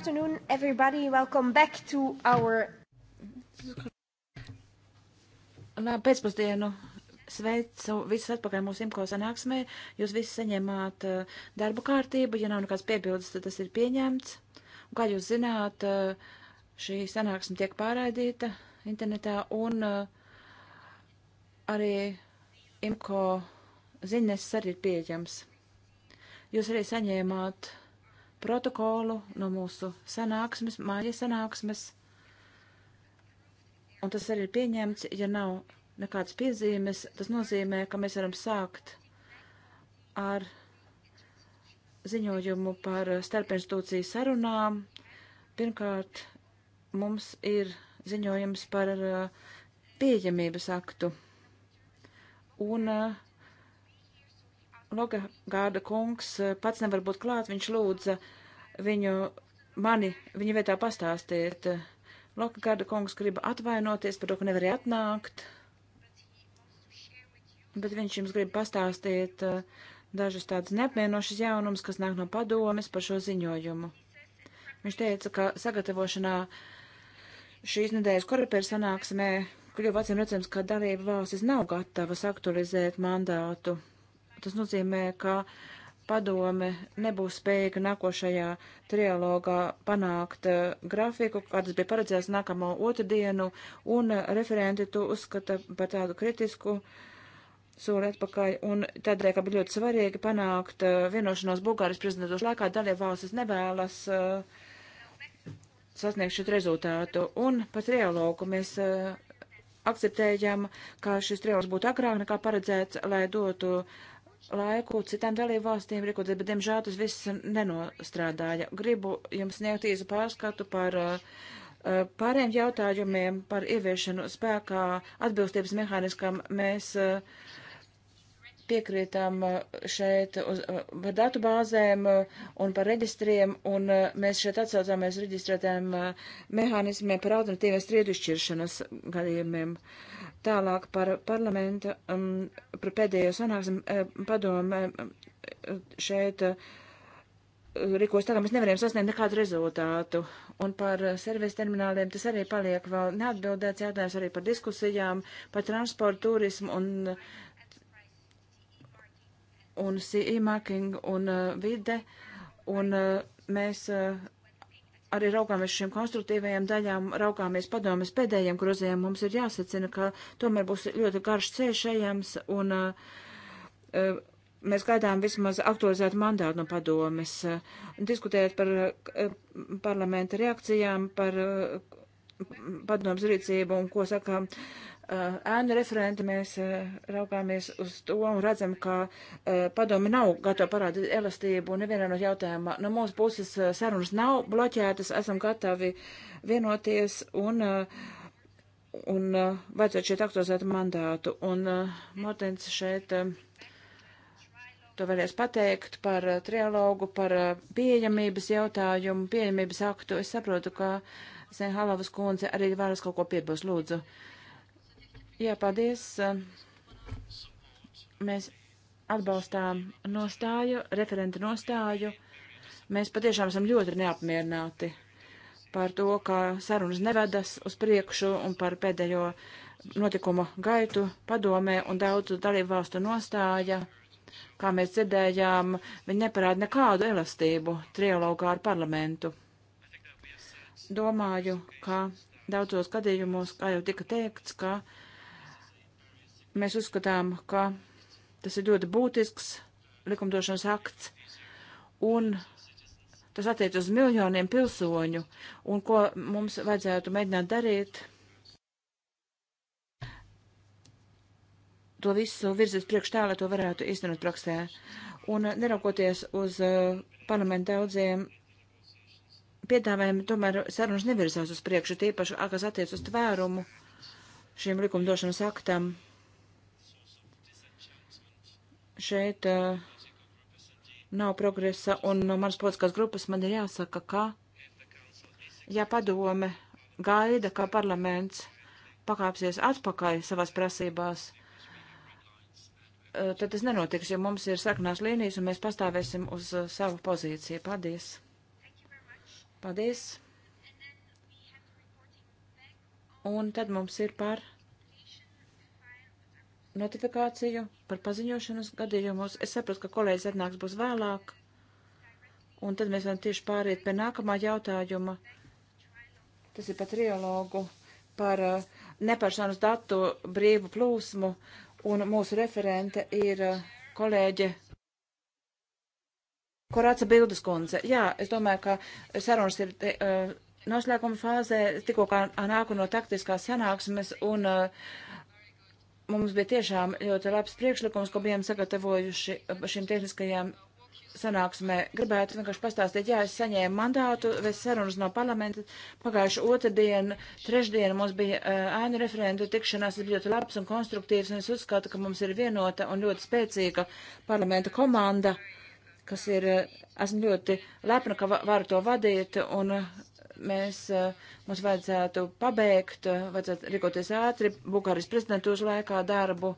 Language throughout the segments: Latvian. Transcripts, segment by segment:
afternoon, everybody. Welcome back to our. Labu pēcpusdienu. Sveicu visus atpakaļ mūsu imko sanāksmē. Jūs visi saņēmāt eh, darbu kārtību. Ja nav nekāds piebildes, tad tas ir pieņemts. Un, kā jūs zināt, eh, šī sanāksme tiek pārraidīta internetā un eh, arī imko ziņas arī ir pieejams. Jūs arī saņēmāt protokolu no mūsu sanāksmes, māja sanāksmes. Un tas arī ir pieņemts, ja nav nekādas piezīmes. Tas nozīmē, ka mēs varam sākt ar ziņojumu par starpinstitūciju sarunām. Pirmkārt, mums ir ziņojums par uh, pieejamības aktu. Un uh, Logagārda kungs eh, pats nevar būt klāt, viņš lūdza viņu, mani, viņa vietā pastāstīt. Logagārda kungs grib atvainoties par to, ka nevarēja atnākt, bet viņš jums grib pastāstīt eh, dažus tādus neapmienošus jaunumus, kas nāk no padomes par šo ziņojumu. Viņš teica, ka sagatavošanā šīs nedēļas korupēra sanāksmē kļuva acīm redzams, ka dalība valstis nav gatavas aktualizēt mandātu Tas nozīmē, ka padome nebūs spējīga nākošajā trialogā panākt uh, grafiku, kā tas bija paredzēts nākamo otrdienu, un uh, referenti to uzskata par tādu kritisku soli atpakaļ, un tādēļ, ka bija ļoti svarīgi panākt uh, vienošanos Bulgārijas prezidentūras laikā, dalībvalstis nevēlas eh, sasniegt šit rezultātu, un par trialogu mēs akceptējam, ka šis trialogs būtu agrāk nekā paredzēts, lai dotu uh, laiku citām dalību valstīm rīkoties, bet, diemžēl, tas viss nenostrādāja. Gribu jums sniegt īsu pārskatu par uh, pārējiem jautājumiem par ieviešanu spēkā atbilstības mehāniskam. Mēs uh, eh, piekrītām eh, šeit uz, par datubāzēm un par reģistriem, un mēs šeit atsaucāmies reģistrētām mehānismiem par alternatīvas striedušķiršanas gadījumiem. Uh, Tālāk par parlamenta, um, par pēdējo sanāksmu um, eh, padomu um, eh, šeit uh, rīkos tā, ka mēs nevarējām sasniegt nekādu rezultātu. Un par servies termināliem tas arī paliek vēl neatbildēts jautājums arī par diskusijām, par transportu, turismu un, un CE marking un uh, vide. Un uh, mēs uh, arī raugāmies šiem konstruktīvajām daļām, raugāmies padomjas pēdējiem grozējiem, mums ir jāsacina, ka tomēr būs ļoti garš ceļš ejams un uh, mēs gaidām vismaz aktualizētu mandātu no padomes, diskutējot par eh, parlamenta reakcijām, par padomes rīcību un ko saka ēnu referenti mēs raugāmies uz to un redzam, ka padomi nav gatavi parādīt elastību nevienā no jautājumā. No mūsu puses sarunas nav bloķētas, esam gatavi vienoties un, un vajadzētu šeit aktualizēt mandātu. Un Martins šeit to varēs pateikt par trialogu, par pieejamības jautājumu, pieejamības aktu. Es saprotu, ka Senhalavas kundze arī varas kaut ko piebilst, lūdzu. Uh, Jā, paldies. Mēs atbalstām nostāju, referenta nostāju. Mēs patiešām esam ļoti neapmierināti par to, ka sarunas nevedas uz priekšu un par pēdējo notikumu gaitu padomē un daudzu dalību valstu nostāja. Kā mēs dzirdējām, viņi neparāda nekādu elastību trialogā ar parlamentu. Domāju, ka daudzos gadījumos, kā jau tika teikts, ka uh, Mēs uzskatām, ka tas ir ļoti būtisks likumdošanas akts, un tas attiec uz miljoniem pilsoņu, un ko mums vajadzētu mēģināt darīt, to visu virzīt priekš tā, lai to varētu īstenot praksē. Un neraukoties uz uh, parlamentu daudziem piedāvājumiem, tomēr sarunas nevirzās uz priekšu, tīpaši, kas attiec uz tvērumu šiem likumdošanas aktam šeit uh, nav progresa, un no manas politiskās grupas man ir jāsaka, ka, ja padome gaida, ka parlaments pakāpsies atpakaļ savās prasībās, uh, tad tas nenotiks, jo mums ir sarkanās līnijas, un mēs pastāvēsim uz uh, savu pozīciju. Paldies! Paldies! Un tad mums ir par notifikāciju par paziņošanas gadījumus. Es sapratu, ka kolēģis atnāks būs vēlāk, un tad mēs varam tieši pāriet pie nākamā jautājuma. Tas ir par trialogu, par uh, nepersonas datu brīvu plūsmu, un mūsu referente ir uh, kolēģe Korāca Bildes kundze. Jā, es domāju, ka sarunas ir. Te, uh, Noslēguma fāzē tikko kā nāku no taktiskās sanāksmes un uh, mums bija tiešām ļoti labs priekšlikums, ko bijām sagatavojuši šīm tehniskajām sanāksmē. Gribētu vienkārši pastāstīt, jā, es saņēmu mandātu, vēs sarunas no parlamenta. Pagājuši otrdien, trešdien mums bija eh, ēnu uh, referendu tikšanās, tas bija ļoti labs un konstruktīvs, un es uzskatu, ka mums ir vienota un ļoti spēcīga parlamenta komanda, kas ir, uh, esmu ļoti lepna, ka varu to vadīt, un uh, mēs, eh, mums vajadzētu pabeigt, eh, vajadzētu rīkoties ātri, Bukāris prezidentūras laikā darbu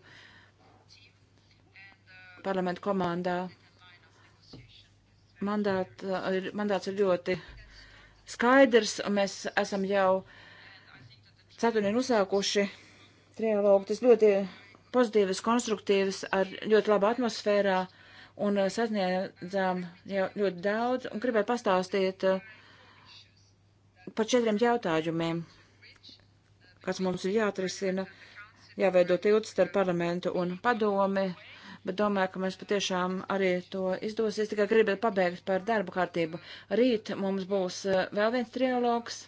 parlamentu komandā. Mandāt, eh, ir, mandāts ir ļoti skaidrs, un mēs esam jau ceturtdien uzsākuši trialogu. Tas ļoti pozitīvas, konstruktīvas, ar ļoti labu atmosfērā, un sasniedzām jau ļoti daudz, un gribēju pastāstīt uh, par četriem jautājumiem, kas mums ir jāatrisina, jāveido tilts starp parlamentu un padomi, bet domāju, ka mēs patiešām arī to izdosies. Tikai gribu pabeigt par darbu kārtību. Rīt mums būs eh, vēl viens trialogs.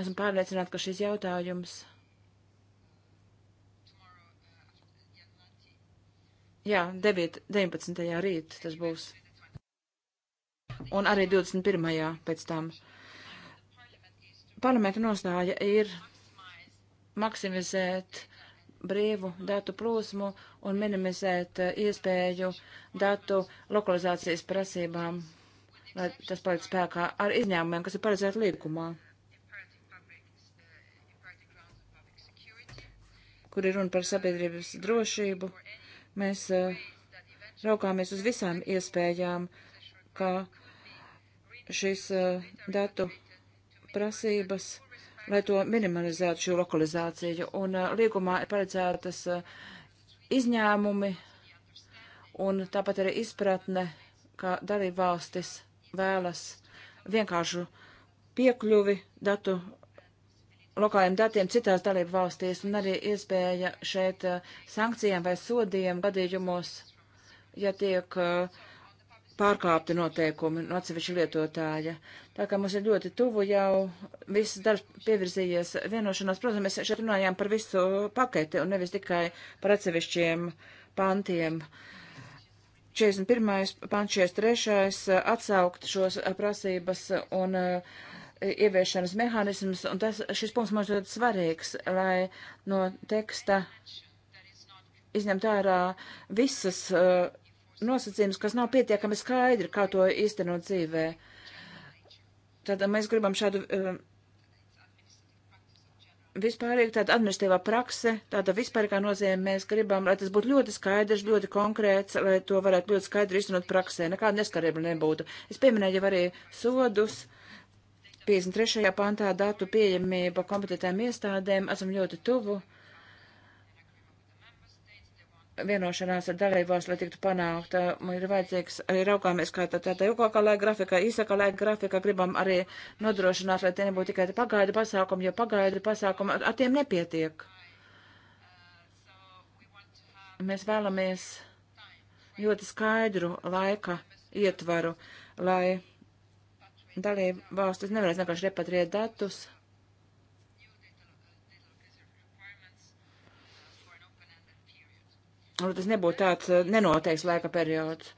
Esmu pārliecināta, ka šis jautājums. Jā, 9, 19. rīt tas būs. Un arī 21. pēc tam. Parlamenta nostāja ir maksimizēt brīvu datu plūsmu un minimizēt eh, iespēju datu lokalizācijas prasībām, lai tas paliek spēkā ar izņēmumiem, kas ir paredzēti līgumā, kur ir runa par sabiedrības drošību. Mēs eh, raugāmies uz visām iespējām, ka šis eh, datu prasības, lai to minimalizētu šo lokalizāciju. Un uh, līgumā ir paredzētas uh, izņēmumi un tāpat arī izpratne, ka dalībvalstis vēlas vienkāršu piekļuvi datu lokāliem datiem citās dalību valstīs un arī iespēja šeit uh, sankcijām vai sodiem gadījumos, ja tiek uh, pārkāpti noteikumi no atsevišķa lietotāja. Tā kā mums ir ļoti tuvu jau viss darbs pievirzījies vienošanās. Protams, mēs šeit runājām par visu paketi un nevis tikai par atsevišķiem pantiem. 41. pants, 43. atsaukt šos prasības un uh, ieviešanas mehānismus, un tas, šis punkts mums ļoti svarīgs, lai no teksta izņemt ārā visas uh, nosacījums, kas nav pietiekami skaidri, kā to īstenot dzīvē. Tad mēs gribam šādu uh, vispārīgi tāda administratīvā prakse, tāda vispārīgā nozīme mēs gribam, lai tas būtu ļoti skaidrs, ļoti konkrēts, lai to varētu ļoti skaidri izrunāt praksē, nekāda neskarība nebūtu. Es pieminēju jau arī sodus. 53. pantā datu pieejamība kompetentēm iestādēm esam ļoti tuvu. Uh, vienošanās ar dalībās, lai tiktu panākta, mums ir vajadzīgs arī raugāmies, kā tā tāda ilgākā laika grafikā, īsākā laika grafikā, gribam arī nodrošināt, lai tie nebūtu tikai pagaidu pasākumi, jo pagaidu pasākumi ar, ar tiem nepietiek. Mēs vēlamies ļoti skaidru laika ietvaru, lai dalību valstis nevarētu vienkārši repatriēt datus Nu, tas nebūtu tāds eh, nenoteikts laika periods.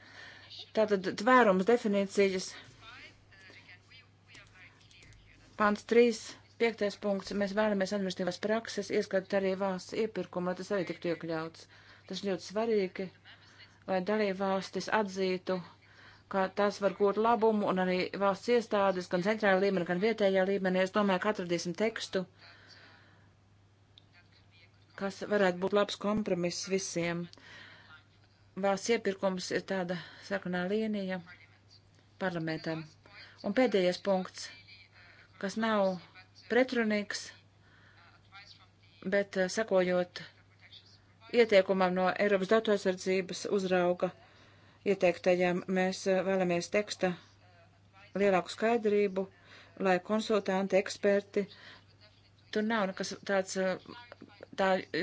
Tātad tvērums definīcijas. Pants 3, 5. punkts. Mēs vēlamies administratīvās prakses, ieskatot arī valsts iepirkumu, lai tas arī tiktu iekļauts. Tas ļoti svarīgi, lai dalībvalstis atzītu, ka tas var gūt labumu, un arī valsts iestādes, gan centrālajā līmenī, gan vietējā līmenī. Es domāju, ka atradīsim tekstu, uh, kas varētu būt labs kompromiss visiem. Valsts iepirkums ir tāda sarkanā līnija parlamentam. Un pēdējais punkts, kas nav pretrunīgs, bet eh, sakojot ieteikumam no Eiropas datorsardzības uzrauga ieteiktajam, mēs eh, vēlamies teksta lielāku skaidrību, lai konsultanti, eksperti, tur nav nekas tāds eh, tā e,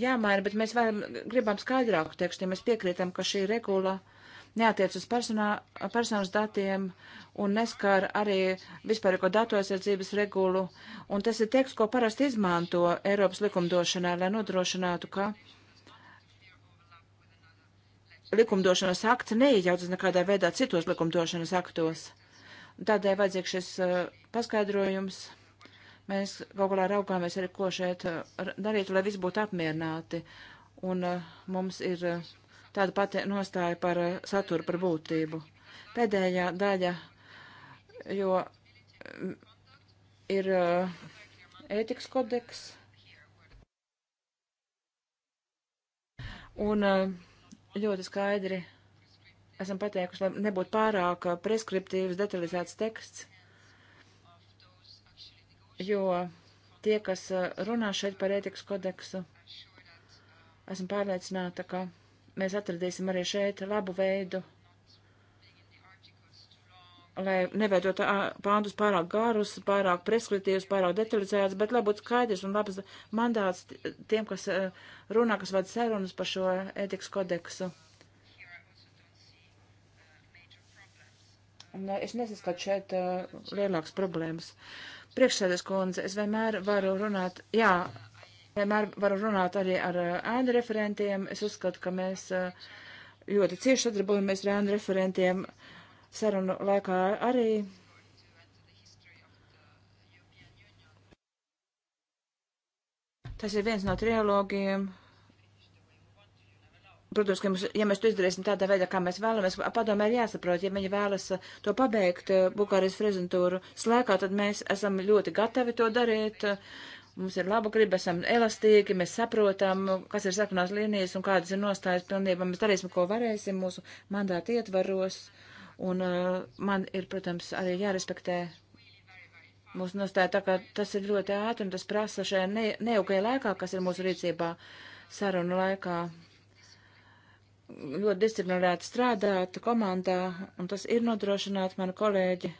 jāmaina, bet mēs varam, gribam skaidrāku tekstu, ja mēs piekrītam, ka šī regula neatiec uz personā, personas datiem un neskar arī vispārīgo datu aizsardzības regulu. Un tas ir teksts, ko parasti izmanto Eiropas likumdošanā, lai nodrošinātu, ka likumdošanas akts neiejaucas nekādā veidā citos likumdošanas aktos. Tādēļ vajadzīgs šis uh, paskaidrojums. Mēs kaut kādā raugāmies arī, ko šeit eh, darītu, lai visi būtu apmierināti. Un eh, mums ir eh, tāda pati nostāja par saturu, par būtību. Pēdējā daļa, jo mm, ir ētikas kodeks. Un ļoti skaidri esam pateikuši, lai nebūtu pārāk preskriptīvs, detalizēts teksts jo tie, kas eh, runā šeit par ētikas kodeksu, esmu pārliecināta, ka mēs atradīsim arī šeit labu veidu, lai neveidot pāndus pārāk garus, pārāk preskritīvus, pārāk detalizētus, bet lai būtu skaidrs un labs mandāts tiem, kas eh, runā, kas vada sarunas par šo ētikas kodeksu. Un es nesaskatu šeit uh, lielākas problēmas. Priekšsēdus kundze, es vienmēr varu runāt, jā, vienmēr varu runāt arī ar eh, ēnu uh, referentiem. Es uzskatu, ka mēs uh, ļoti cieši sadarbojamies ar ēnu referentiem sarunu laikā arī. Tas ir viens no trilogiem protams, ka mums, ja mēs to izdarīsim tādā veidā, kā mēs vēlamies, padomē ir jāsaprot, ja viņi vēlas uh, to pabeigt uh, Bukārijas prezentūru slēgā, tad mēs esam ļoti gatavi to darīt. Uh, mums ir laba griba, esam elastīgi, mēs saprotam, kas ir sarkanās līnijas un kādas ir nostājas pilnībā. Mēs darīsim, ko varēsim mūsu mandāta ietvaros. Un uh, man ir, protams, arī jārespektē mūsu nostāja, tā kā tas ir ļoti ātri un tas prasa šajā ne, neaugajā laikā, kas ir mūsu rīcībā sarunu laikā ļoti disciplinēti strādāt komandā, un tas ir nodrošināts mani kolēģi.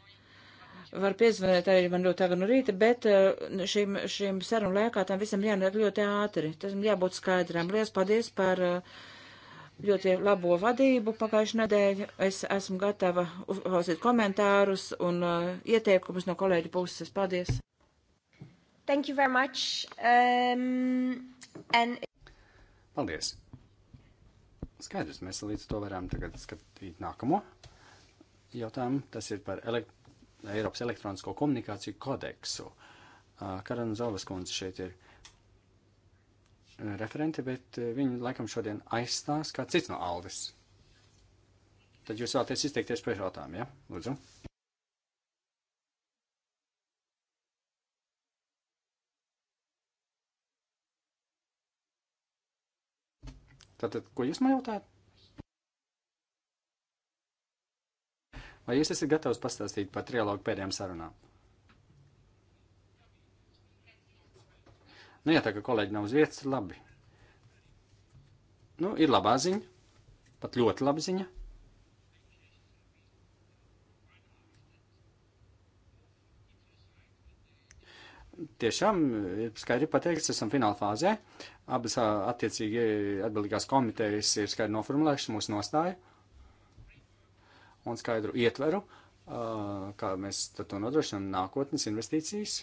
Var piezvanīt arī man ļoti tagad no rīta, bet eh, šīm, šīm sarunu laikā tam visam jānāk ļoti ātri. Tas jābūt skaidram. Lielas paldies par eh, ļoti labo vadību pagājušajā nedēļā. Es esmu gatava uzklausīt komentārus un uh, ieteikumus no kolēģu puses. Paldies! Thank you very much. Um, and... Paldies! Skaidrs, mēs līdz to varam tagad skatīt nākamo jautājumu. Tas ir par elekt Eiropas elektronisko komunikāciju kodeksu. Karana Zovas kundze šeit ir referente, bet viņu laikam šodien aizstās kā cits no Aldis. Tad jūs vēlaties izteikties par jautājumu, ja? Lūdzu. Tātad, ko jūs man jautājat? Vai jūs esat gatavs pastāstīt par trialogu pēdējām sarunām? Nu, jā, tā kā kolēģi nav uz vietas, labi. Nu, ir labā ziņa, pat ļoti laba ziņa. Tiešām ir skaidri pateikts, esam fināla fāzē. Uh, Abas attiecīgi atbildīgās komitejas ir skaidri noformulējušas mūsu nostāju un skaidru ietveru, kā mēs to nodrošinām nākotnes investīcijas.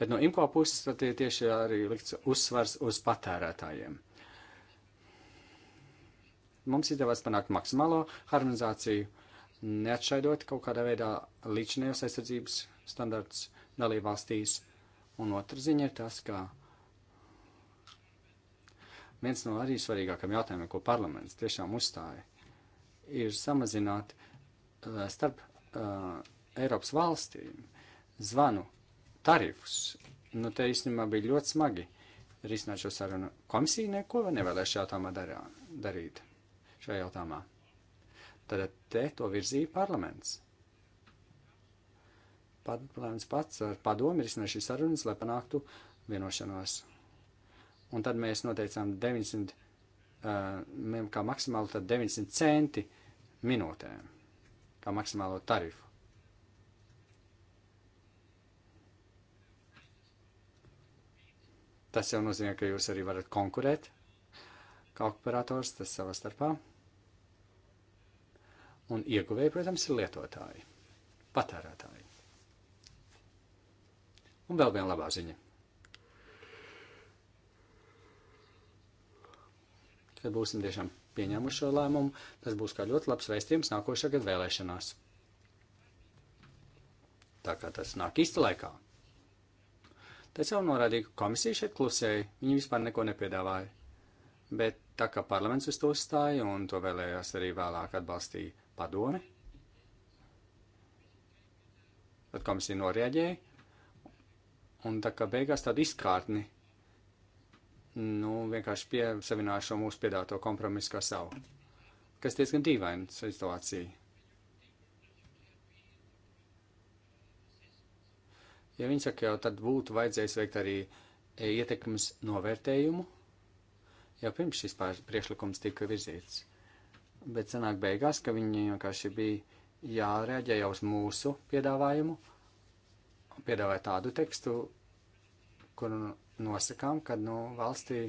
Bet no imko puses tad ir tieši arī likts uzsvars uz patērētājiem. Mums izdevās panākt maksimālo harmonizāciju, neatšaidot kaut kādā veidā līdzinējos aizsardzības standarts dalībvalstīs. Un otra ziņa ir tas, ka Viens no arī svarīgākajiem jautājumiem, ko parlaments tiešām uzstāja, ir samazināt eh, starp uh, Eiropas valstīm zvanu tarifus. Nu, te īstenībā bija ļoti smagi risināt šo sarunu. Komisija neko nevēlēs šajā jautājumā darā, darīt. Šajā jautājumā. Tad te to virzīja parlaments. Parlaments pats ar padomu ir izsniegts šīs sarunas, lai panāktu vienošanos un tad mēs noteicām 900, uh, kā maksimālu, tad 900 centi minūtē, kā maksimālo tarifu. Tas jau nozīmē, ka jūs arī varat konkurēt kā operators, tas savā starpā. Un ieguvēji, protams, ir lietotāji, patērētāji. Un vēl viena labā ziņa. kad būsim tiešām pieņēmuši šo lēmumu, tas būs kā ļoti labs vēstījums nākošā gada vēlēšanās. Tā kā tas nāk īsta laikā. Tas jau norādīja, ka komisija šeit klusēja, viņi vispār neko nepiedāvāja. Bet tā kā parlaments uz to uzstāja un to vēlējās arī vēlāk atbalstīja padome, tad komisija norēģēja un tā kā beigās tādu izkārtni nu, vienkārši piesavināja šo mūsu piedāto kompromisu kā savu. Kas diezgan dīvaina situācija. Ja viņi saka, jau tad būtu vajadzējis veikt arī e, ietekmes novērtējumu, jau pirms šis priekšlikums tika virzīts. Bet sanāk beigās, ka viņi vienkārši bija jārēģē jau uz mūsu piedāvājumu, piedāvāja tādu tekstu, kur nosakām, ka nu, valstī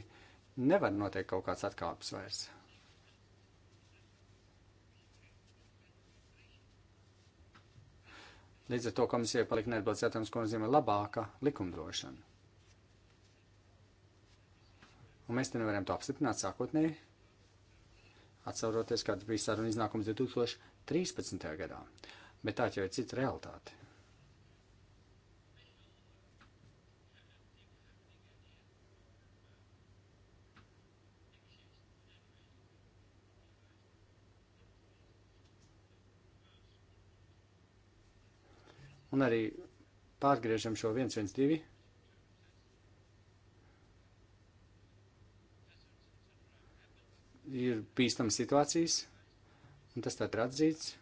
nevar noteikt kaut kāds atkāpes vairs. Līdz ar to komisija palika neatbildes jautājums, ko nozīmē labāka likumdošana. Un mēs te nevaram to apstiprināt sākotnēji, atceroties, kāds bija saruna iznākums 2013. gadā. Bet tā jau ir cita realitāte. Un arī pārgriežam šo 112. Ir bīstamas situācijas, un tas tad ir atzīts.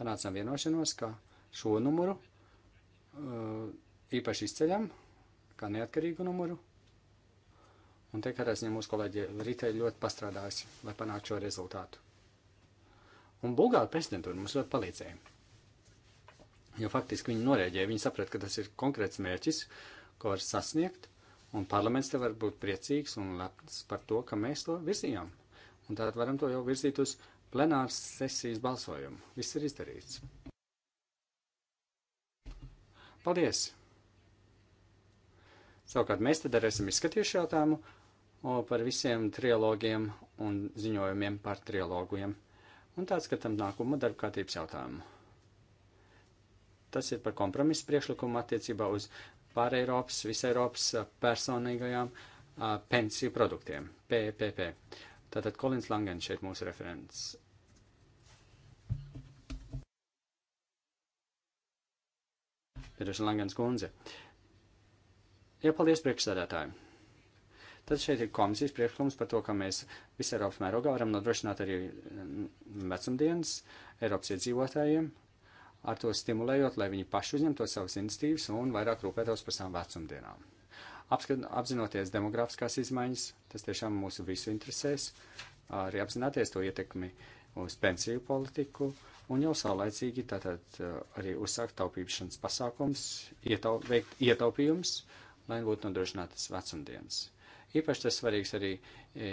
Panācām vienošanos, ka šo numuru uh, īpaši izceļam, kā neatkarīgu numuru. Un te katrā ziņā mūsu kolēģi Rītē ļoti pastrādājusi, lai panāktu šo rezultātu. Un Bulgāra prezidentūra mums ļoti palīdzēja. Jo faktiski viņi norēģēja, viņi saprata, ka tas ir konkrēts mērķis, ko var sasniegt, un parlaments te var būt priecīgs un lepns par to, ka mēs to virzījām. Un tātad varam to jau virzīt uz plenāras sesijas balsojumu. Viss ir izdarīts. Paldies! Savukārt mēs te darēsim izskatījuši jautājumu par visiem trilogiem un ziņojumiem par trilogiem. Un tā skatām nākamo darba kārtības jautājumu. Tas ir par kompromisu priekšlikumu attiecībā uz pāreiropas, viseiropas personīgajām a, pensiju produktiem, PPP. Tātad Kolins Langens šeit mūsu referents. Piedošana Langens kundze. Iepaldies priekšsēdētāji. Tad šeit ir komisijas priekšlikums par to, ka mēs visā Eiropas mērogā varam nodrošināt arī vecumdienas Eiropas iedzīvotājiem, ar to stimulējot, lai viņi paši uzņemtos savas iniciatīvas un vairāk rūpētos par savām vecumdienām. Apskat, apzinoties demografiskās izmaiņas, tas tiešām mūsu visu interesēs, arī apzināties to ietekmi uz pensiju politiku un jau saulaicīgi tātad eh, arī uzsākt taupīšanas pasākums, ietau, veikt ietaupījums, lai būtu nodrošinātas vecumdienas. Īpaši tas svarīgs arī, e,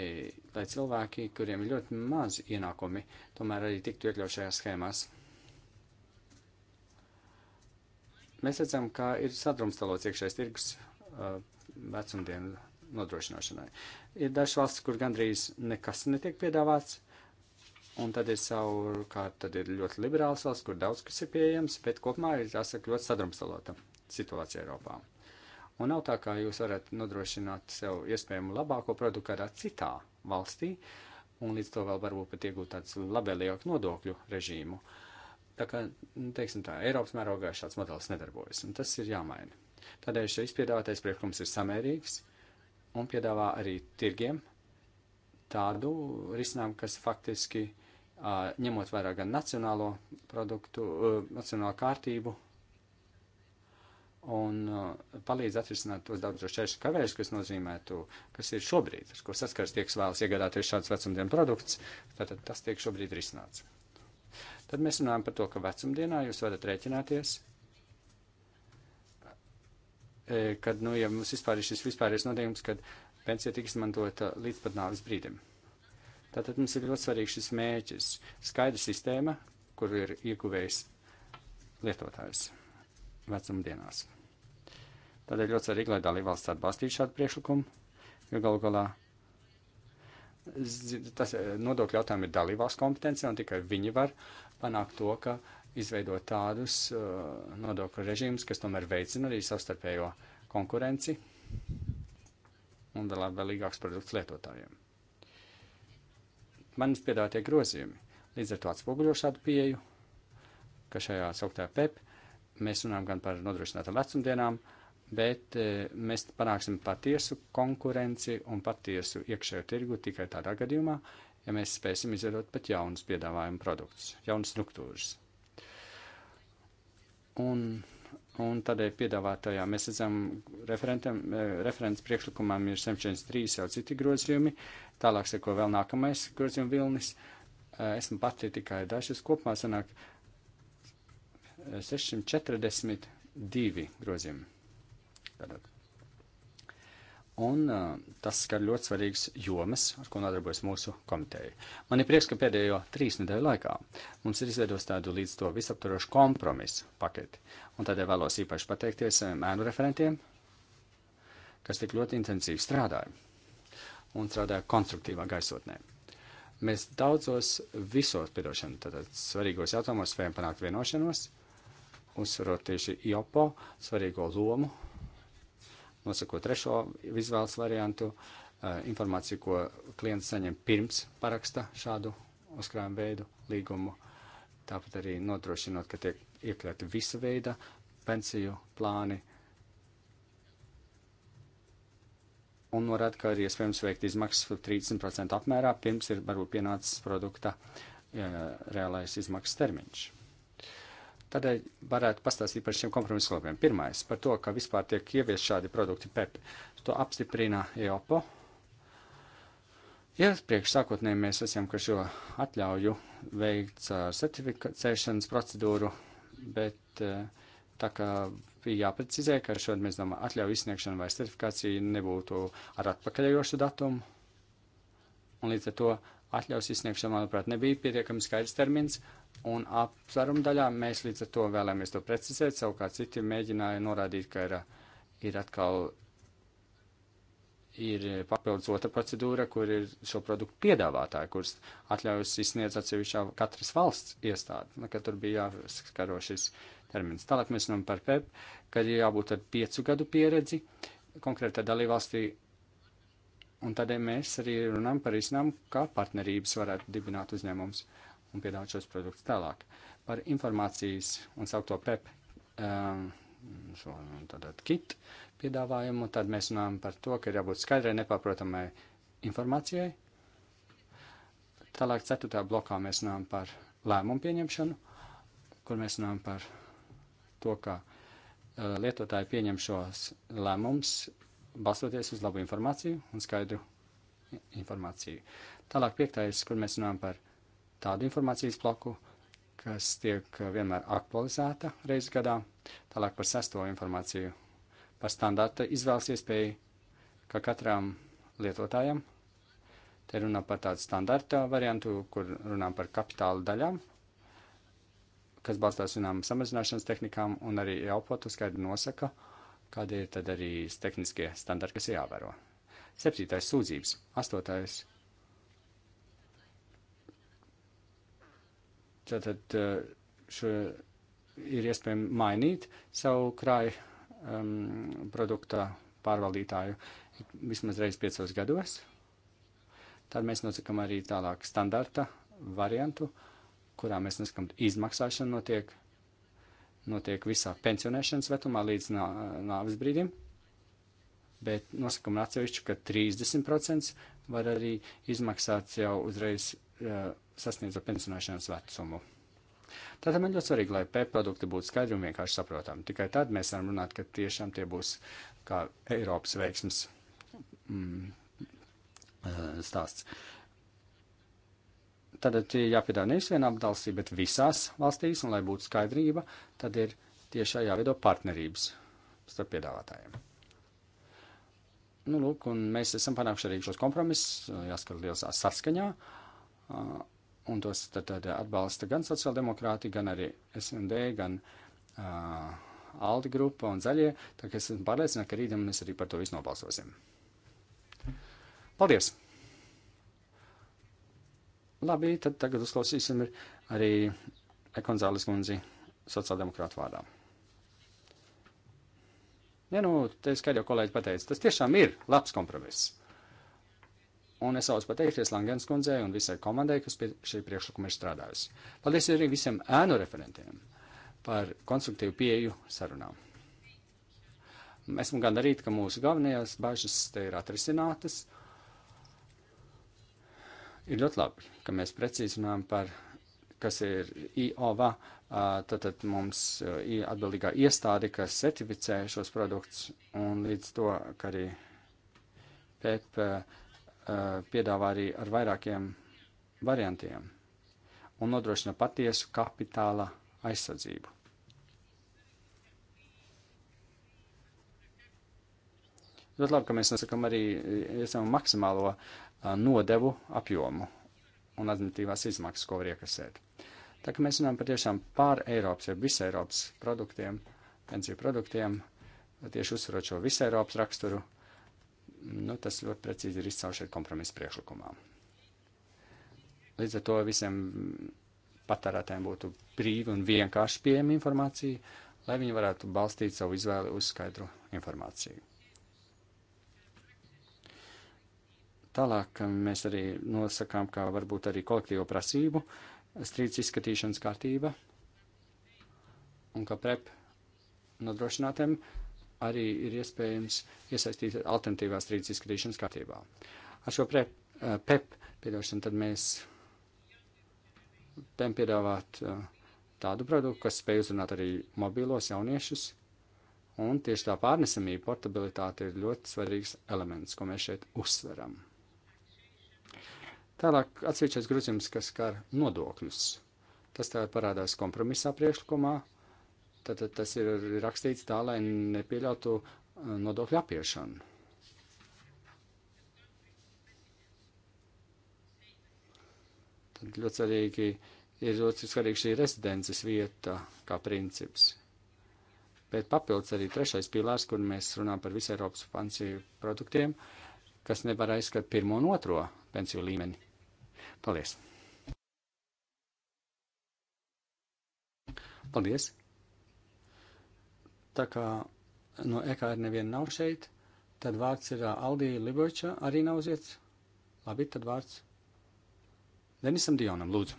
lai cilvēki, kuriem ir ļoti maz ienākumi, tomēr arī tiktu iekļaut šajās schēmās. Mēs redzam, ka ir sadrumstalots iekšējais tirgus uh, vecumdienu nodrošināšanai. Ir dažas valstis, kur gandrīz nekas netiek piedāvāts, un tad ir savukārt tad ir ļoti liberāls valsts, kur daudz kas ir pieejams, bet kopumā ir jāsaka ļoti sadrumstalota situācija Eiropā. Un nav tā, ka jūs varat nodrošināt sev iespējamu labāko produktu kādā citā valstī, un līdz to vēl varbūt pat iegūt tāds labvēlīgāk nodokļu režīmu. Uh, Tā kā, nu, teiksim tā, Eiropas mērogā šāds modelis nedarbojas, un tas ir jāmaina. Tādēļ šis piedāvātais priekšlikums ir samērīgs un piedāvā arī tirgiem tādu risinājumu, kas faktiski ņemot vērā gan nacionālo produktu, nacionālo kārtību un palīdz atrisināt tos daudzos šķēršļu kavējus, kas nozīmētu, kas ir šobrīd, ar ko saskars tie, kas vēlas iegādāties šāds vecumdienu produkts, tātad tas tiek šobrīd risināts. Tad mēs runājam par to, ka vecumdienā jūs varat rēķināties, e, kad, nu, ja mums vispār ir šis vispārējais noteikums, kad pensija tiks izmantota līdz pat nāves brīdim. Tātad mums ir ļoti svarīgs šis mēķis, skaidra sistēma, kur ir ieguvējis lietotājs vecumdienās. Tādēļ ļoti svarīgi, lai dalībvalsts atbalstītu šādu priekšlikumu, jo galu galā Tas eh, nodokļu jautājumi ir dalībvalsts kompetence, un tikai viņi var panākt to, ka izveidot tādus uh, nodokļu režīmus, kas tomēr veicina arī savstarpējo konkurenci un vēl labvēlīgāks produkts lietotājiem. Manis piedāvātie grozījumi līdz ar to atspoguļo šādu pieeju, ka šajā sauktā PEP e mēs runājam gan par nodrošinātām vecumdienām, uh, bet e, mēs panāksim patiesu konkurenci un patiesu iekšējo tirgu tikai tādā gadījumā, ja mēs spēsim izveidot pat jaunus piedāvājumu produktus, jaunas struktūras. Un, un tādēļ piedāvātajā mēs redzam, e, referents priekšlikumam ir 743 jau citi grozījumi, tālāk seko vēl nākamais grozījuma vilnis. E, esmu pati tikai dažas kopumā sanāk 642 grozījumi. Tātad. Un uh, tas skar ļoti svarīgas jomas, ar ko nodarbojas mūsu komiteja. Man ir prieks, ka pēdējo trīs nedēļu laikā mums ir izveidos tādu līdz to visaptvarošu kompromisu paketi. Un tādēļ vēlos īpaši pateikties saviem ēnu referentiem, kas tik ļoti intensīvi strādāja un strādāja konstruktīvā gaisotnē. Mēs daudzos visos, piedošanu, tātad svarīgos jautājumos spējam panākt vienošanos, uzsverot tieši IOPO svarīgo lomu nosakot trešo izvēles variantu, informāciju, ko klients saņem pirms paraksta šādu uzkrājumu veidu līgumu, tāpat arī nodrošinot, ka tiek iekļauti visa veida pensiju plāni un norāda, ka ir iespējams veikt izmaksas 30% apmērā, pirms ir varbūt pienācis produkta jā, reālais izmaksas termiņš. Tādēļ varētu pastāstīt par šiem kompromisu labiem. Pirmais, par to, ka vispār tiek ievies šādi produkti PEP. E to apstiprina EOPO. Iepriekš sākotnēji mēs esam, ka šo atļauju veikt certificēšanas procedūru, bet tā kā bija jāprecizē, ka šodien mēs domājam atļauju izsniegšanu vai certifikāciju nebūtu ar atpakaļējošu datumu. Un līdz ar to atļaus izsniegšana, manuprāt, nebija pietiekami skaidrs termins, Un apsvērumu daļā mēs līdz ar to vēlamies to precizēt, savukārt citi mēģināja norādīt, ka ir, ir atkal ir papildus otra procedūra, kur ir šo produktu piedāvātāji, kurus atļaujas izsniedz atsevišķā katras valsts iestāde, nu, ka tur bija jāskaro šis termins. Tālāk mēs runājam par PEP, kad ir jābūt ar piecu gadu pieredzi konkrētā dalībvalstī, un tādēļ mēs arī runājam par iznām, kā partnerības varētu dibināt uzņēmums un piedāvāt šos produktus tālāk. Par informācijas un saukto PEP um, šo tātad kit piedāvājumu, tad mēs runājam par to, ka ir jābūt skaidrai, nepārprotamai informācijai. Tālāk ceturtajā blokā mēs runājam par lēmumu pieņemšanu, kur mēs runājam par to, ka uh, lietotāji pieņem šos lēmumus, balstoties uz labu informāciju un skaidru informāciju. Tālāk piektais, kur mēs runājam par tādu informācijas bloku, kas tiek eh, vienmēr aktualizēta reizi gadā. Tālāk par sesto informāciju. Par standarta izvēles iespēju, ka katram lietotājam, te runā par tādu standarta variantu, kur runām par kapitāla daļām, kas balstās zinām samazināšanas tehnikām un arī elpotu skaidri nosaka, kādi ir tad arī tehniskie standarti, kas jāvēro. Septītais sūdzības, astotais tātad eh, šo ir iespējams mainīt savu krāju um, produkta pārvaldītāju vismaz reiz piecos gados. Tad mēs nosakam arī tālāk standarta variantu, kurā mēs nosakam izmaksāšanu notiek, notiek visā pensionēšanas vecumā līdz nā, nāves brīdim, bet nosakam atsevišķu, ka 30% var arī izmaksāt jau uzreiz uh, sasniedzot pensionēšanās vecumu. Tātad man ļoti svarīgi, lai PEP produkti būtu skaidri un vienkārši saprotami. Tikai tad mēs varam runāt, ka tiešām tie būs kā Eiropas veiksmes mm, eh, stāsts. Tātad jāpiedāvā nevis vienā valstī, bet visās valstīs, un lai būtu skaidrība, tad ir tiešā jāveido partnerības starp piedāvātājiem. Nu, lūk, un mēs esam panākuši arī šos kompromisus, jāskat lielā saskaņā. Uh, un tos tad, tad atbalsta gan sociāldemokrāti, gan arī SND, gan uh, Aldi grupa un zaļie, tā ka es esmu pārliecināts, ka rītdien mēs arī par to visu nobalsosim. Paldies! Labi, tad tagad uzklausīsim arī Ekonzāles kundzi sociāldemokrātu vārdā. Ja nu, te skaļo kolēģi pateica, tas tiešām ir labs kompromiss. Un es vēlos pateikties Langens kundzei un visai komandai, kas pie šī priekšlikuma ir strādājusi. Paldies arī visiem ēnu referentiem par konstruktīvu pieju sarunām. Esmu gandarīti, ka mūsu galvenajās bažas te ir atrisinātas. Ir ļoti labi, ka mēs precīzi runājam par, kas ir IOVA, tātad mums atbildīgā iestāde, kas certificē šos produktus, un līdz to, ka arī PEP piedāvā arī ar vairākiem variantiem un nodrošina patiesu kapitāla aizsardzību. Ļoti labi, ka mēs nosakām arī esam maksimālo nodevu apjomu un administratīvās izmaksas, ko var iekasēt. Tā kā mēs runājam patiešām pār Eiropas, ja visu Eiropas produktiem, pensiju produktiem, tieši uzsverot šo visu Eiropas raksturu, uh, nu, tas ļoti precīzi ir izcauši ar kompromisu priekšlikumā. Līdz ar to visiem patērētājiem būtu brīvi un vienkārši pieejama informācija, lai viņi varētu balstīt savu izvēli uz skaidru informāciju. Tālāk um, mēs arī nosakām, ka varbūt arī kolektīvo prasību strīdus izskatīšanas kārtība un ka prep nodrošinātiem arī ir iespējams iesaistīt alternatīvās rīcības izskatīšanas kārtībā. Ar šo pre, eh, PEP piedošanu tad mēs PEM piedāvāt eh, tādu produktu, kas spēj uzrunāt arī mobīlos jauniešus, un tieši tā pārnesamība, portabilitāte ir ļoti svarīgs elements, ko mēs šeit uzsveram. Tālāk atsevišķais grozījums, kas skar nodokļus. Tas tagad parādās kompromisā priekšlikumā, Tad tas ir rakstīts tā, lai nepieļautu uh, nodokļu apiešanu. Tad ļoti svarīgi ir ļoti svarīga šī rezidences vieta kā princips. Bet papildus arī trešais pilārs, kur mēs runājam par visu Eiropas pensiju produktiem, kas nevar aizskat pirmo un otro pensiju līmeni. Paldies! Paldies! Tā kā no EKR neviena nav šeit, tad vārds ir Aldija Liboča, arī nav uziets. Labi, tad vārds Denisam Dionam, lūdzu.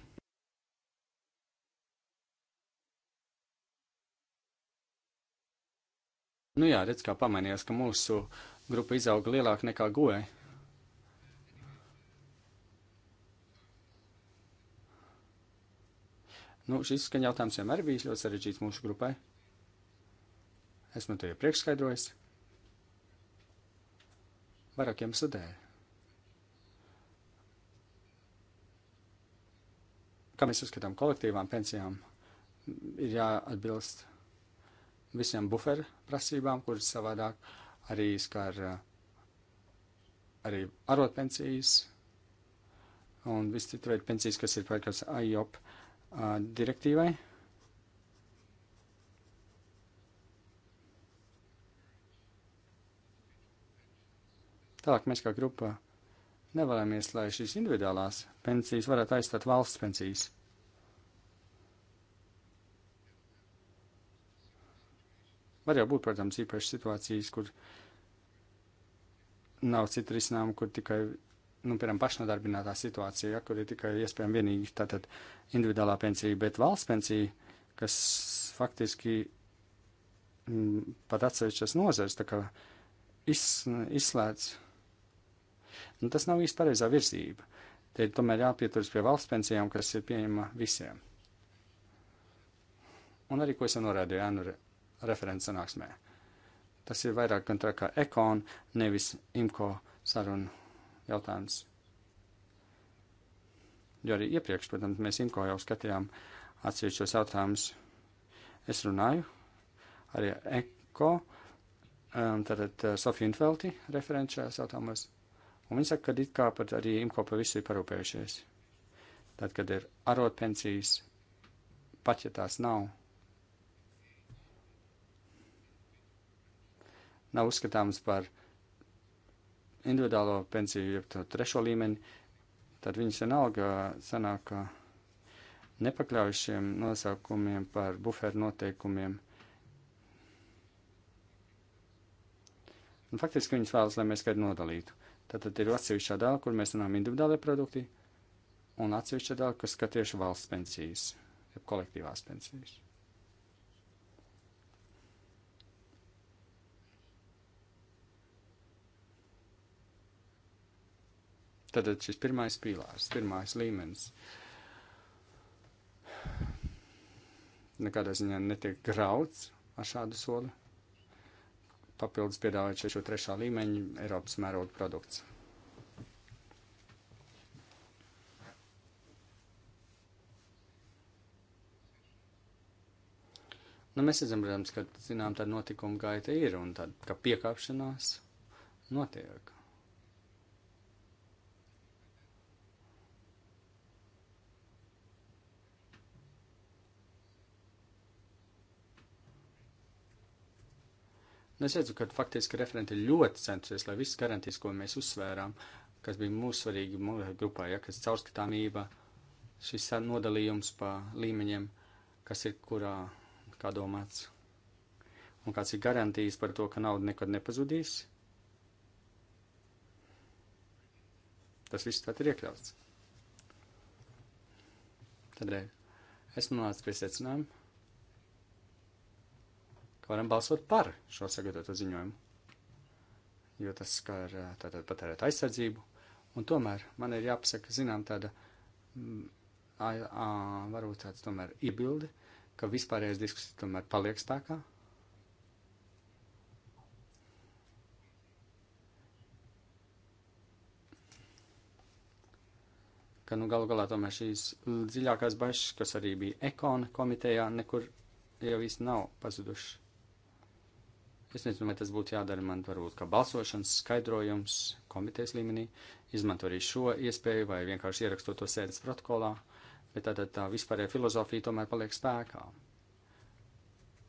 Nu jā, redz, kā pamainījās, ka mūsu grupa izauga lielāk nekā goja. Nu, šis skan jautājums vienmēr bijis ļoti sarežģīts mūsu grupai. Esmu to iepriekš skaidrojis. Vairāk iemeslu dēļ. Kā mēs uzskatām, kolektīvām pensijām ir jāatbilst visiem buferu prasībām, kuras savādāk arī skar eh, arī arotpensijas un visi citu veidu pensijas, kas ir pēc IOP eh, direktīvai. Tālāk mēs kā grupa nevēlamies, lai šīs individuālās pensijas varētu aizstāt valsts pensijas. Var jau būt, protams, īpašas situācijas, kur nav citu risinājumu, kur tikai, nu, piemēram, pašnodarbinātā situācija, ja, kur ir tikai iespējams vienīgi tātad individuālā pensija, bet valsts pensija, kas faktiski m, mm, pat atsevišķas nozars, tā kā iz, izslēdz Nu, tas nav īsti pareizā virzība. Te ir tomēr jāpieturas pie valsts pensijām, kas ir pieejama visiem. Un arī, ko es jau norādīju Anu re referents sanāksmē. Tas ir vairāk gan tā kā ekon, nevis imko sarunu jautājums. Jo arī iepriekš, protams, mēs imko jau skatījām atsevišķos jautājumus. Es runāju arī eko, um, tātad uh, Sofija Infelti referents šajās jautājumos. Un viņi saka, ka it kā pat arī IMCO par visu ir parūpējušies. Tad, kad ir arotpensijas, pat ja tās nav, nav uzskatāms par individuālo pensiju, jeb to trešo līmeni, tad viņas vienalga sanāk, ka nepakļaujas šiem nosaukumiem par buferu noteikumiem. Un faktiski viņas vēlas, lai mēs kādu nodalītu. Tātad ir atsevišķā daļa, kur mēs runājam individuālajie produkti, un atsevišķa daļa, kas skar tieši valsts pensijas, jeb kolektīvās pensijas. Tātad šis pirmais pīlārs, pirmais līmenis. Nekādā ziņā netiek grauts ar šādu soli papildus piedāvājot šo trešā līmeņa Eiropas mēroga produkts. Nu, mēs redzam, protams, ka zinām, tāda notikuma gaita ir un tāda kā piekāpšanās notiek. Nu, es redzu, ka faktiski referenti ļoti centusies, lai visas garantijas, ko mēs uzsvērām, kas bija mūsu svarīgi mūsu grupā, ja, kas caurskatāmība, šis nodalījums pa līmeņiem, kas ir kurā, kā domāts, un kāds ir garantijas par to, ka nauda nekad nepazudīs. Tas viss tad ir iekļauts. Tādēļ esmu nonācis pie secinājuma ka varam balsot par šo sagatavoto ziņojumu, jo tas skar eh, tātad patērēt aizsardzību. Un tomēr man ir jāpasaka, zinām, tāda, mm, a, a, varbūt tāds tomēr iebildi, ka vispārējais diskusija tomēr paliek spēkā. Ka, nu, galu galā tomēr šīs dziļākās bažas, kas arī bija ekona komitejā, nekur jau īsti nav pazudušas. Es nezinu, vai tas būtu jādara man varbūt kā balsošanas skaidrojums komitejas līmenī, izmanto arī šo iespēju vai vienkārši ierakstot to sēdes protokolā, bet tātad tā vispārējā filozofija tomēr paliek spēkā.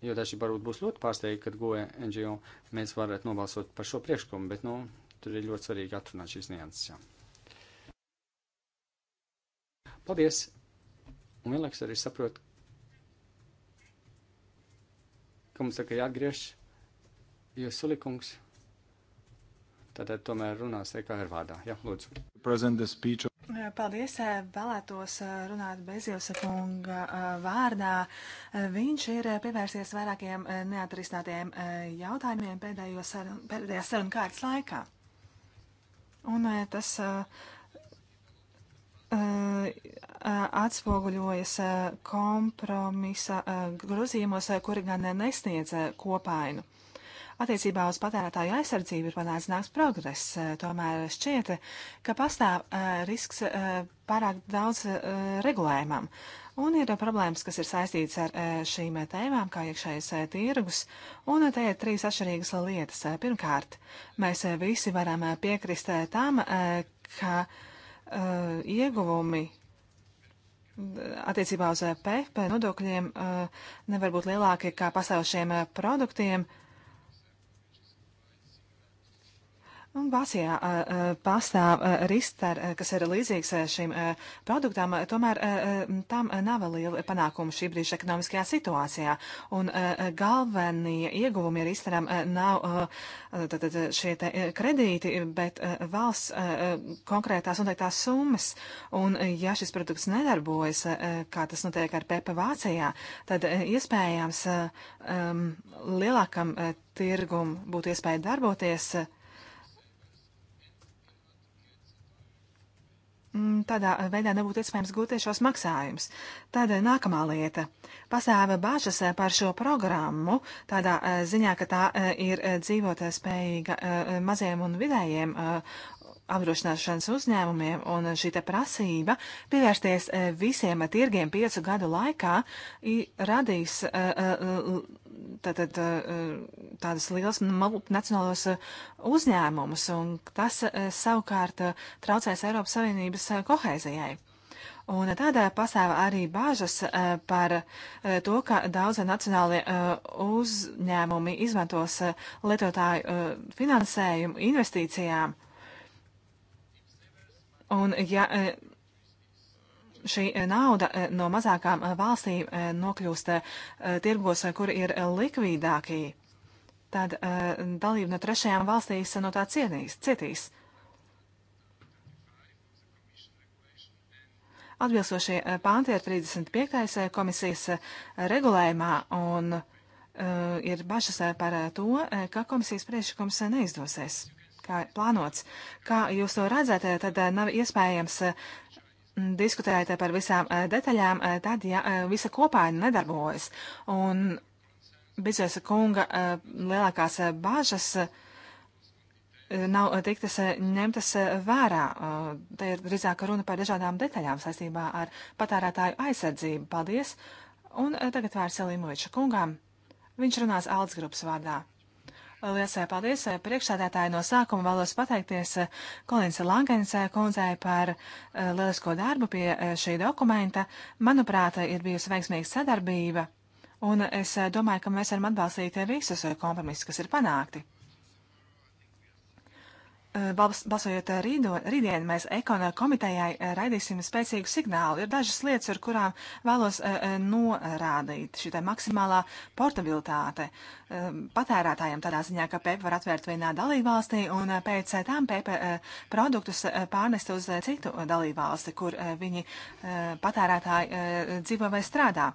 Jo daži varbūt būs ļoti pārsteigti, kad goja NGO mēs varētu nobalsot par šo priekšlikumu, bet, nu, tur ir ļoti svarīgi atrunāt šīs nianses. Jā. Paldies! Un vienlaiks arī saprot, ka mums tā kā jāatgriežas. Iesalikungs. Tātad eh, tomēr runās EKR vārdā. Jā, lūdzu. Paldies, eh, vēlētos eh, runāt Bezjosefunga vārdā. Viņš ir pievērsies vairākiem neatrisinātiem jautājumiem pēdējo sarun, pēdējā sarunu kārtas laikā. Un tas atspoguļojas kompromisa grozījumos, kuri gan nesniedz kopainu. Attiecībā uz patērētāju aizsardzību ir panācis nāks progress, eh, tomēr šķiet, ka pastāv eh, risks eh, pārāk daudz regulējumam. Un ir problēmas, kas ir saistītas ar šīm tēmām, kā iekšējais tirgus, un te ir trīs atšķirīgas lietas. Pirmkārt, mēs visi varam piekrist tam, ka ieguvumi attiecībā uz PEP nodokļiem nevar būt lielākie kā pasaušiem produktiem. Un Vācijā pastāv rister, kas ir līdzīgs šim produktam, tomēr tam nav liela panākuma šī brīža ekonomiskajā situācijā. Un galvenie ieguvumi risteram nav tātad, šie kredīti, bet valsts konkrētās un teiktās summas. Un ja šis produkts nedarbojas, kā tas notiek ar PEPA Vācijā, tad iespējams lielākam tirgum būtu iespēja darboties Mm, tādā veidā nebūtu iespējams gūt šos maksājumus. Tad nākamā lieta. Pastāv bāžas par šo programmu, tādā eh, ziņā, ka tā eh, ir eh, dzīvot spējīga maziem un vidējiem apdrošināšanas uzņēmumiem, un šī prasība pievērsties eh, visiem tirgiem piecu gadu laikā radīs eh, eh, tātad, tādas liels nacionālos uzņēmumus, un tas savukārt traucēs Eiropas Savienības kohēzijai. Un tādā pastāv arī bāžas par to, ka daudzi nacionālie uzņēmumi izmantos lietotāju finansējumu investīcijām. Un ja e, šī nauda e, no mazākām e, valstīm nokļūst tirgos, kur ir likvīdākie, tad dalība no trešajām valstīs no tā cienīs, cietīs. Atbilstošie pānti ir 35. komisijas regulējumā un uh, ir bažas par to, ka komisijas priekšlikums neizdosies kā plānots. Kā jūs to redzat, tad eh, nav iespējams eh, diskutēt par visām eh, detaļām, tad, ja visa kopā nedarbojas. Un biznesa kunga lielākās bāžas nav tiktas ņemtas vērā. Te ir drīzāk runa par dažādām detaļām saistībā ar patērētāju aizsardzību. Paldies! Un tagad vairs Elīmoviča kungām. Viņš runās Alts grupas vārdā. Lielas eh, paldies eh, priekšsādātāji no sākuma vēlos pateikties eh, Kolins Langens kundzei par lielisko darbu pie šī dokumenta. Manuprāt, ir bijusi veiksmīga sadarbība, un es domāju, ka mēs varam atbalstīt visus kompromisus, kas ir panākti. Eh, balsojot eh, rīdo, rītdien, mēs ekona komitejai eh, raidīsim spēcīgu signālu. Ir dažas lietas, ar kurām vēlos norādīt šī maksimālā portabilitāte patērētājiem tādā ziņā, ka PEP var atvērt vienā dalībvalstī un pēc tam PEP produktus pārnest uz citu dalībvalsti, kur viņi patērētāji dzīvo vai strādā.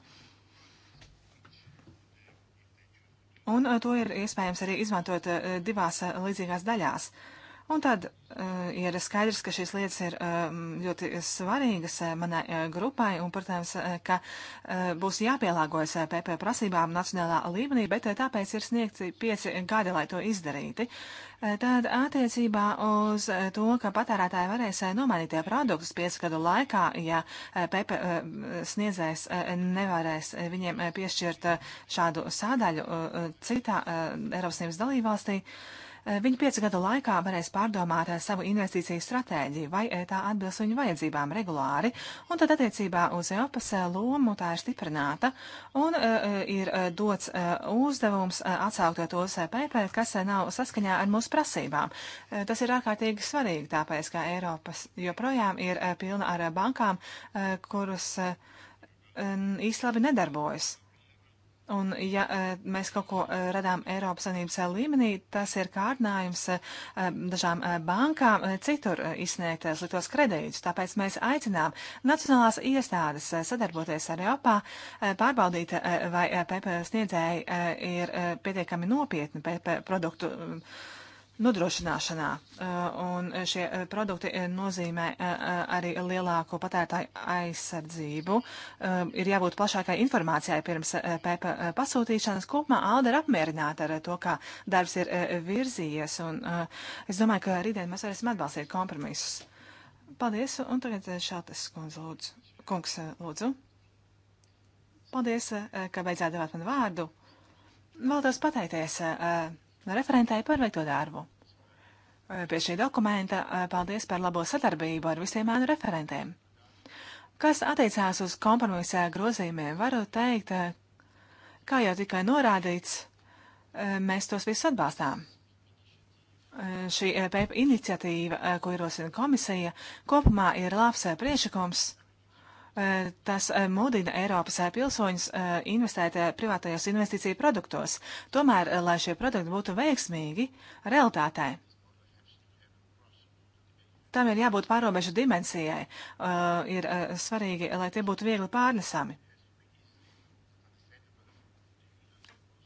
Un to ir iespējams arī izmantot divās līdzīgās daļās. Uh, Un tad uh, ir skaidrs, ka šīs lietas ir uh, ļoti svarīgas uh, manai uh, grupai, un, protams, uh, ka uh, būs jāpielāgojas uh, PP prasībām nacionālā līmenī, bet uh, tāpēc ir sniegti pieci gadi, lai to izdarīti. Uh, tad attiecībā uz uh, to, ka patērētāji varēs uh, nomainīt tie produktus piecu gadu laikā, ja uh, PP uh, sniedzējs uh, nevarēs uh, viņiem uh, piešķirt uh, šādu sādaļu uh, citā uh, Eiropas Savienības dalībvalstī. Uh, Eh, viņi piecu gadu laikā varēs pārdomāt eh, savu investīciju stratēģiju, vai eh, tā atbilst viņu vajadzībām regulāri, un tad attiecībā uz Eiropas lomu tā ir stiprināta, un ir dots uzdevums atsaukt tos PP, kas nav saskaņā ar mūsu prasībām. Tas ir ārkārtīgi svarīgi, tāpēc, ka Eiropas joprojām ir pilna ar bankām, kuras īsti labi nedarbojas. Un ja e, mēs kaut ko e, radām Eiropas Savienības e, līmenī, tas ir kārdinājums dažām bankām citur izsniegt sliktos kredītus. Tāpēc mēs aicinām nacionālās iestādes sadarboties ar Eiropā, pārbaudīt, vai PP sniedzēji ir pietiekami nopietni PP produktu nodrošināšanā. Eh, un šie eh, produkti eh, nozīmē arī lielāko patērtāju aizsardzību. Ir jābūt plašākai informācijai pirms pēpa pasūtīšanas. Kopumā Alda ir apmierināta ar to, kā darbs ir virzījies. Un es domāju, ka rītdien mēs varēsim atbalstīt kompromisus. Paldies, un tagad šāds kundze lūdzu. Kungs, lūdzu. Paldies, ka beidzāt devāt man vārdu. Vēl tos pateikties. Uh, referentēji par veikto darbu. Eh, pie šī dokumenta eh, paldies par labo sadarbību ar visiem mēnu referentiem. Kas attiecās uz kompromisa grozījumiem, varu teikt, eh, kā jau tikai norādīts, mēs tos visus atbalstām. Šī PEP iniciatīva, ko ierosina komisija, kopumā ir labs priešakums E, tas e, mudina Eiropas e, pilsoņus investēt privātajos investīciju produktos, tomēr, lai šie produkti būtu veiksmīgi realitātē. Tam ir jābūt pārobežu dimensijai, ir svarīgi, lai tie būtu viegli pārnesami.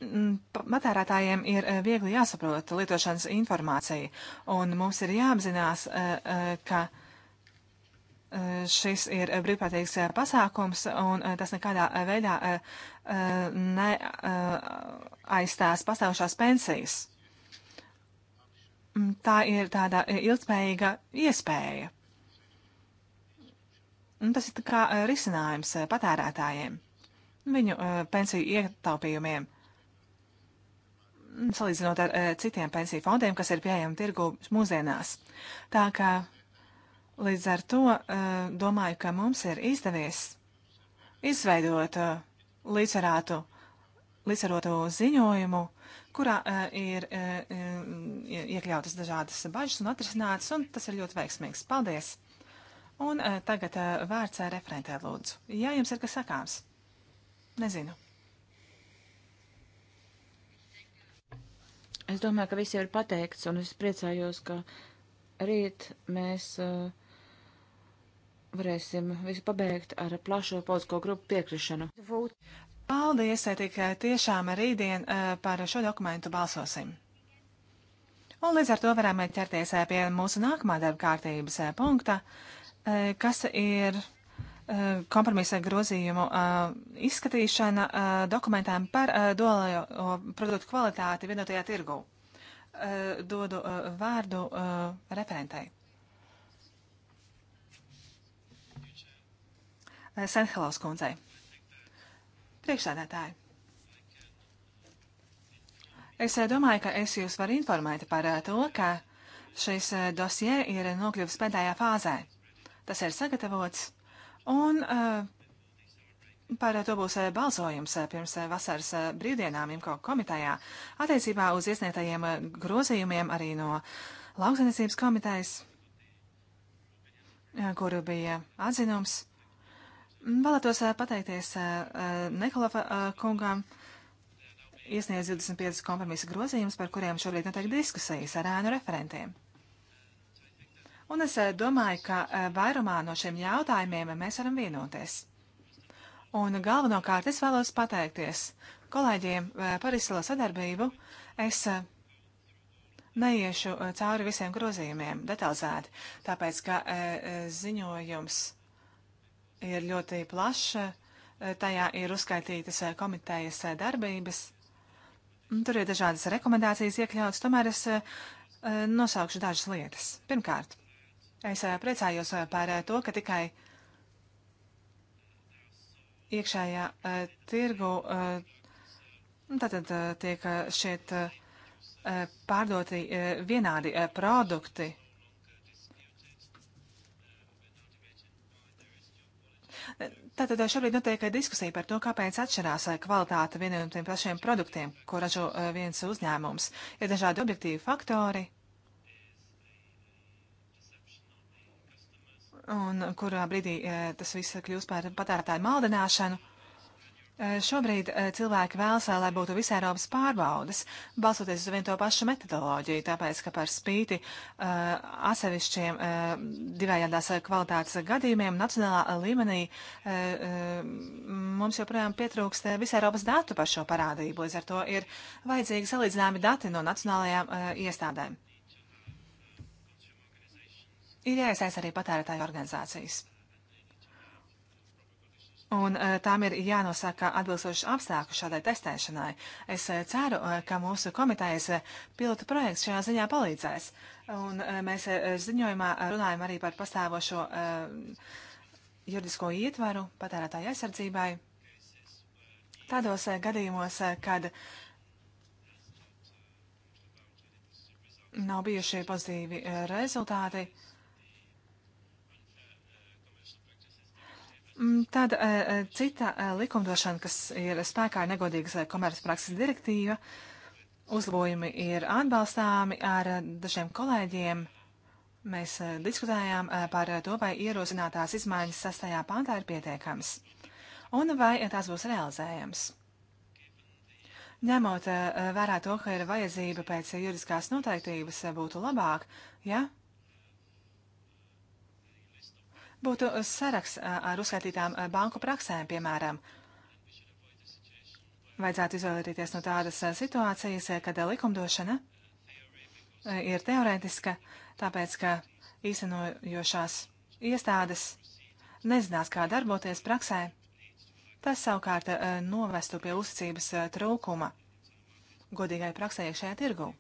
Mm, patērētājiem ir viegli jāsaprot lietošanas informācija, un mums ir jāapzinās, ka šis ir brīvprātīgs eh, pasākums, un eh, tas nekādā eh, veidā neaizstās pastāvošās pensijas. Mm, tā ir tāda ilgspējīga iespēja. Un tas ir kā risinājums patērētājiem, viņu pensiju ietaupījumiem mm, salīdzinot ar e, citiem pensiju fondiem, kas ir pieejami tirgu mūsdienās. Tā kā Līdz ar to eh, domāju, ka mums ir izdevies izveidot eh, līdzsvarātu, līdzsvarotu ziņojumu, kurā eh, ir iekļautas dažādas bažas un atrisinātas, un tas ir ļoti veiksmīgs. Paldies! Un tagad vārds referentē lūdzu. Ja jums ir kas sakāms? Nezinu. Es domāju, ka viss jau ir pateikts, un es priecājos, ka rīt mēs uh, varēsim visu pabeigt ar plašo politisko grupu piekrišanu. Paldies, tikai tiešām rītdien eh, par šo dokumentu balsosim. Un līdz ar to varam ķerties eh, pie mūsu nākamā darba kārtības eh, punkta, kas ir kompromisa grozījumu izskatīšana dokumentām par dolējo produktu kvalitāti vienotajā tirgu. Dodu vārdu referentei. Senhelaus kundzei. Priekšsēdētāji. Es eh, domāju, ka es jūs varu informēt par eh, to, ka šis eh, dosie ir nokļuvis pēdējā fāzē. Tas ir sagatavots un par to būs balsojums pirms vasaras brīvdienām IMKO komitejā attiecībā uz iesniegtajiem grozījumiem arī no lauksainiecības komitejas, kuru bija atzinums. Vēlētos pateikties Nikolava kungam, iesniedz 25 kompromisa grozījumus, par kuriem šorīt notiek diskusijas ar ēnu referentiem. Un es domāju, ka vairumā no šiem jautājumiem mēs varam vienoties. Un galvenokārt es vēlos pateikties kolēģiem par izcilo sadarbību. Es neiešu cauri visiem grozījumiem detalizēti, tāpēc ka ziņojums ir ļoti plaša. E, tajā ir uzskaitītas e, komitejas e, darbības. Tur ir dažādas rekomendācijas iekļautas, tomēr es nosaukšu dažas lietas. Pirmkārt, es priecājos par to, ka tikai iekšējā tirgu nu, tātad tiek šeit pārdoti vienādi produkti Tātad šobrīd notiek diskusija par to, kāpēc atšķirās eh, kvalitāte vieniem un tiem pašiem produktiem, ko ražo eh, viens uzņēmums. Ir dažādi objektīvi faktori, un kurā brīdī eh, tas viss kļūst par patērētāju maldināšanu. Eh, šobrīd eh, cilvēki vēlas, eh, lai būtu visā Eiropas pārbaudas, balsoties uz vienu to pašu metodoloģiju, tāpēc, ka par spīti uh, atsevišķiem uh, divējādās kvalitātes gadījumiem nacionālā līmenī uh, mums joprojām pietrūkst visā Eiropas datu par šo parādību, līdz ar to ir vajadzīgi salīdzināmi dati no nacionālajām iestādēm. Ir jāiesaist arī patērētāju organizācijas un eh, tām ir jānosaka atbilstoši apstākļi šādai testēšanai. Es eh, ceru, eh, ka mūsu komitejas pilotu projekts šajā ziņā palīdzēs. Un mēs ziņojumā runājam arī par pastāvošo juridisko ietvaru patērētāju aizsardzībai. Tādos gadījumos, kad nav bijušie pozitīvi rezultāti, Mm, tāda e, e, cita e, likumdošana, kas ir spēkā negodīgas komercprakses direktīva, uzlabojumi ir atbalstāmi ar dažiem kolēģiem. Mēs diskutējām par to, vai ierosinātās izmaiņas sastajā pantā ir pietiekams un vai tās būs realizējams. Ņemot vērā to, ka ir vajadzība pēc juridiskās noteiktības, būtu labāk, ja būtu uh, saraksts uh, ar uzskaitītām uh, banku praksēm, piemēram. Vajadzētu izvēlēties no tādas situācijas, kad likumdošana ir teorētiska, tāpēc, ka īstenojošās iestādes nezinās, kā darboties praksē. Tas savukārt novestu pie uzticības trūkuma godīgai praksē iekšējā tirgū.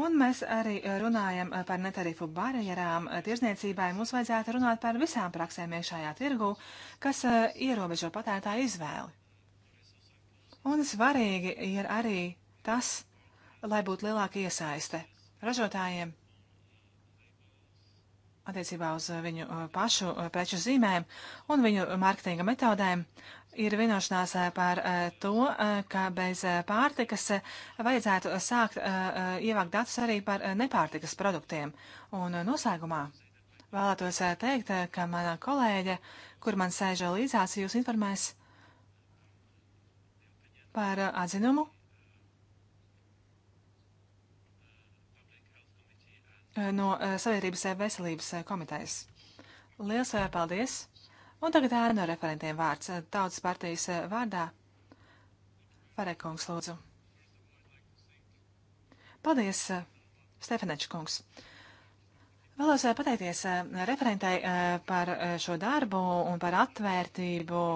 Un mēs arī eh, runājam eh, par netarifu barjerām eh, tirzniecībai. Mums vajadzētu runāt par visām praksēm iekšējā tirgu, kas ierobežo patērētāju izvēli. Un svarīgi ir arī tas, lai būtu lielāka iesaiste ražotājiem attiecībā uz viņu pašu preču zīmēm un viņu mārketinga metodēm, ir vienošanās eh, par eh, to, eh, ka bez pārtikas vajadzētu sākt ievākt datus arī par nepārtikas produktiem. Un noslēgumā vēlētos teikt, ka mana kolēģe, kur man sēž līdzās, jūs informēs par atzinumu. No Sabiedrības veselības komitejas. Lielas paldies! Un tagad ēnu no referentiem vārds. Tautas partijas vārdā. Parekungs, lūdzu. Paldies, Stefanečs kungs. Vēlos eh, pateikties eh, referentai eh, par šo darbu un par atvērtību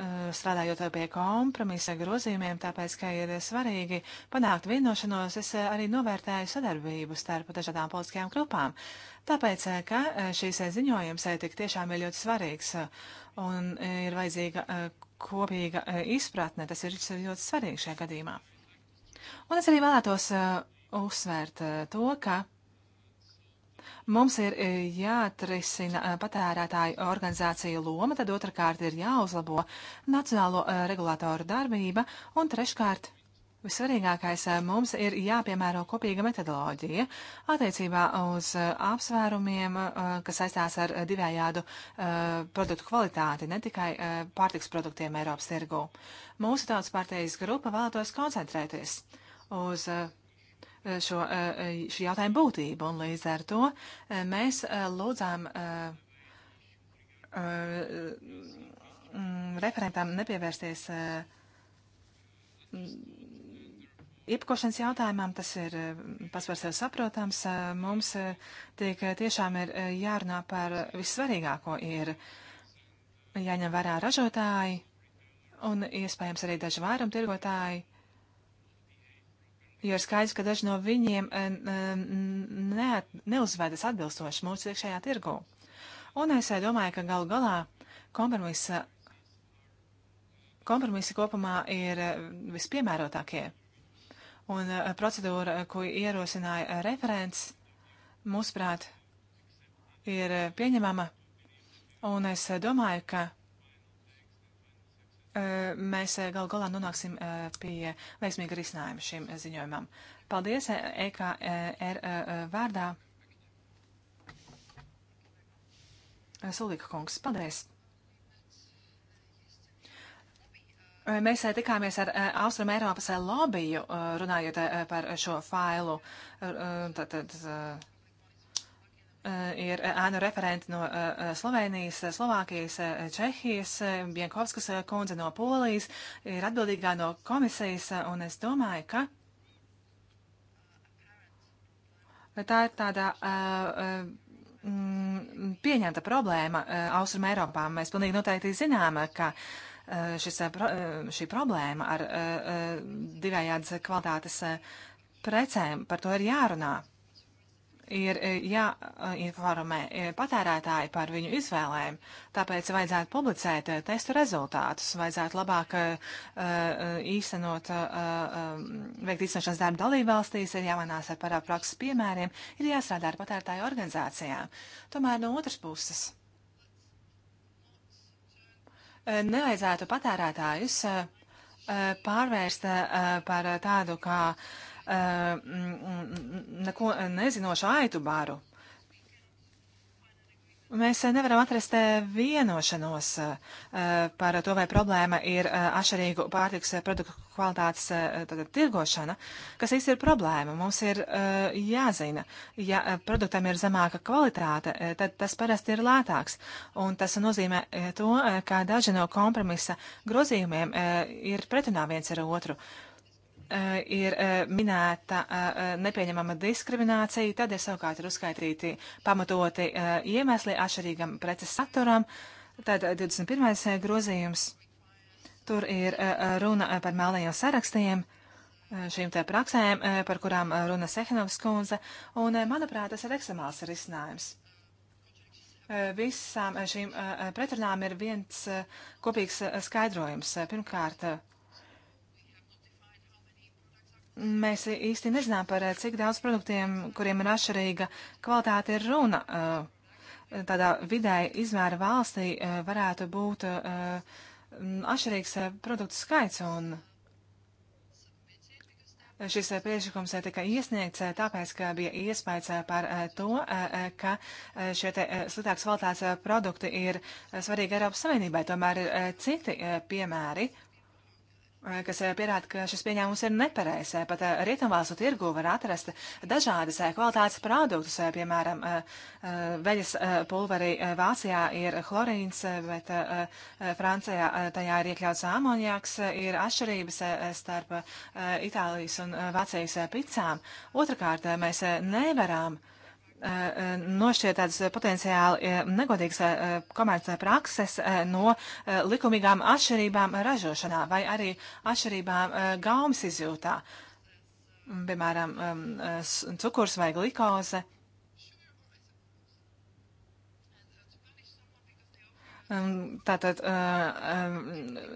Eh, strādājot pie kompromisa grozījumiem, tāpēc, ka ir svarīgi panākt vienošanos, es eh, arī novērtēju sadarbību starp dažādām politiskajām grupām. Tāpēc, eh, ka šīs ziņojums tik tiešām ir ļoti svarīgs un ir vajadzīga kopīga izpratne, tas ir ļoti svarīgi šajā gadījumā. Un es arī vēlētos uzsvērt to, ka Mums ir e, jāatrisina e, patērētāju organizāciju loma, tad otrkārt ir jāuzlabo nacionālo e, regulātoru darbība, un treškārt Visvarīgākais mums ir jāpiemēro kopīga metodoloģija attiecībā uz apsvērumiem, kas saistās ar divējādu produktu kvalitāti, ne tikai pārtiks produktiem Eiropas tirgu. Mūsu tautas partijas grupa vēlētos koncentrēties uz Eh, šo, eh, eh, šī jautājuma būtību, un līdz ar to mēs lūdzām mm, referentam nepievērsties Iepakošanas jautājumam tas ir pasvars jau saprotams. Mums tiek tiešām ir jārunā par vissvarīgāko ir jāņem vērā ražotāji un iespējams arī daži vairumtirgotāji, jo ir skaidrs, ka daži no viņiem eh, ne, neuzvedas atbilstoši mūsu iekšējā tirgū. Un es eh, domāju, ka galu galā kompromisa, kompromisi kopumā ir eh, vispiemērotākie. Un procedūra, ko ierosināja referents, mūsuprāt, ir pieņemama. Un es domāju, ka Eh, mēs eh, gal galā nonāksim eh, pie veiksmīga risinājuma šim ziņojumam. Paldies EKR e e vārdā. Sulīka kungs, paldies! Mēs tikāmies ar Austrum Eiropas lobiju, runājot par šo failu. Tātad, Eh, ir eh, ēnu referenti no eh, Slovenijas, Slovākijas, Čehijas, Bienkovskas kundze no Polijas, ir atbildīgā no komisijas, un es domāju, ka tā ir tāda mm, pieņemta problēma Austrum Eiropā. Mēs pilnīgi noteikti zinām, ka šis, šī problēma ar divējādas kvalitātes precēm, par to ir jārunā ir e, jāinformē e, patērētāji par viņu izvēlēm, tāpēc vajadzētu publicēt e, testu rezultātus, vajadzētu labāk īstenot, veikt īstenošanas darbu dalībvalstīs, ir jāmanās ar parāprakses piemēriem, ir jāstrādā ar patērētāju organizācijām. Tomēr no otras puses. Nevajadzētu patērētājus pārvērst par tādu kā uh, Uh, mm, mm, mm, neko nezinošu aitu baru. Mēs uh, nevaram atrast uh, vienošanos par to, vai problēma ir ašarīgu pārtiks produktu kvalitātes tātad, tirgošana, kas īsti ir problēma. Mums ir jāzina, ja produktam ir zemāka kvalitāte, tad tas parasti ir lētāks. Un tas nozīmē to, ka daži no kompromisa grozījumiem ir pretunā viens ar otru. Uh, Eh, ir eh, minēta eh, nepieņemama diskriminācija, tad ir savukārt ir uzskaitīti pamatoti iemesli atšķirīgam preces saturam. Tad 21. grozījums, tur ir runa par melnajiem sarakstiem, šīm te praksēm, par kurām runa Sehenovs kundze, un, manuprāt, tas ir ekstremāls risinājums. Visām šīm pretrunām ir viens kopīgs skaidrojums. Pirmkārt, mēs īsti nezinām par eh, cik daudz produktiem, kuriem ir atšķirīga kvalitāte, ir runa. Eh, tādā vidēji izmēra valstī eh, varētu būt atšķirīgs produktu skaits, un šis priekšlikums tika iesniegts tāpēc, ka bija iespējas par to, ka šie sliktāks kvalitātes produkti ir svarīgi Eiropas Savienībai. Tomēr ir citi piemēri kas eh, pierāda, ka šis pieņēmums ir nepareizs. Eh, pat eh, rietumvalstu tirgu var atrast dažādas kvalitātes produktus. Piemēram, veļas pulverī Vācijā ir chlorīns, bet Francijā tajā ir iekļauts amonijāks. Ir atšķirības starp Itālijas un Vācijas picām. Otrakārt, mēs nevaram. Uh, Eh, eh, nošķiet tādas eh, potenciāli negodīgas komerces prakses no likumīgām atšķirībām ražošanā vai arī atšķirībām gaumas izjūtā, piemēram, cukurs vai glikoze. Tātad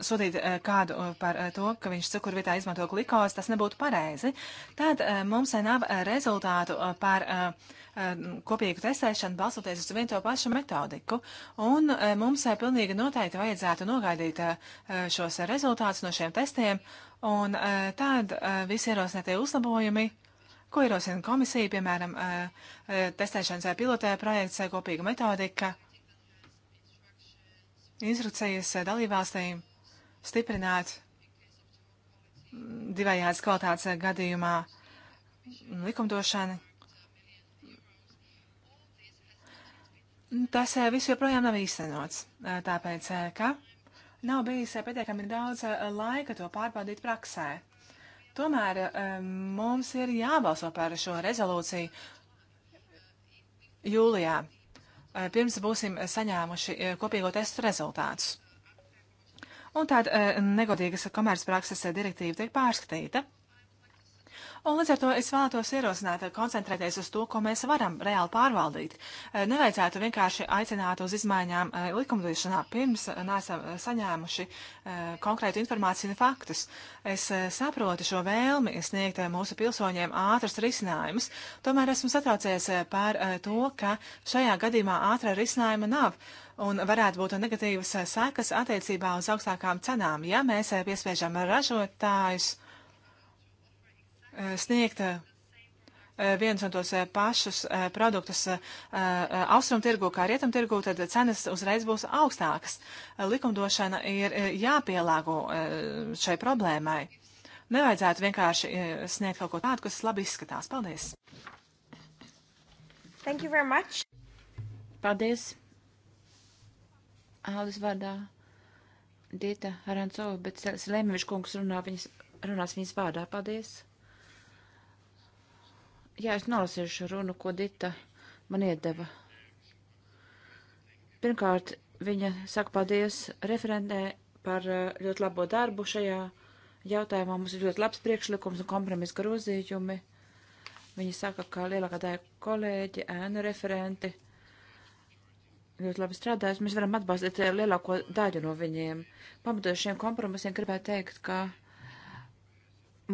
sodīt kādu par to, ka viņš cukuru vietā izmanto glikozi, tas nebūtu pareizi. Tad mums nav rezultātu par uh, Um, kopīgu testēšanu balstoties uz vienu to pašu metodiku. Un uh, mums uh, pilnīgi noteikti vajadzētu nogaidīt uh, šos rezultātus no šiem testiem, un tad visi ierosinātie uzlabojumi ko ierosina komisija, piemēram, testēšanas vai pilotē projekts, kopīga metodika, instrukcijas dalībvalstīm stiprināt mm, divējādas kvalitātes gadījumā mm, likumdošanu. tas eh, viss joprojām nav īstenots, eh, tāpēc, eh, ka nav bijis pietiekami daudz laika to pārbaudīt praksē. Tomēr mums ir jābalso par šo rezolūciju jūlijā, pirms būsim saņēmuši kopīgo testu rezultātus. Un tāda negodīgas komercprakses direktīva tiek pārskatīta. Un līdz ar to es vēlētos ierosināt, eh, koncentrēties uz to, ko mēs varam reāli pārvaldīt. Eh, nevajadzētu vienkārši aicināt uz izmaiņām eh, likumdošanā, pirms neesam saņēmuši konkrētu informāciju un faktus. Es saprotu šo vēlmi sniegt mūsu pilsoņiem ātras risinājumus, tomēr esmu satraucies par to, ka šajā gadījumā ātrā risinājuma nav un varētu būt negatīvas sekas attiecībā uz augstākām cenām, ja mēs piespiežam ražotājus Eh, sniegt eh, eh, viens un tos pašus produktus austrumu tirgu kā rietumu tirgu, tad cenas uzreiz būs augstākas. Likumdošana ir jāpielāgo šai problēmai. Nevajadzētu vienkārši sniegt kaut ko tādu, kas labi izskatās. Paldies! Thank you very much! Paldies! Aldis vārdā Dita Harancova, bet Slēmeviškungs runā viņas, runās viņas vārdā. Paldies! Jā, es nolasīšu runu, ko Dita man iedeva. Pirmkārt, viņa saka paldies referentē par eh, ļoti labo darbu šajā jautājumā. Mums ir ļoti labs priekšlikums un kompromiss grozījumi. Viņa saka, ka lielākā daļa kolēģi, ēnu referenti ļoti labi strādājas. Mēs varam atbalstīt eh, lielāko daļu no viņiem. Pamatojot šiem kompromisiem, gribētu teikt, ka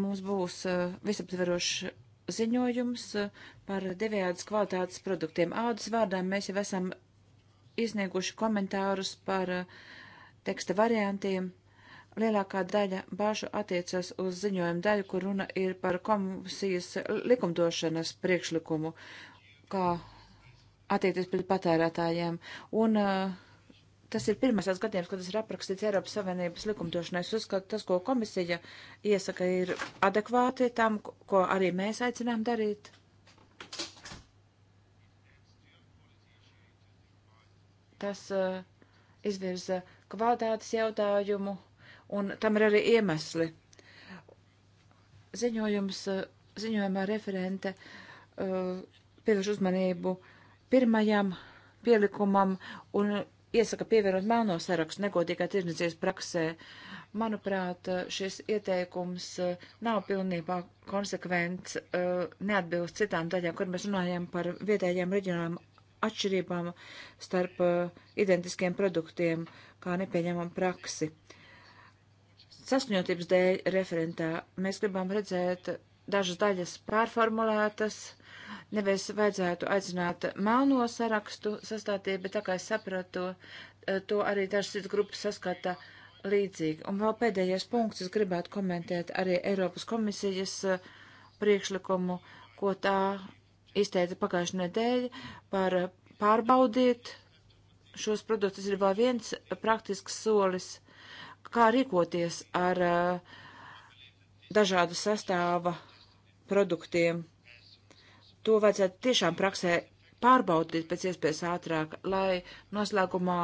mums būs uh, visaptverošs ziņojums eh, par devējādas kvalitātes produktiem. Ādas vārdā mēs jau esam iznieguši komentārus par eh, teksta variantiem. Lielākā daļa bāžu attiecas uz ziņojumu daļu, kur runa ir par komisijas likumdošanas priekšlikumu, kā attiekties pret patērētājiem. Un uh, Tas ir pirmais tās gadījums, kad tas ir aprakstīts Eiropas Savienības likumdošanai. Es uzskatu, tas, ko komisija iesaka, ir adekvāti tam, ko arī mēs aicinām darīt. Tas uh, izvirza kvalitātes jautājumu, un tam ir arī iemesli. Ziņojums, uh, ziņojumā referente uh, pievērš uzmanību pirmajam pielikumam un iesaka pievienot melno sarakstu negodīgā tirdzniecības praksē. Manuprāt, šis ieteikums eh, nav pilnībā konsekvents, eh, neatbilst citām daļām, kur mēs runājam par vietējiem reģionāliem atšķirībām starp eh, identiskiem produktiem, kā nepieņemam praksi. Saskaņotības dēļ referentā mēs gribam redzēt dažas daļas pārformulētas, nevis vajadzētu aicināt melno sarakstu sastādīt, bet tā kā es sapratu, eh, to arī dažas grupas saskata līdzīgi. Un vēl pēdējais punkts, es gribētu komentēt arī Eiropas komisijas eh, priekšlikumu, ko tā izteica pagājušajā nedēļa par pārbaudīt šos produktus. Ir vēl viens praktisks solis, kā rīkoties ar eh, dažādu sastāva produktiem to vajadzētu tiešām praksē pārbaudīt pēc iespējas ātrāk, lai noslēgumā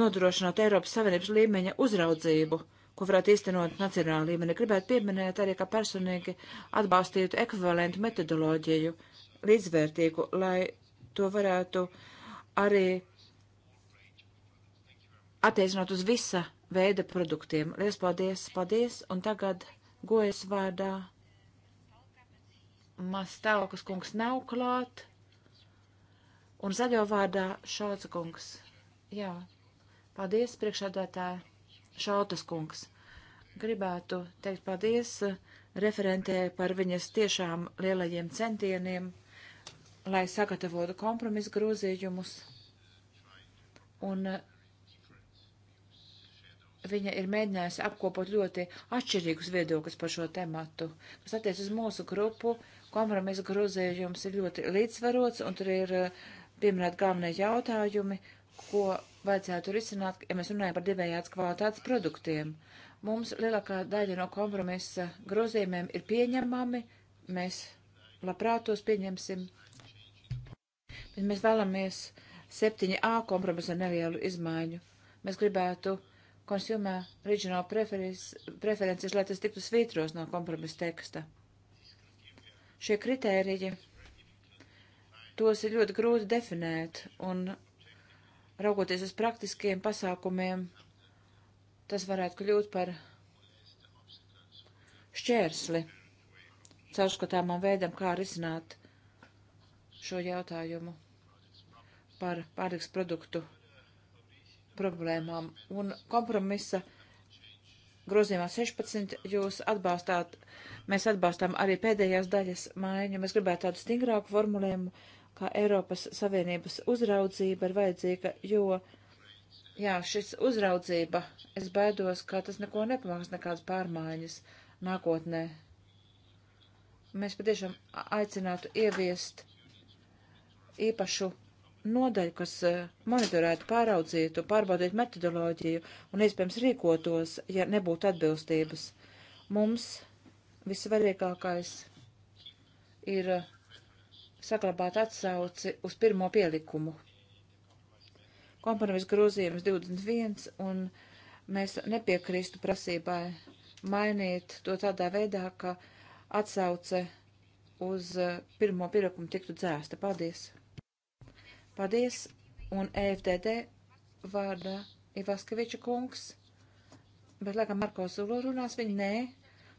nodrošinātu Eiropas Savienības līmeņa uzraudzību, ko varētu īstenot nacionāla līmenī. Gribētu pieminēt arī, ka personīgi atbalstītu ekvivalentu metodoloģiju līdzvērtīgu, lai to varētu arī attiecināt uz visa veida produktiem. Lielas paldies, paldies, un tagad gojas vārdā Mastelkas kungs nav klāt. Un zaļo vārdā Šauca kungs. Jā. Paldies, priekšādātāja Šautas kungs. Gribētu teikt paldies uh, referentē par viņas tiešām lielajiem centieniem, lai sagatavotu kompromisu grozījumus. Un uh, viņa ir mēģinājusi apkopot ļoti atšķirīgus viedokļus par šo tematu, kas attiec uz mūsu grupu, Kompromisa grozījums ir ļoti līdzsvarots, un tur ir eh, pieminēt galvenie jautājumi, ko vajadzētu risināt, ja mēs runājam par divējādas kvalitātes produktiem. Mums lielākā daļa no kompromisa grozījumiem ir pieņemami, mēs labprāt tos pieņemsim, bet mēs vēlamies 7a kompromisa nevielu izmaiņu. Mēs gribētu consumer regional preferences, lai tas tiktu svītros no kompromisa teksta. Šie kritēriji, tos ir ļoti grūti definēt, un raugoties uz praktiskiem pasākumiem, tas varētu kļūt par šķērsli caurskatāmam veidam, kā risināt šo jautājumu par pārtiks produktu problēmām. Un kompromisa grozījumā 16 jūs atbalstāt, mēs atbalstām arī pēdējās daļas maiņu. Mēs gribētu tādu stingrāku formulējumu, kā Eiropas Savienības uzraudzība ir vajadzīga, jo, jā, šis uzraudzība, es baidos, ka tas neko nepanāks nekādas pārmaiņas nākotnē. Mēs patiešām aicinātu ieviest īpašu nodaļu, kas eh, monitorētu, pāraudzītu, pārbaudītu metodoloģiju un iespējams rīkotos, ja nebūtu atbilstības. Mums vissvarīgākais ir eh, saglabāt atsauci uz pirmo pielikumu. Kompromiss grozījums 21 un mēs nepiekrīstu prasībai mainīt to tādā veidā, ka atsauce uz eh, pirmo pielikumu tiktu dzēsta. Paldies! Paldies! Un EFDD vārdā Ivaskeviča kungs, bet, laikam, Marko Zulo runās viņa nē.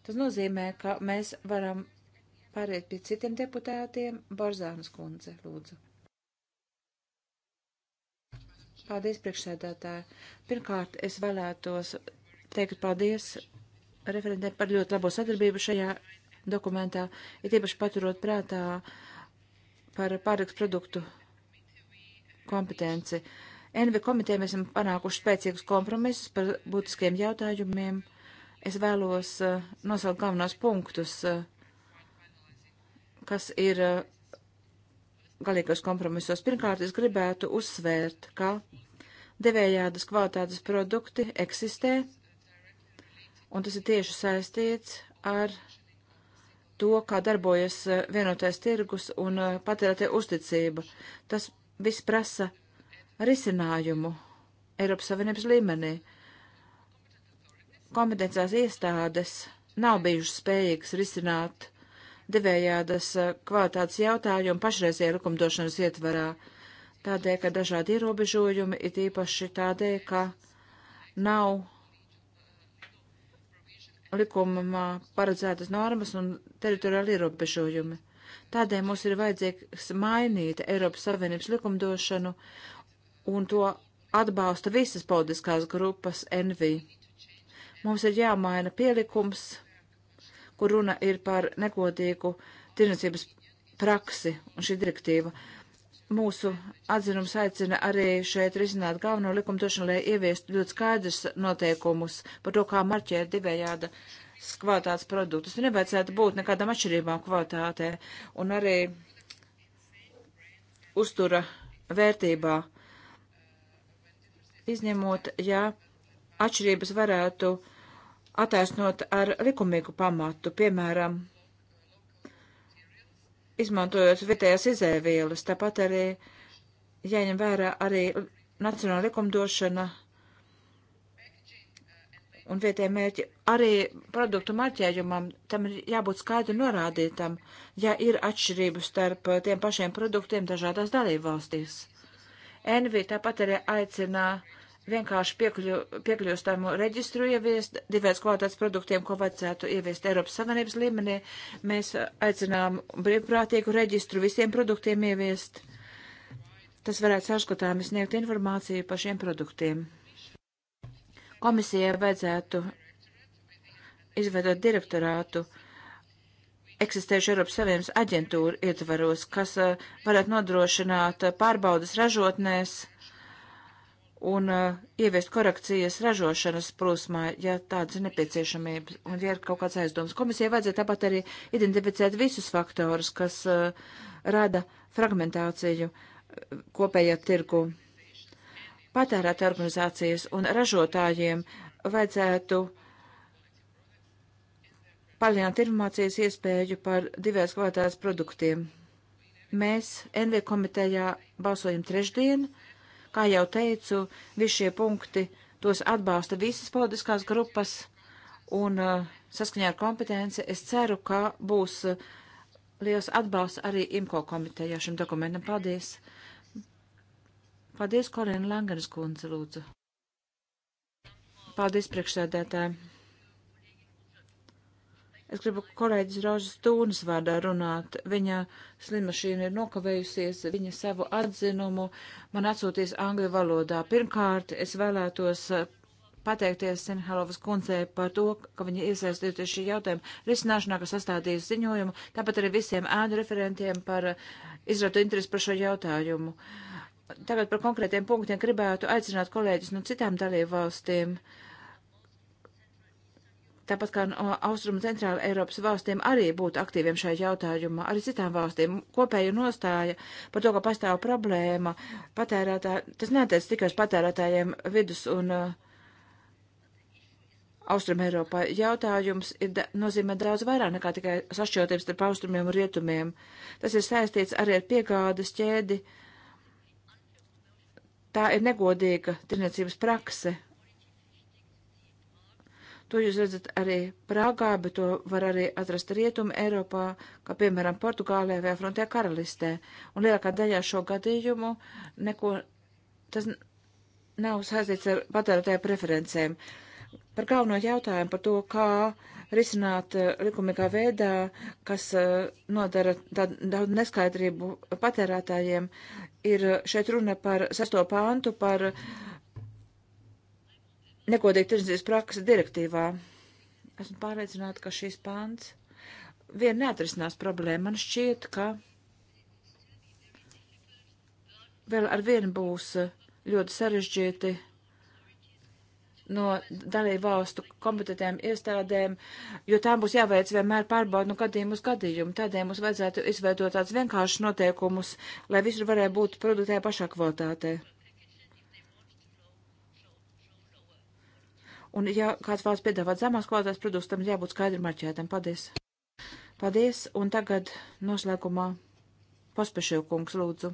Tas nozīmē, ka mēs varam pāriet pie citiem deputātiem. Borzānas kundze, lūdzu. Paldies, priekšsēdētāji. Pirmkārt, es vēlētos teikt paldies referentiem par ļoti labo sadarbību šajā dokumentā, ir ja īpaši paturot prātā par pārtiks produktu kompetenci. NV komitē mēs esam panākuši spēcīgus kompromisus par būtiskiem jautājumiem. Es vēlos uh, nosaukt galvenos punktus, uh, kas ir uh, galīgos kompromisos. Pirmkārt, es gribētu uzsvērt, ka devējādas kvalitātes produkti eksistē, un tas ir tieši saistīts ar to, kā darbojas vienotais tirgus un patērētie uzticība. Tas viss prasa risinājumu Eiropas Savienības līmenī. Kompetencās iestādes nav bijušas spējīgas risināt devējādas eh, kvalitātes jautājumu pašreizie likumdošanas ietvarā, tādēļ, ka dažādi ierobežojumi ir īpaši tādēļ, ka nav likumā paredzētas normas un teritoriāli ierobežojumi. Tādēļ mums ir vajadzīgs mainīt Eiropas Savienības likumdošanu un to atbalsta visas politiskās grupas NV. Mums ir jāmaina pielikums, kur runa ir par negodīgu tirnacības praksi un šī direktīva. Mūsu atzinums aicina arī šeit risināt galveno likumdošanu, lai ieviestu ļoti skaidrs noteikumus par to, kā marķēt divējāda uh, kvalitātes produktus. Nevajadzētu būt nekādām atšķirībām kvalitātē un arī uztura vērtībā. Izņemot, ja atšķirības varētu attaisnot ar likumīgu pamatu, piemēram, izmantojot vietējās izēvielas, tāpat arī jāņem vērā arī nacionāla likumdošana un vietējiem mērķi. Arī produktu marķējumam tam ir jābūt skaidri norādītam, ja ir atšķirības starp uh, tiem pašiem produktiem dažādās dalībvalstīs. Envi tāpat arī aicina vienkārši piekļu, piekļūstamu reģistru ieviest divreiz kvalitātes produktiem, ko vajadzētu ieviest Eiropas Savienības līmenī. Mēs aicinām brīvprātīgu reģistru visiem produktiem ieviest. Tas varētu saškatāmi sniegt informāciju par šiem produktiem. Komisijai vajadzētu izveidot direktorātu eksistējuši Eiropas Savienības aģentūru ietvaros, kas eh, varētu nodrošināt eh, pārbaudas ražotnēs un uh, ieviest korekcijas ražošanas plūsmā, ja tādas ir nepieciešamības un ja ir kaut kāds aizdoms. Komisijai vajadzētu tāpat arī identificēt visus faktorus, kas uh, rada fragmentāciju kopējā tirgu patērēt organizācijas un ražotājiem vajadzētu palielināt informācijas iespēju par divās kvalitātes produktiem. Mēs NV komitejā balsojam trešdien. Kā jau teicu, visi šie punkti tos atbalsta visas politiskās grupas un uh, saskaņā ar kompetenci es ceru, ka būs uh, liels atbalsts arī IMKO komitejā šim dokumentam. Paldies! Paldies, Korina Langenes kundze, lūdzu. Paldies, priekšsēdētāji. Es gribu kolēģis Rožas Tūnas vārdā runāt. Viņa slimašīna ir nokavējusies, viņa savu atzinumu man atsūties angļu valodā. Pirmkārt, es vēlētos uh, pateikties Senhalovas kundzei par to, ka viņa iesaistīties šī jautājuma risināšanā, ka sastādījusi ziņojumu, tāpat arī visiem ēnu referentiem par uh, izratu interesi par šo jautājumu. Uh, tagad par konkrētiem punktiem gribētu aicināt kolēģis no citām dalībvalstīm. Tāpat kā no Austrum centrāla Eiropas valstīm arī būt aktīviem šajā jautājumā, arī citām valstīm kopēju nostāja par to, ka pastāv problēma patērētā, tas neatiec tikai uz patērētājiem vidus un uh, Austrum Eiropā. Jautājums ir, da, nozīmē daudz vairāk nekā tikai sašķotības starp austrumiem un rietumiem. Tas ir saistīts arī ar piegādes ķēdi. Uh, tā ir negodīga tirniecības prakse. To jūs redzat arī Prāgā, bet to var arī atrast Rietumu Eiropā, kā piemēram Portugālē vai Frontē karalistē. Un lielākā daļā šo gadījumu neko, tas nav saistīts ar patērētāju preferencēm par galveno jautājumu par to, kā risināt eh, likumīgā veidā, kas eh, nodara daudz neskaidrību patērētājiem, ir eh, šeit runa par sesto pāntu par negodīgu tirdzniecības prakses direktīvā. Esmu pārliecināta, ka šīs pāns vien neatrisinās problēmu. Man šķiet, ka vēl ar vienu būs ļoti sarežģīti no dalību valstu kompetentiem iestādēm, jo tām būs jāveic vienmēr pārbaudu no gadījumu uz gadījumu. Tādēļ mums vajadzētu izveidot tādus vienkāršus noteikumus, lai visur varētu būt produktē pašā kvalitātē. Un, ja kāds vēlas piedāvāt zemās kvalitātes produktus, tam jābūt skaidri marķētam. Paldies! Paldies! Un tagad noslēgumā pospešīju kungs lūdzu.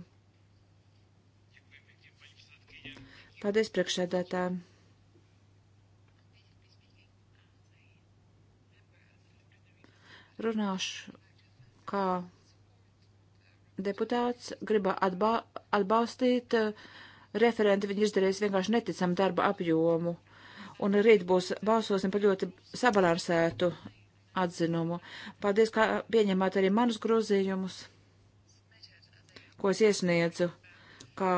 Paldies priekšsēdētājiem! Runāšu kā deputāts, gribu atba atbalstīt eh, referenti, viņi izdarīs vienkārši neticam darba apjomu. Un rīt būs balsosim par ļoti sabalansētu atzinumu. Paldies, ka pieņemāt arī manus grozījumus, ko es iesniedzu kā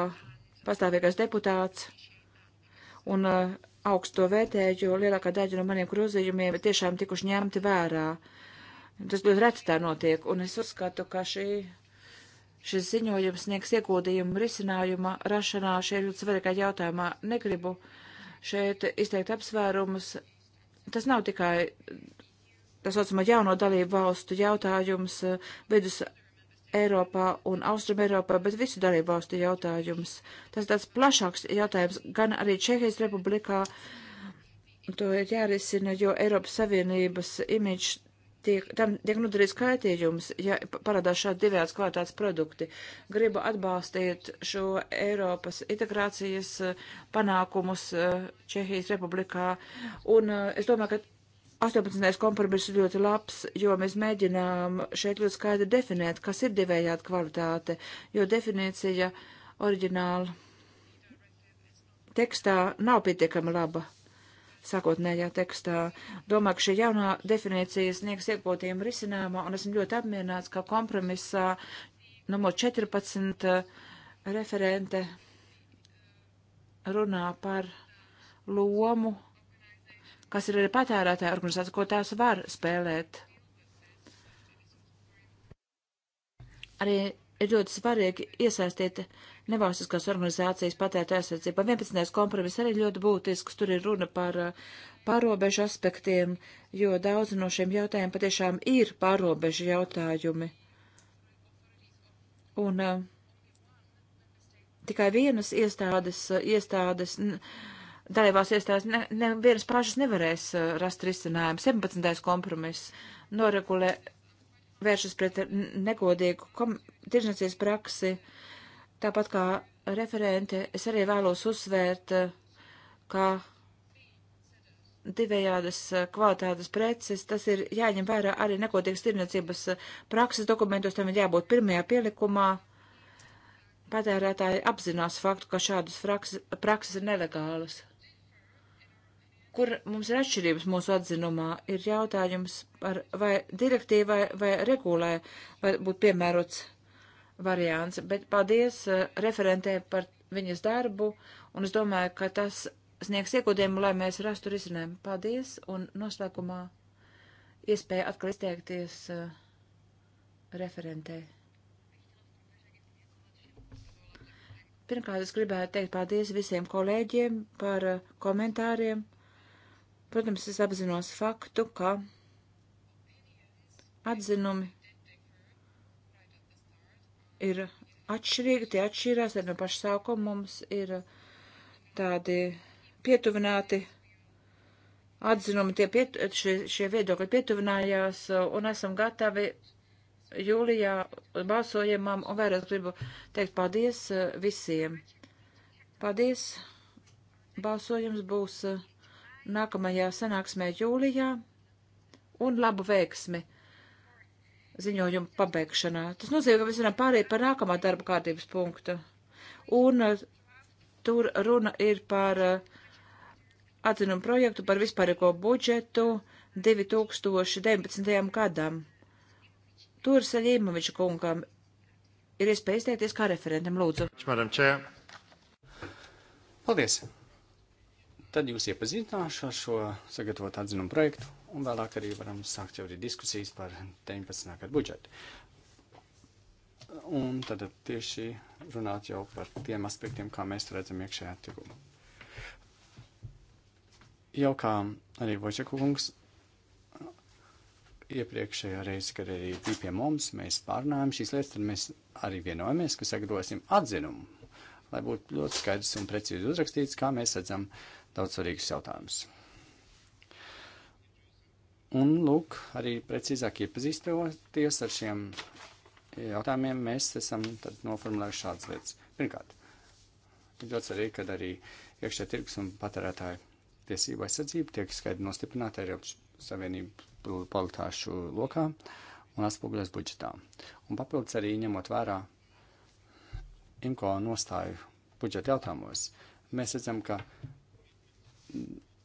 pastāvīgais deputāts. Un uh, eh, augsto vērtēju, jo lielākā daļa no maniem grozījumiem tiešām tikuši ņemti vērā. Uh, Tas ļoti reti tā notiek, un es uzskatu, ka šī, šis ziņojums sniegs ieguldījumu risinājuma rašanā šie ļoti svarīgā jautājumā. Negribu šeit izteikt apsvērumus. Tas nav tikai tā saucamā jauno dalību valstu jautājums vidus Eiropā un Austrum Eiropā, bet visu dalību valstu jautājums. Tas tāds plašāks jautājums, gan arī Čehijas republikā to ir jārisina, jo Eiropas Savienības imidžs tiek, tam tiek nodarīts kaitījums, ja parādās šādi divējādas kvalitātes produkti. Gribu atbalstīt šo Eiropas integrācijas eh, panākumus eh, Čehijas republikā, un eh, es domāju, ka 18. kompromiss ir ļoti labs, jo mēs mēģinām šeit ļoti skaidri definēt, kas ir divējāda kvalitāte, jo definīcija oriģināla tekstā nav pietiekama laba sākotnējā tekstā. Domāju, ka šī jaunā definīcija sniegs iegūtījumu risinājumu, un esmu ļoti apmierināts, ka kompromisā numur 14 eh, referente runā par lomu, kas ir arī patērētāja organizācija, ko tās var spēlēt. Arī ir ļoti svarīgi iesaistīt nevalstiskās organizācijas patērta aizsardzībā. 11. kompromiss arī ļoti būtisks, tur ir runa par uh, pārobežu aspektiem, jo daudz no šiem jautājumiem patiešām ir pārobežu jautājumi. Un uh, tikai vienas iestādes, uh, iestādes dalībās iestādes, ne, ne, vienas pašas nevarēs uh, rast risinājumu. 17. kompromiss noregulē vēršas pret negodīgu tirzniecības praksi. Tāpat kā referente, es arī vēlos uzsvērt, ka divējādas eh, kvalitātes preces, tas ir jāņem vērā arī nekodīgas tirniecības eh, prakses dokumentos, tam ir jābūt pirmajā pielikumā. Patērētāji apzinās faktu, ka šādas prakses, prakses ir nelegālas kur mums ir atšķirības mūsu atzinumā, ir jautājums par vai direktīvai vai regulē vai būtu piemērots variants, bet paldies uh, referentē par viņas darbu, un es domāju, ka tas sniegs iekodījumu, lai mēs rastu risinājumu. Paldies, un noslēgumā iespēja atkal izteikties uh, referentē. Pirmkārt, es gribētu teikt paldies visiem kolēģiem par uh, komentāriem. Protams, es apzinos faktu, ka atzinumi ir atšķirīgi, tie atšķīrās, tad no paša sākuma mums ir tādi pietuvināti atzinumi, tie piet, šie, šie viedokļi pietuvinājās un esam gatavi jūlijā balsojumam un vēlreiz gribu teikt paldies visiem. Paldies! Balsojums būs. Uh, nākamajā sanāksmē jūlijā un labu veiksmi ziņojumu pabeigšanā. Tas nozīmē, ka mēs varam pāriet par nākamā darba kārtības punktu. Un uh, tur runa ir par uh, atzinumu projektu par vispārīgo budžetu 2019. gadam. Tur Saļīmoviča kungam ir iespēja izteikties kā referentam, lūdzu. Paldies! Tad jūs iepazīstināšu ar šo sagatavotu atzinumu projektu, un vēlāk arī varam sākt jau arī diskusijas par 19. gadu budžetu. Un tad tieši runāt jau par tiem aspektiem, kā mēs redzam iekšējā tirgu. Jau kā arī Vočakungs iepriekšējā reizē, kad arī bija pie mums, mēs pārnājām šīs lietas, tad mēs arī vienojamies, ka sagatavosim atzinumu, lai būtu ļoti skaidrs un precīzi uzrakstīts, kā mēs redzam uh, daudz svarīgs jautājums. Un, lūk, arī precīzāk iepazīstoties ar šiem jautājumiem, mēs esam noformulējuši šādas lietas. Pirmkārt, ir ļoti svarīgi, kad arī iekšē tirgus un patērētāju tiesību aizsardzība tiek skaidri nostiprināta Eiropas Savienību palitāšu lokā un atspoguļos budžetā. Un papildus arī ņemot vērā IMCO nostāju budžeta jautājumos, mēs redzam, ka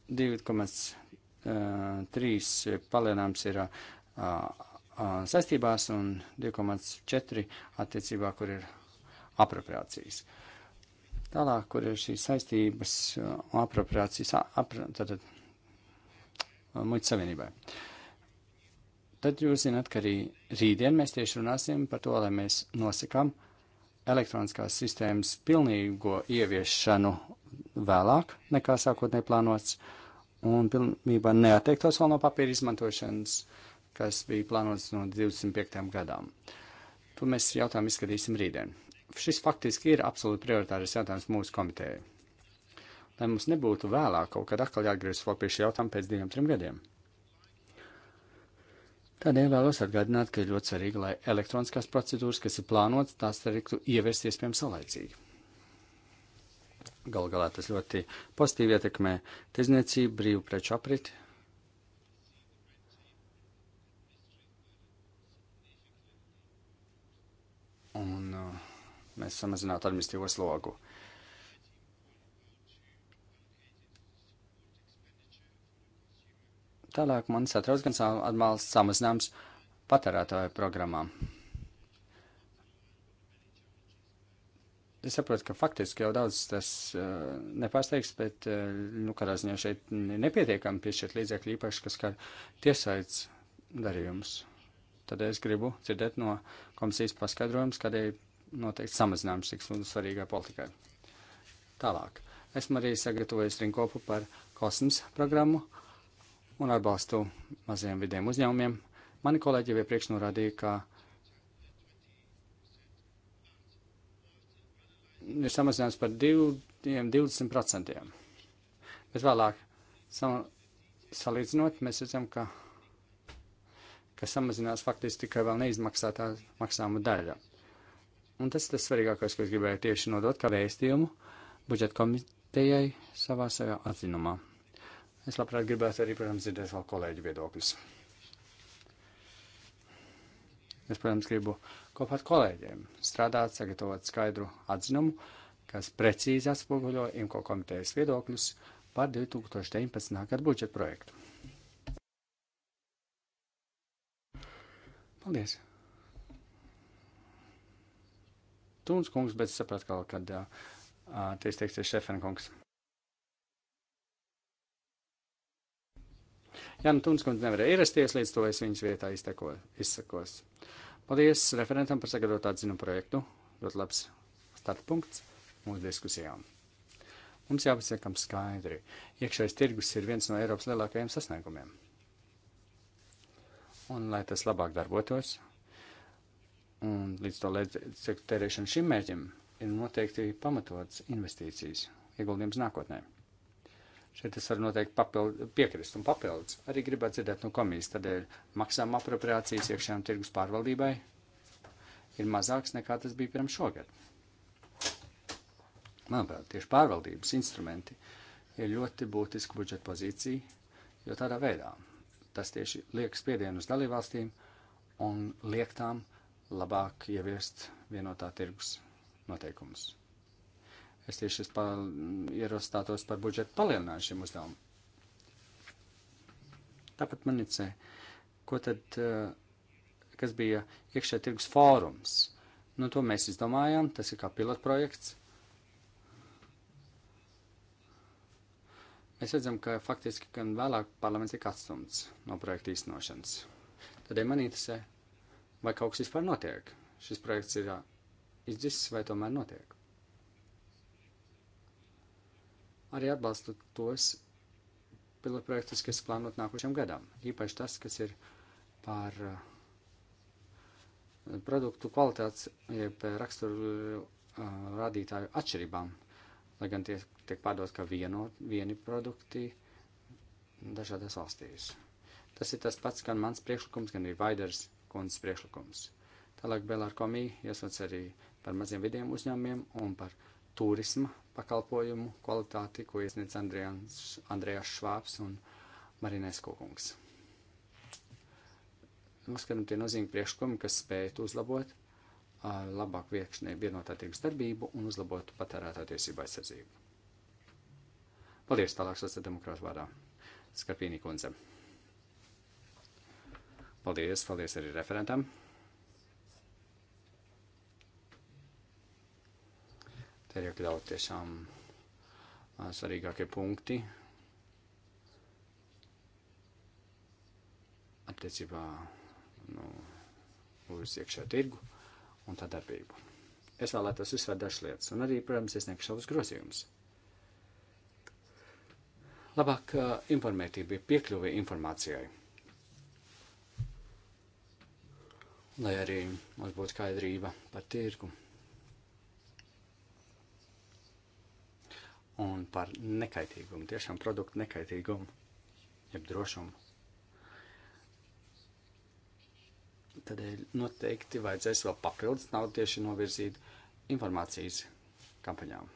2,3 eh, palielinājums ir uh, uh, saistībās un 2,4 attiecībā, kur ir apropriācijas. Tālāk, kur ir šīs saistības uh, apropriācijas, apra, tātad muļķa savienībai. Tad jūs zināt, ka arī rītdien mēs tieši runāsim par to, lai mēs nosakām uh, elektroniskās sistēmas pilnīgo ieviešanu vēlāk nekā sākotnēji plānots un pilnībā neatteiktos vēl no papīra izmantošanas, kas bija plānots no 25. gadām. To mēs jautājumu izskatīsim rītdien. Šis faktiski ir absolūti prioritāris jautājums mūsu komitejai. Lai mums nebūtu vēlāk kaut kad atkal jāatgriežas vēl pie šī jautājuma pēc diviem, trim gadiem. Tādēļ vēlos atgādināt, ka ir ļoti svarīgi, lai elektroniskās procedūras, kas ir plānotas, tās tiktu ieviests iespējami salaicīgi. Galu galā tas ļoti pozitīvi ietekmē tirzniecību, brīvu preču apriti. Un uh, mēs samazinātu administratīvo slogu. Uh, Tālāk man satrauc gan atbalsts samazinājums patērētāju programmām. Es saprotu, ka faktiski jau daudz tas uh, nepārsteigts, bet, uh, nu, kādā ziņā šeit nepietiekami piešķirt līdzekļi īpaši, kas kā tiesaic darījums. Tad es gribu dzirdēt no komisijas paskaidrojums, kādēļ noteikti samazinājums tiks un svarīgai politikai. Tālāk. Esmu arī sagatavojis rinkopu par kosmas programmu. Uh, un atbalstu maziem vidiem uzņēmumiem. Mani kolēģi jau iepriekš norādīja, ka ir samazinājums par 20%. Bet vēlāk, sam, salīdzinot, mēs redzam, ka, ka samazinās faktiski tikai vēl neizmaksātā maksājuma daļa. Un tas ir tas svarīgākais, ko es gribēju tieši nodot kā vēstījumu budžeta komitejai savā savā atzinumā. Es labprāt gribētu arī, protams, dzirdēt vēl kolēģu viedokļus. Es, protams, gribu kopā ar kolēģiem strādāt, sagatavot skaidru atzinumu, kas precīzi atspoguļo IMCO komitejas viedokļus par 2019. gadu budžeta projektu. Paldies! Tūns kungs, bet es sapratu, ka, kad uh, te izteiksies Šefena kungs. Jā, nu Tunskundze nevarēja ierasties, līdz to es viņas vietā izteko, izsakos. Paldies referentam par sagatavot atzinu projektu. Ļoti labs startpunkts mūsu diskusijām. Mums jāpasakam skaidri. Iekšējais tirgus ir viens no Eiropas lielākajiem sasniegumiem. Un, lai tas labāk darbotos, un līdz to līdzekļu tērēšanu šim mērķim, ir noteikti pamatots investīcijas, ieguldījums nākotnē. Šeit es varu noteikti papild, piekrist un papildus. Arī gribētu dzirdēt no komisijas, tādēļ maksājuma apropriācijas iekšējām tirgus pārvaldībai ir mazāks nekā tas bija pirms šogad. Manuprāt, tieši pārvaldības instrumenti ir ļoti būtiska budžeta pozīcija, jo tādā veidā tas tieši liek spiedienu uz dalībvalstīm un liek tām labāk ieviest vienotā tirgus noteikumus es tieši es pa, ierostātos par budžetu palielinājumu šim uzdevumam. Tāpat manicē, ko tad, eh, kas bija iekšē tirgus fórums. Nu, to mēs izdomājām, tas ir kā pilotprojekts. Mēs redzam, ka faktiski gan vēlāk parlaments tika atstumts no projekta īstenošanas. Tādēļ man interesē, vai kaut kas vispār notiek. Šis projekts ir izdzis vai tomēr notiek. arī atbalstot tos pilotprojektus, kas plānot nākošajam gadam. Īpaši tas, kas ir par eh, produktu kvalitātes, jeb eh, raksturu eh, rādītāju atšķirībām, lai gan tie tiek pārdot kā vieno, vieni produkti dažādās valstīs. Tas ir tas pats gan mans priekšlikums, gan arī Vaiders kundzes priekšlikums. Tālāk Belārkomī iesauc arī par maziem vidiem uzņēmumiem un par turisma pakalpojumu kvalitāti, ko iesniedz Andrejans, Andrejās Švāps un Marinēs Kukungs. Uzskatām tie nozīmīgi priekšlikumi, kas spētu uzlabot labāk viekšanai vienotā tirgus darbību un uzlabot patērētā tiesību aizsardzību. Paldies tālāk sociāldemokrātu vārdā. Skarpīnī kundze. Paldies, paldies arī referentam. Te ir iekļaut tiešām svarīgākie punkti attiecībā nu, uz iekšā tirgu un tā darbību. Es vēlētos uzsvērt dažas lietas, un arī, protams, iesniegšu savus grozījumus. Labāk informētība ir piekļuve informācijai. Lai arī mums būtu skaidrība par tirgu. un par nekaitīgumu, tiešām produktu nekaitīgumu, jeb drošumu. Tādēļ noteikti vajadzēs vēl papildus naudu tieši novirzīt informācijas kampaņām.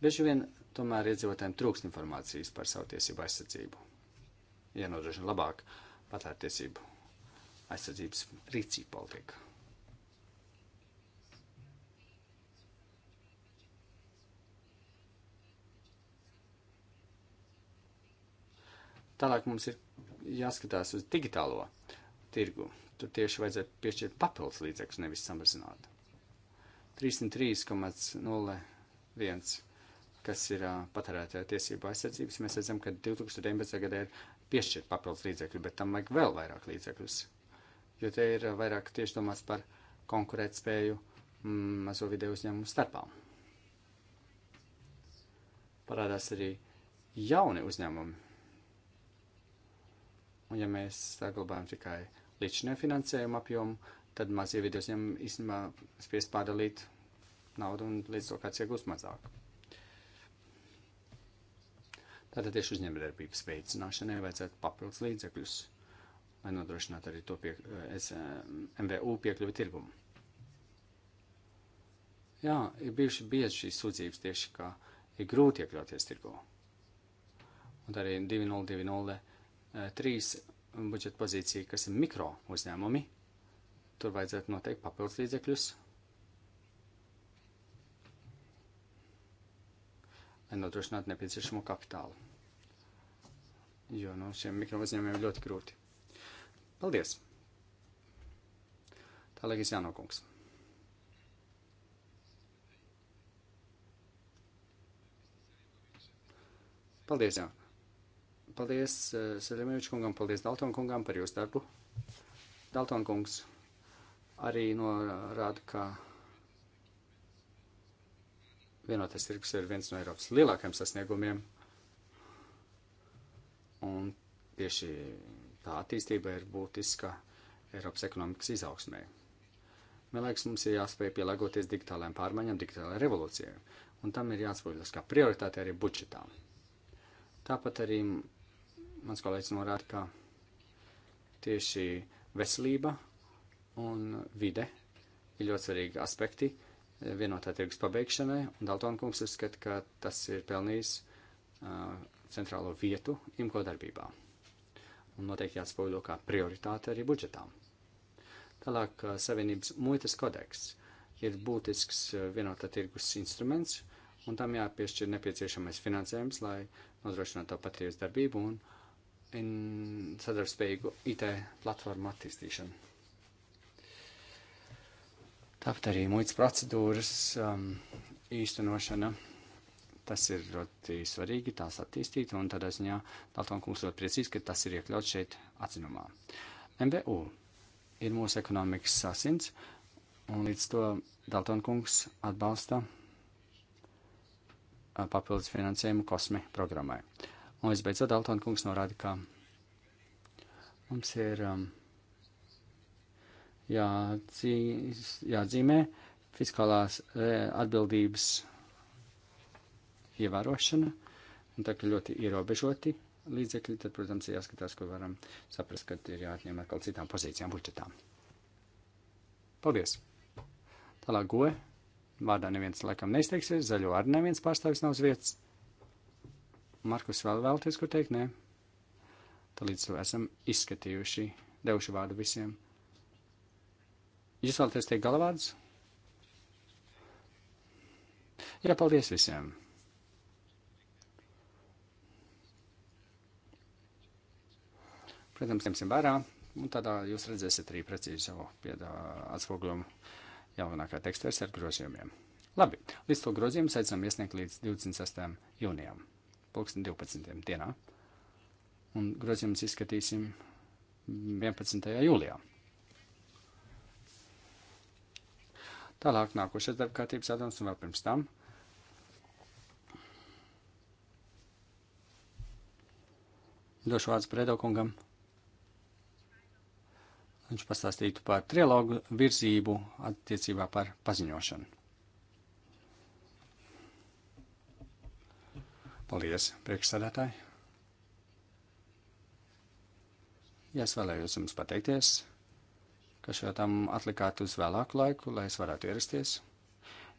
Bieži vien tomēr iedzīvotājiem trūks informācijas par savu tiesību aizsardzību. Ienodrošina labāk patērtiesību aizsardzības rīcību politiku. Tālāk mums ir jāskatās uz digitālo tirgu. Tur tieši vajadzētu piešķirt papildus līdzekļus, nevis samazināt. 303,01, kas ir uh, patērētāja tiesība aizsardzības, mēs redzam, ka 2019. gadā ir piešķirt papildus līdzekļu, bet tam vajag vēl vairāk līdzekļus, jo te ir uh, vairāk tieši domāts par konkurētspēju mm, mazo video uzņēmumu starpā. Parādās arī jauni uzņēmumi, Un ja mēs saglabājam tikai līdzšinēju finansējumu apjomu, tad mazie video uzņēmumi īstenībā spiest pārdalīt naudu un līdz to kāds iegūst mazāk. Tātad tieši uzņēmējdarbības veicināšanai vajadzētu papildus līdzekļus, lai nodrošinātu arī to pie, es, MVU piekļuvi tirgumu. Jā, ir bijuši bieži šīs sūdzības tieši, ka ir grūti iekļauties tirgu. Un arī 2020 Eh, trīs budžeta pozīcija, kas ir mikro uzņēmumi. Tur vajadzētu noteikt papildus līdzekļus. Lai nodrošinātu nepieciešamo kapitālu. Jo no nu, šiem mikro uzņēmumiem ir ļoti grūti. Paldies! Tālāk ir jānokungs. Paldies! Jā. Paldies eh, Saļamieviču kungam, paldies Dalton kungam par jūsu darbu. Dalton kungs arī norāda, ka vienotais tirgus ir viens no Eiropas lielākajiem sasniegumiem. Un tieši tā attīstība ir būtiska Eiropas ekonomikas izaugsmē. Man liekas, mums ir jāspēj pielāgoties digitālajām pārmaiņām, digitālajai revolūcijai, un tam ir jāatspoguļos kā prioritāte arī budžetām. Tāpat arī mans kolēģis norāda, ka tieši veselība un vide ir ļoti svarīgi aspekti vienotā tirgus pabeigšanai, un Daltona kungs uzskata, ka tas ir pelnījis uh, centrālo vietu imko darbībā. Un noteikti jāatspoguļo kā prioritāte arī budžetām. Tālāk uh, Savienības muitas kodeks ir būtisks uh, vienotā tirgus instruments, un tam jāpiešķir nepieciešamais finansējums, lai nodrošinātu to patrievas darbību un uh, sadarbspējīgu IT platformu attīstīšanu. Tāpat arī muitas procedūras um, īstenošana. Tas ir ļoti svarīgi tās attīstīt, un tādā ziņā Daltona kungs ļoti priecīgs, ka tas ir iekļauts šeit atzinumā. MBU ir mūsu ekonomikas sasins, un līdz to Daltona kungs atbalsta uh, papildus finansējumu kosmi programmai. Uh, Un visbeidzot, Altona kungs norāda, ka mums ir um, jādzīz, jādzīmē fiskālās e, atbildības ievērošana, un tā kā ļoti ierobežoti līdzekļi, tad, protams, ir jāskatās, ko varam saprast, ka ir jāatņem atkal citām pozīcijām budžetām. Paldies! Tālāk goja. Vārdā neviens laikam neizteiksies, zaļo arī neviens pārstāvis nav uz vietas. Markus vēl vēlties, ko teikt? Nē. Tad līdz to esam izskatījuši, devuši vārdu visiem. Jūs vēlaties teikt galavārdus? Jā, paldies visiem! Protams, ņemsim vērā, un tādā jūs redzēsiet arī precīzi savu atspoguļumu jaunākā teksta versija ar grozījumiem. Labi, līdz to grozījumu aicinām iesniegt līdz 26. jūnijam pulksten 12. dienā. Un grozījums izskatīsim 11. jūlijā. Tālāk nākošais darba kārtības atdoms un vēl pirms tam. Došu vārdu Predokungam. Viņš pastāstītu par trilogu virzību attiecībā par paziņošanu. Paldies, priekšsēdētāji! Ja es vēlējos jums pateikties, ka šo tam atlikāt uz vēlāku laiku, lai es varētu ierasties,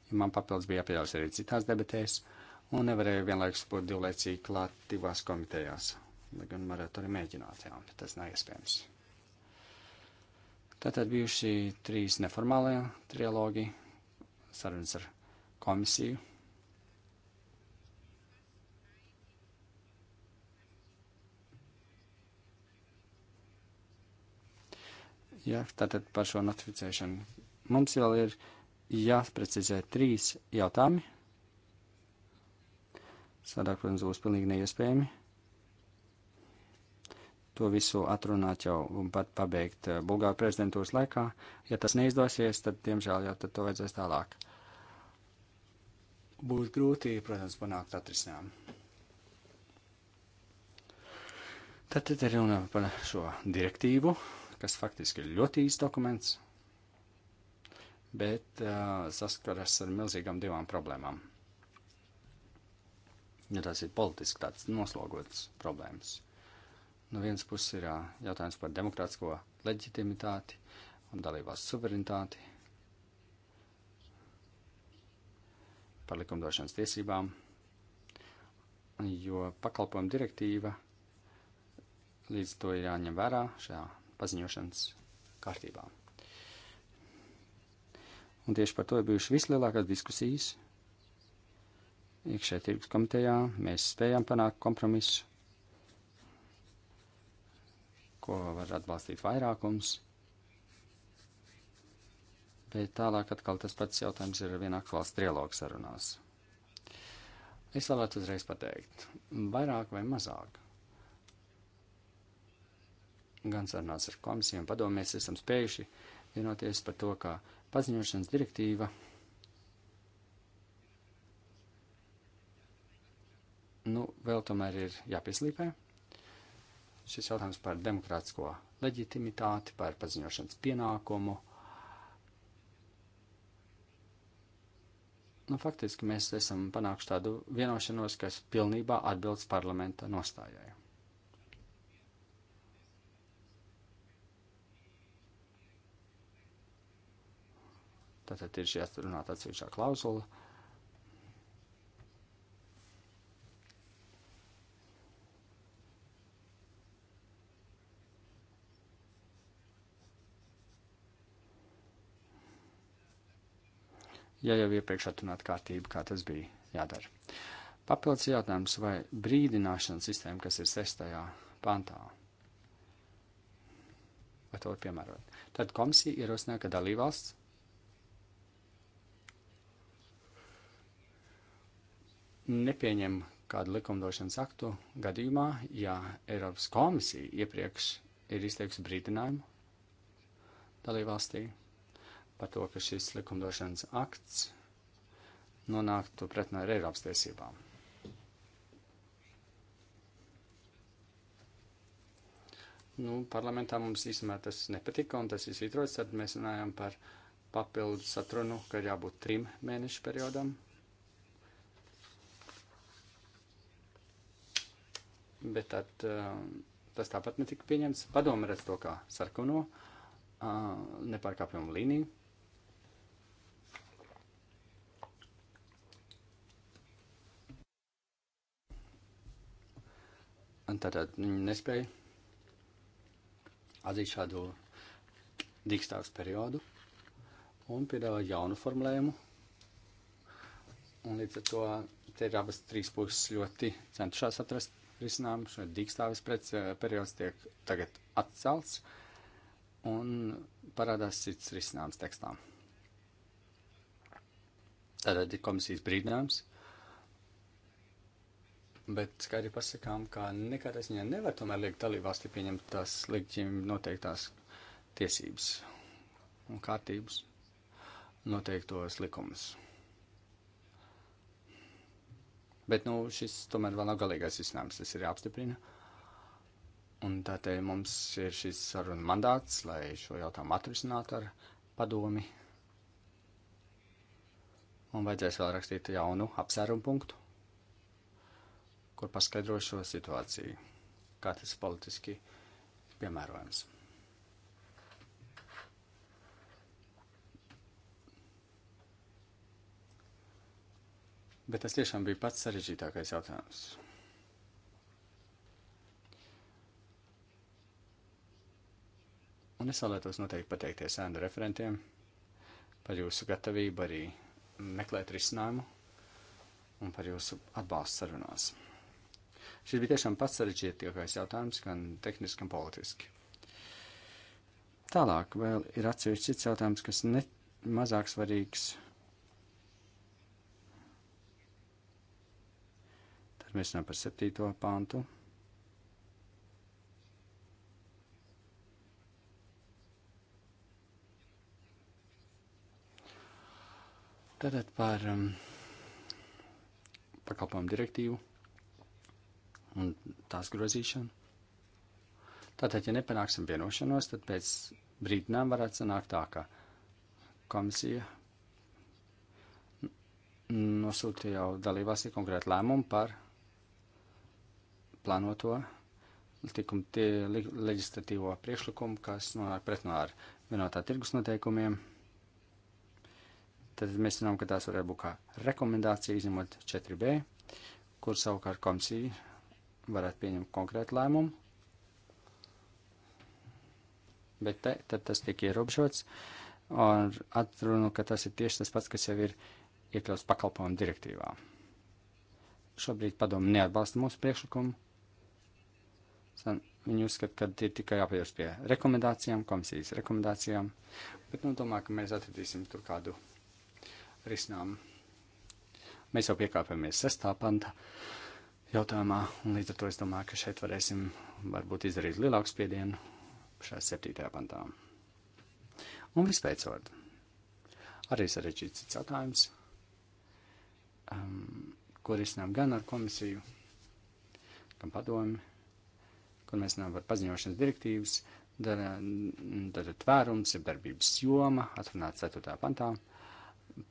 ja man papildus bija jāpieļaus arī citās debatēs, un nevarēju vienlaikus būt divlaicīgi klāt divās komitejās, lai gan varētu arī mēģināt, jā, bet tas nav iespējams. Tātad bijuši trīs neformālajā trilogi, sarunas ar komisiju Ja, tātad par šo notificēšanu. Mums vēl ir jāprecizē trīs jautājumi. Sādāk, protams, būs pilnīgi neiespējami. To visu atrunāt jau un pat pabeigt eh, Bulgāru prezidentūras laikā. Ja tas neizdosies, tad, diemžēl, jau tad to vajadzēs tālāk. Būs grūti, protams, panākt atrisinājumu. Tad, tad ir runa par šo direktīvu, kas faktiski ir ļoti īsts dokuments, bet uh, saskaras ar milzīgām divām problēmām. Ja tas ir politiski tāds noslogots problēmas. No nu, vienas puses ir uh, jautājums par demokrātisko leģitimitāti un dalībās suverenitāti, par likumdošanas tiesībām, jo pakalpojuma direktīva līdz to ir jāņem vērā šajā paziņošanas kārtībā. Un tieši par to ir bijušas vislielākās diskusijas. Iekšē tirgus komitejā mēs spējām panākt kompromisu, ko var atbalstīt vairākums. Bet tālāk atkal tas pats jautājums ir vienā aktuāls trialogs sarunās. Es vēlētu uzreiz pateikt, vairāk vai mazāk gan sarunās ar komisiju un padomu, mēs esam spējuši vienoties par to, ka paziņošanas direktīva nu, vēl tomēr ir jāpieslīpē. Šis jautājums par demokrātisko leģitimitāti, par paziņošanas pienākumu. Nu, faktiski mēs esam panākuši tādu vienošanos, kas pilnībā atbilst parlamenta nostājai. Tātad ir šī atrunāta atsevišķā klauzula. ja jau iepriekš atrunāt kārtību, kā tas bija jādara. Papildus jautājums vai brīdināšanas sistēma, kas ir sestajā pantā, vai to var piemērot. Tad komisija ierosināja, ka dalībvalsts nepieņem kādu likumdošanas aktu gadījumā, ja Eiropas komisija iepriekš ir izteikusi brīdinājumu dalībvalstī par to, ka šis likumdošanas akts nonāktu pretnā ar Eiropas tiesībām. Nu, parlamentā mums īstenībā tas nepatika un tas ir svītrots, tad mēs runājam par papildu satrunu, ka jābūt trim mēnešu periodam bet tad, eh, tas tāpat netika pieņemts. Padomu redz to kā sarkano eh, nepārkāpjumu līniju. Un tātad viņi nespēja atzīt šādu dīkstāves periodu un piedāvāja jaunu formulējumu. Un līdz ar to te ir abas trīs puses ļoti centušās atrast risinājumu. Šo dīkstāvis eh, periods tiek tagad atcelts un parādās cits risinājums tekstām. Tātad ir komisijas brīdinājums, bet skaidri pasakām, ka nekādā ziņā nevar tomēr liekt dalībvalstī pieņemt tās liekķiem noteiktās tiesības un kārtības noteiktos likumus. Bet nu, šis tomēr vēl nav galīgais risinājums, tas ir jāapstiprina. Un tādēļ mums ir šis saruna mandāts, lai šo jautājumu atrisinātu ar padomi. Un vajadzēs vēl rakstīt jaunu apsērumu punktu, kur paskaidro šo situāciju, kā tas politiski piemērojams. Bet tas tiešām bija pats sarežģītākais jautājums. Un es vēlētos noteikti pateikties ēnu referentiem par jūsu gatavību arī meklēt risinājumu un par jūsu atbalstu sarunās. Šis bija tiešām pats sarežģītākais jautājums, gan tehniski, gan politiski. Tālāk vēl ir atsevišķs cits jautājums, kas ne mazāk svarīgs Mēs runājam par septīto pantu. Tātad par um, pakalpojumu direktīvu un tās grozīšanu. Tātad, ja nepanāksim vienošanos, tad pēc brīdinām varētu sanākt tā, ka komisija nosūta jau dalībvalstī konkrētu lēmumu par plānoto likuma tie, leģislatīvo priekšlikumu, kas nonāk pretnā ar vienotā tirgus noteikumiem. Tad mēs zinām, ka tās varētu būt kā rekomendācija, izņemot 4b, kur savukārt komisija varētu pieņemt konkrētu lēmumu. Bet te, tad tas tiek ierobežots ar atrunu, ka tas ir tieši tas pats, kas jau ir iekļauts pakalpojumu direktīvā. Šobrīd padomu neatbalsta mūsu priekšlikumu, Viņi uzskata, ka ir tikai jāpievērš pie rekomendācijām, komisijas rekomendācijām, bet nu, domāju, ka mēs atradīsim tur kādu risinājumu. Mēs jau piekāpjamies sestā panta jautājumā, un līdz ar to es domāju, ka šeit varēsim varbūt izdarīt lielāku spiedienu šajā septītajā pantā. Un vispēcot, arī sarežģīts cits jautājums, um, ko risinām gan ar komisiju, gan padomi kur mēs runājam par paziņošanas direktīvas, tad tvērums ir darbības joma, atrunāts 4. pantā.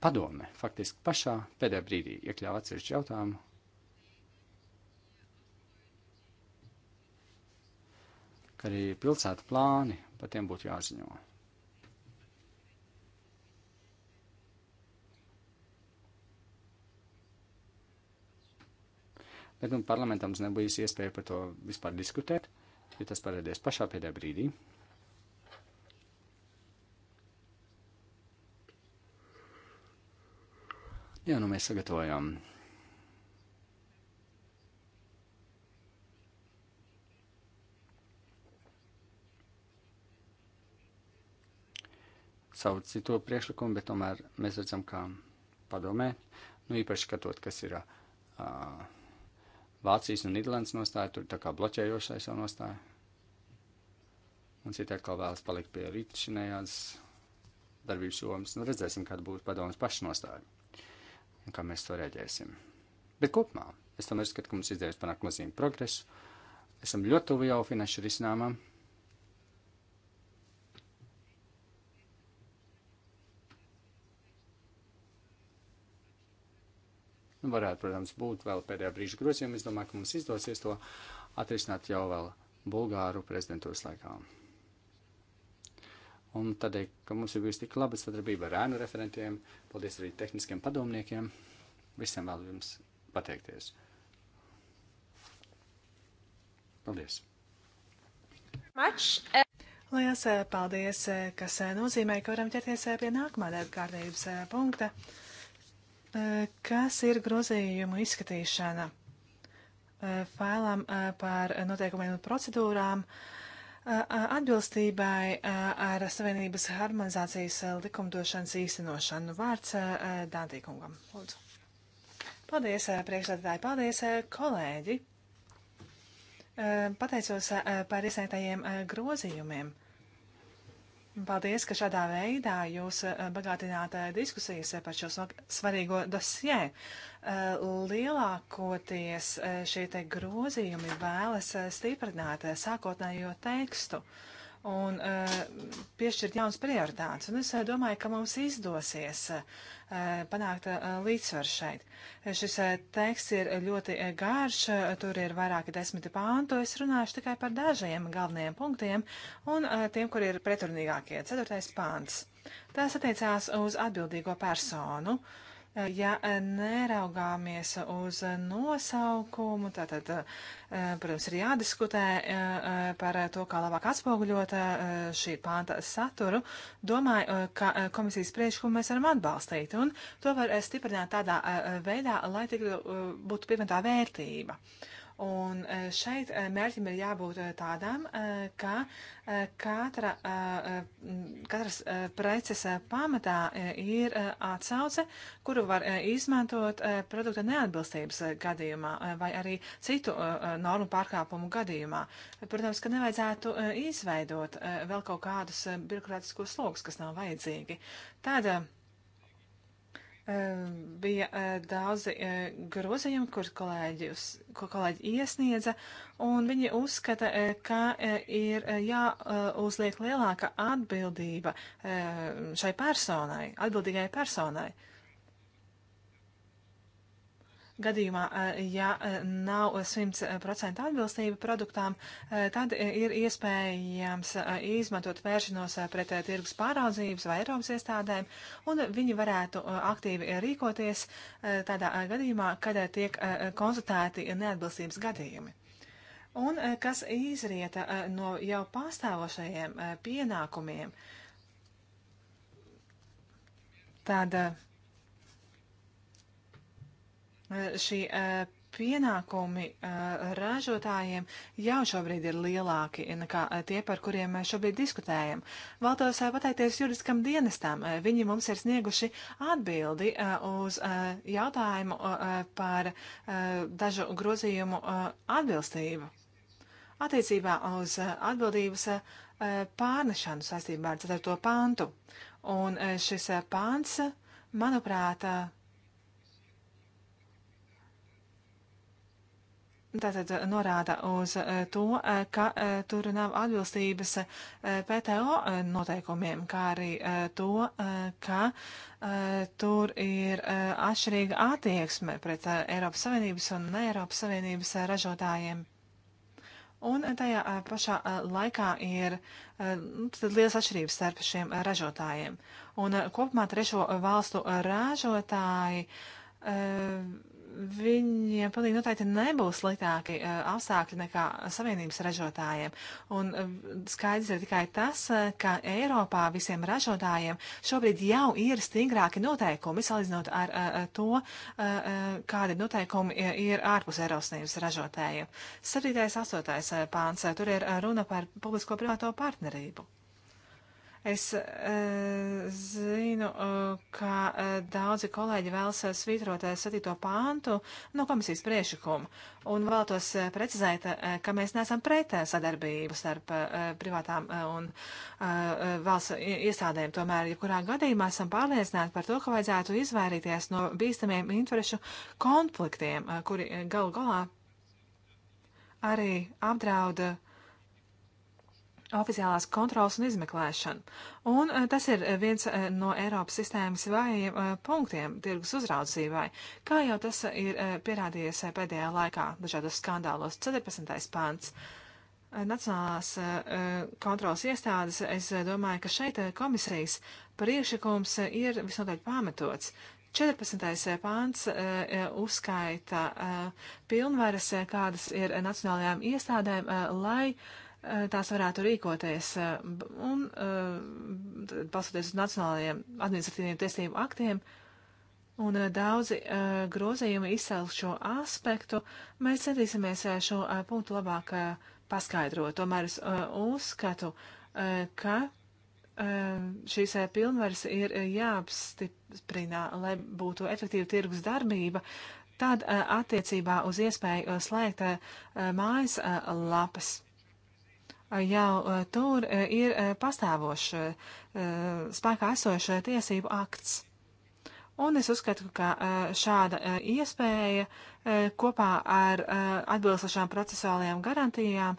Padome faktiski pašā pēdējā brīdī iekļāva atsevišķu jautājumu, ka arī pilsētu plāni par tiem būtu jāziņo. bet nu, parlamentam nebūs iespēja par to vispār diskutēt, jo tas parādījās pašā pēdējā brīdī. Jā, nu mēs sagatavojām. savu citu priekšlikumu, bet tomēr mēs redzam, ka padomē, nu īpaši skatot, kas ir uh, Vācijas un Nīderlandes nostāja tur tā kā bloķējošai savu nostāju. Un citi atkal vēlas palikt pie rītšinējās darbības jomas. Nu, redzēsim, kāda būs padomas pašnostāja un kā mēs to rēģēsim. Bet kopumā es tomēr skatu, ka mums izdevies panākt nozīmīgu progresu. Esam ļoti tuvu jau finanšu risinājumam. varētu, protams, būt vēl pēdējā brīža grozījumi. Es domāju, ka mums izdosies to atrisināt jau vēl Bulgāru prezidentūras laikā. Un tādēļ, ka mums ir bijusi tik laba sadarbība ar ēnu referentiem, paldies arī tehniskiem padomniekiem, visiem vēl jums pateikties. Paldies! Much. Eh, Lielas eh, paldies, eh, kas nozīmē, ka varam ķerties pie nākamā darba kārtības punkta. Kas ir grozījumu izskatīšana failām par noteikumiem un procedūrām atbilstībai ar Savienības harmonizācijas likumdošanas īstenošanu? Vārds Dantīkungam, lūdzu. Paldies, priekšsēdētāji, paldies, kolēģi! Pateicos par izsniegtajiem grozījumiem. Paldies, ka šādā veidā jūs eh, bagātināt eh, diskusijas eh, par šo svarīgo dosjē. Lielākoties šie te grozījumi vēlas stiprināt sākotnējo tekstu. Uh, un uh, piešķirt jaunas prioritātes. Un es uh, domāju, ka mums izdosies uh, panākt uh, līdzsvaru šeit. Šis uh, teksts ir ļoti uh, garš, uh, tur ir vairāki desmiti pāntu. Es runāšu tikai par dažiem galvenajiem punktiem un uh, tiem, kur ir pretrunīgākie. Ceturtais pāns. Tas attiecās uz atbildīgo personu. Uh, ja neraugāmies uz nosaukumu, tātad, eh, protams, ir jādiskutē eh, eh, par to, kā labāk atspoguļot šī pānta saturu. Domāju, ka komisijas priekšlikumu mēs varam atbalstīt, un to var stiprināt tādā veidā, lai tik būtu pievienotā vērtība. Uh, Un e, šeit e, mērķim ir jābūt e, tādam, ka katra, katras preces pamatā ir atsauce, kuru var izmantot produkta neatbilstības gadījumā vai arī citu normu pārkāpumu gadījumā. Protams, ka nevajadzētu izveidot vēl kaut kādus birokrātiskos slogus, kas nav vajadzīgi. Tāda bija eh, daudzi eh, grozījumi, kurus kolēģi, ko kolēģi iesniedza, un viņi uzskata, eh, ka ir jāuzliek lielāka atbildība šai personai, atbildīgai personai gadījumā, eh, ja eh, nav 100% atbilstība produktām, eh, tad ir iespējams izmantot vēršanos pret tirgus pāraudzības vai Eiropas iestādēm, un viņi varētu aktīvi rīkoties tādā gadījumā, kad tiek konstatēti neatbilstības gadījumi. Un kas izrieta no jau pastāvošajiem pienākumiem, tāda uh, Eh, šī eh, pienākumi eh, ražotājiem jau šobrīd ir lielāki nekā tie, par kuriem mēs šobrīd diskutējam. Vēltos pateikties juridiskam dienestam. Viņi mums ir snieguši atbildi uz jautājumu par dažu grozījumu atbilstību. Attiecībā uz atbildības pārnešanu saistībā ar 4. pantu. Un šis pants, manuprāt, Tātad eh, norāda uz eh, to, eh, ka tur nav atbilstības PTO noteikumiem, kā arī to, ka tur ir atšķirīga attieksme pret Eiropas Savienības un ne Eiropas Savienības ražotājiem. Un tajā pašā laikā ir nu, liels atšķirības starp šiem ražotājiem. Un kopumā trešo valstu ražotāji viņiem pilnīgi noteikti nebūs sliktāki eh, apstākļi nekā savienības ražotājiem. Un eh, skaidrs ir tikai tas, eh, ka Eiropā visiem ražotājiem šobrīd jau ir stingrāki noteikumi, salīdzinot ar to, kādi noteikumi ir ārpus Eiropas Savienības ražotājiem. 7. 8. pāns, tur ir runa par publisko privāto partnerību. Es eh, zinu, eh, ka eh, daudzi kolēģi vēlas svītrot 7. pāntu no komisijas priešakuma un vēlētos precizēt, ka mēs neesam pret sadarbību starp privātām un valsts iestādēm. Tomēr, jebkurā gadījumā esam pārliecināti par to, ka vajadzētu izvairīties no bīstamiem interešu konfliktiem, kuri galu galā arī apdrauda oficiālās kontrolas un izmeklēšanu. Un eh, tas ir eh, viens eh, no Eiropas sistēmas vājiem punktiem tirgus uzraudzībai, kā jau tas ir pierādījies pēdējā laikā dažādos skandālos. 14. pants. Nacionālās kontrolas iestādes, es domāju, ka šeit komisijas priekšlikums ir visnotaļ pamatots. 14. pāns uzskaita pilnvaras, kādas ir nacionālajām iestādēm, lai uh, Eh, tās varētu rīkoties. Eh, un, eh, balstoties uz nacionālajiem administratīviem tiesību aktiem, un daudzi grozījumi izcēl šo aspektu, mēs centīsimies šo punktu labāk paskaidrot. Tomēr es uzskatu, ka šīs pilnvaras ir jāapstiprina, lai būtu efektīva tirgus darbība, tad attiecībā uz iespēju slēgt mājas lapas jau eh, tur eh, ir eh, pastāvošs, spēkā esošs tiesību akts. Un es uzskatu, ka šāda iespēja kopā ar atbilstošām procesuālajām garantijām,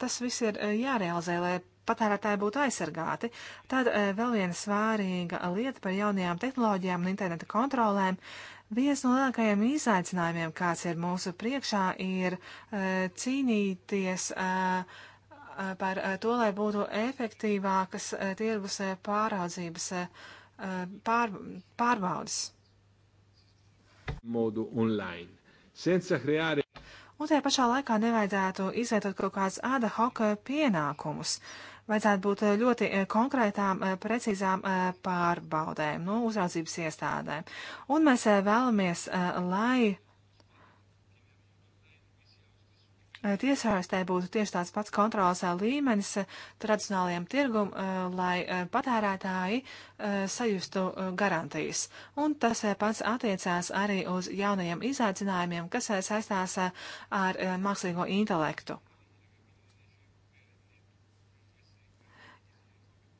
tas viss ir jārealizē, lai patērētāji būtu aizsargāti. Tad vēl viena svārīga lieta par jaunajām tehnoloģijām un interneta kontrolēm. Uh, Viens no lielākajiem izaicinājumiem, kāds ir mūsu priekšā, ir e, cīnīties e, e, par to, lai būtu efektīvākas tirgus pāraudzības pār, pārbaudas. Modu online. Senza creare un tajā pašā laikā nevajadzētu izvietot kaut kādas ad hoc pienākumus, vajadzētu būt eh, ļoti eh, konkrētām, eh, precīzām pārbaudēm no nu, uzraudzības iestādēm. Un mēs vēlamies, lai tiesārstē būtu tieši tāds pats kontrols līmenis tradicionālajiem tirgum, lai patērētāji sajustu garantijas. Un tas pats attiecās arī uz jaunajiem izaicinājumiem, kas saistās ar mākslīgo intelektu.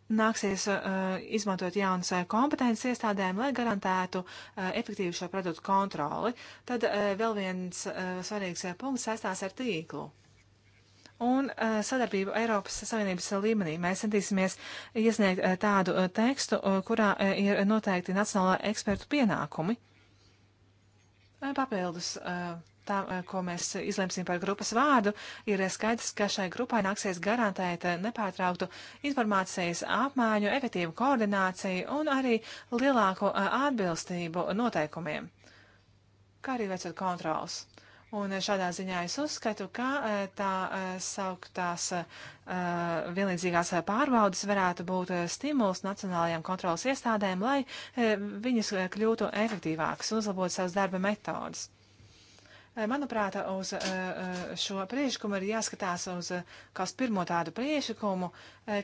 nāksies uh, izmantot jaunas uh, kompetences iestādēm, lai garantētu uh, efektīvu šo produktu kontroli. Tad uh, vēl viens uh, svarīgs uh, punkts saistās ar tīklu. Un uh, sadarbību Eiropas Savienības līmenī mēs centīsimies iesniegt uh, tādu uh, tekstu, uh, kurā uh, ir noteikti nacionālā ekspertu pienākumi. Uh, papildus. Uh, tā, eh, ko mēs izlemsim par grupas vārdu, ir skaidrs, ka šai grupai nāksies garantēt eh, nepārtrauktu informācijas apmaiņu, efektīvu koordināciju un arī lielāku eh, atbilstību noteikumiem, kā arī veicot kontrols. Un šādā ziņā es uzskatu, ka tā sauktās vienlīdzīgās pārbaudas varētu būt stimuls nacionālajām kontrolas iestādēm, lai viņas kļūtu efektīvākas, uzlabot savas darba metodas. Eh, manuprāt, uz eh, eh, šo priekšlikumu ir jāskatās uz kaut pirmo tādu priekšlikumu,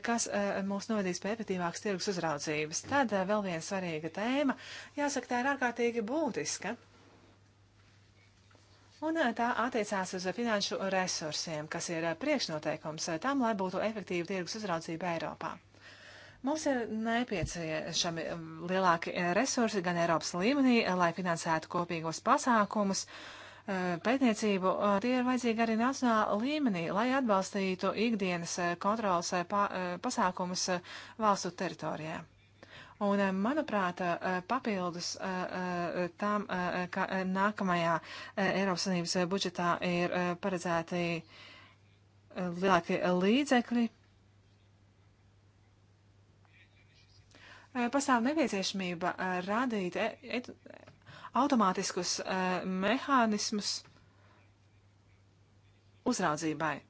kas mūs novedīs pie efektīvākas tirgus uzraudzības. Tad vēl viena svarīga tēma, jāsaka, tā ir ārkārtīgi būtiska. Un tā attiecās uz finanšu resursiem, kas ir priekšnoteikums tam, lai būtu efektīva tirgus uzraudzība Eiropā. Mums ir nepieciešami lielāki resursi gan Eiropas līmenī, lai finansētu kopīgos pasākumus, uh, Eh, pētniecību, eh, tie ir vajadzīgi arī nacionālā līmenī, lai atbalstītu ikdienas eh, kontrolas pasākumus valstu teritorijā. Un, manuprāt, papildus tam, ka nākamajā Eiropas Savienības budžetā ir paredzēti lielāki līdzekļi, pastāv nepieciešamība radīt e, automātiskus uh, mehānismus uzraudzībai,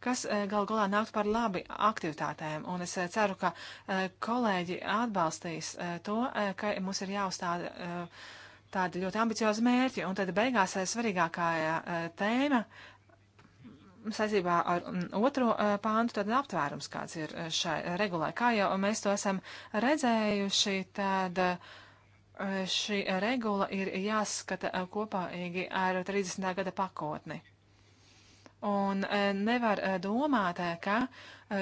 kas uh, gal galā nākt par labi aktivitātēm. Un es uh, ceru, ka uh, kolēģi atbalstīs uh, to, uh, ka mums ir jāuzstāda uh, tādi ļoti ambiciozi mērķi. Un tad beigās uh, svarīgākā uh, tēma saistībā ar mm, otro pāntu, tad aptvērums kāds ir šai regulai. Kā jau mēs to esam redzējuši, tad. Uh, šī regula ir jāskata kopīgi ar 30. gada pakotni. Un e, nevar e, domāt, e, ka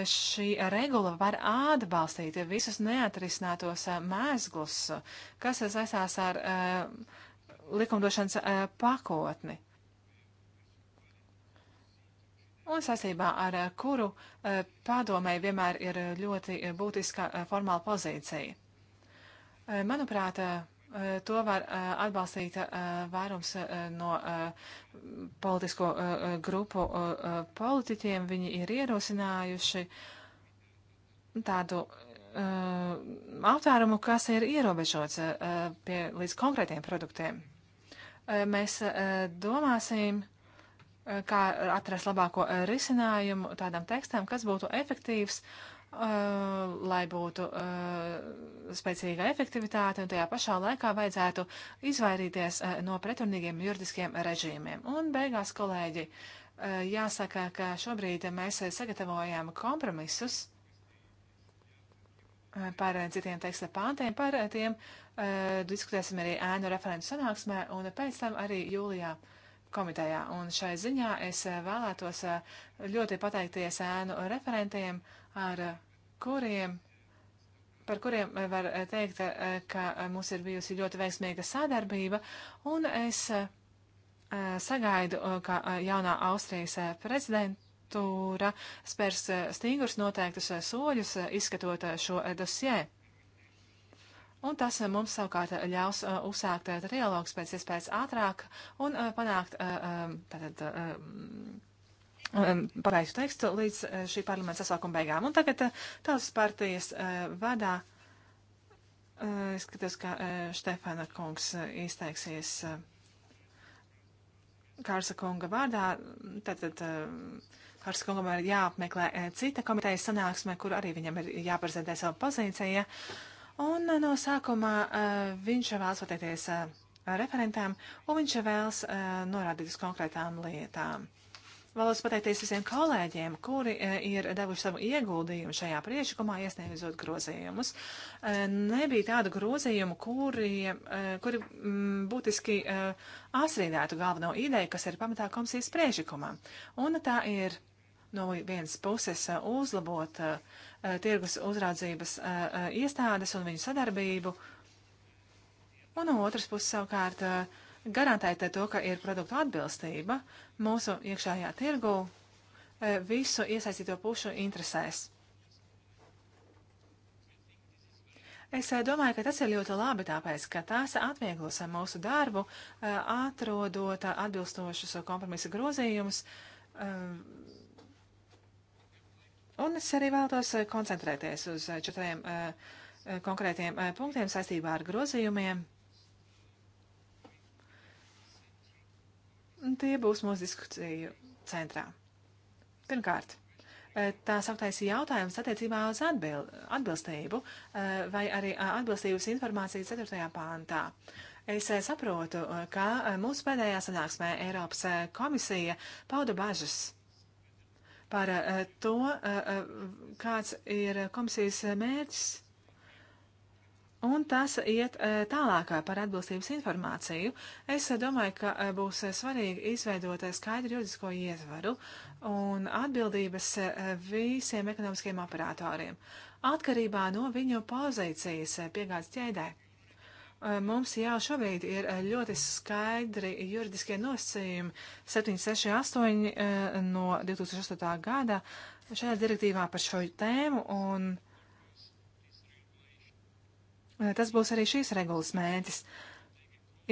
šī regula var atbalstīt visus neatrisinātos mēzglus, kas saistās ar likumdošanas pakotni. Un saistībā ar kuru padomē vienmēr ir ļoti būtiska formāla pozīcija. Eh, manuprāt, eh, eh, to var atbalstīt vairums no politisko grupu politiķiem. Viņi ir ierosinājuši tādu aptvērumu, kas ir ierobežots pie, līdz konkrētiem produktiem. Mēs domāsim, kā atrast labāko risinājumu tādam tekstam, kas būtu efektīvs uh, Uh, lai būtu uh, spēcīga efektivitāte un tajā pašā laikā vajadzētu izvairīties uh, no pretrunīgiem juridiskiem režīmiem. Un beigās, kolēģi, jāsaka, ka šobrīd mēs sagatavojam kompromisus par citiem teksta pāntiem, par tiem diskutēsim arī ēnu referentu sanāksmē un pēc tam arī jūlijā komitejā. Un šai ziņā es vēlētos ļoti pateikties ēnu referentiem. Uh, ar kuriem, par kuriem var teikt, ka mums ir bijusi ļoti veiksmīga sadarbība, un es eh, sagaidu, eh, ka jaunā Austrijas eh, prezidentūra spērs stingrus noteiktus soļus, izskatot šo dosjē. Un tas mums savukārt ļaus uzsākt trialogs pēc iespējas ātrāk un panākt tātad Um, pabeigšu tekstu līdz uh, šī parlamenta sasākuma beigām. Un tagad uh, tās partijas uh, vadā. Es skatos, ka Štefana kungs izteiksies Kārsa kunga vārdā. Tātad Kārsa kungam ir jāapmeklē cita komitejas sanāksme, kur arī viņam ir jāprezentē savu pozīciju. Un no sākumā viņš vēlas pateikties referentām, un viņš vēlas norādīt uz konkrētām lietām. Vēlos pateikties visiem kolēģiem, kuri e, ir devuši savu ieguldījumu šajā priekšlikumā, iesniedzot grozījumus. E, nebija tādu grozījumu, kuri, e, kuri mm, būtiski asrīdētu galveno ideju, kas ir pamatā komisijas priekšlikumā. Un tā ir no vienas puses uzlabot tirgus uzraudzības iestādes un viņu sadarbību, un no otras puses savukārt garantēt to, ka ir produktu atbilstība mūsu iekšējā tirgu e, visu iesaistīto pušu interesēs. Es e, domāju, ka tas ir ļoti labi, tāpēc, ka tās atvieglos e, mūsu darbu, atrodot atbilstošus kompromisa grozījumus. Un es arī vēlētos koncentrēties uz četriem konkrētiem punktiem saistībā ar grozījumiem Tie būs mūsu diskusiju centrā. Pirmkārt, e, tā sauktais jautājums attiecībā uz atbil, atbilstību e, vai arī atbilstības informācijas 4. pāntā. Es e, saprotu, ka mūsu pēdējā sanāksmē Eiropas komisija pauda bažas par to, kāds ir komisijas mērķis Un tas iet e, tālāk e, par atbilstības informāciju. Es e, domāju, ka būs svarīgi izveidot skaidru juridisko ietvaru un atbildības visiem ekonomiskiem operatoriem, atkarībā no viņu pozīcijas piegādes ķēdē. Mums jau šobrīd ir ļoti skaidri juridiskie nosacījumi 768 no 2008. gada šajā direktīvā par šo tēmu. Un, uh, Eh, tas būs arī šīs regulas mērķis.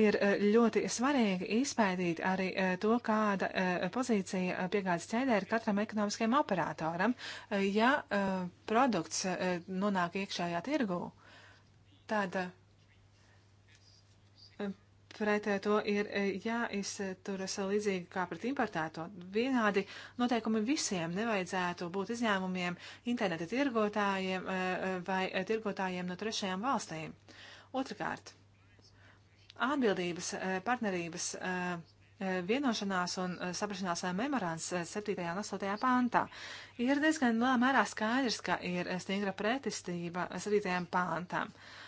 Ir eh, ļoti svarīgi izpētīt arī eh, to, kāda pozīcija piegādes ķēdē ir katram ekonomiskajam operatoram, ja produkts nonāk iekšējā tirgū. Tad pret to ir e, jāizturas līdzīgi kā pret importēto. Vienādi noteikumi visiem nevajadzētu būt izņēmumiem interneta tirgotājiem e, e, vai tirgotājiem no trešajām valstīm. Otrakārt, atbildības partnerības vienošanās un saprašanās memorands 7. un 8. pāntā. Ir diezgan lielā mērā skaidrs, ka ir stingra pretestība 7. pāntām. Uh,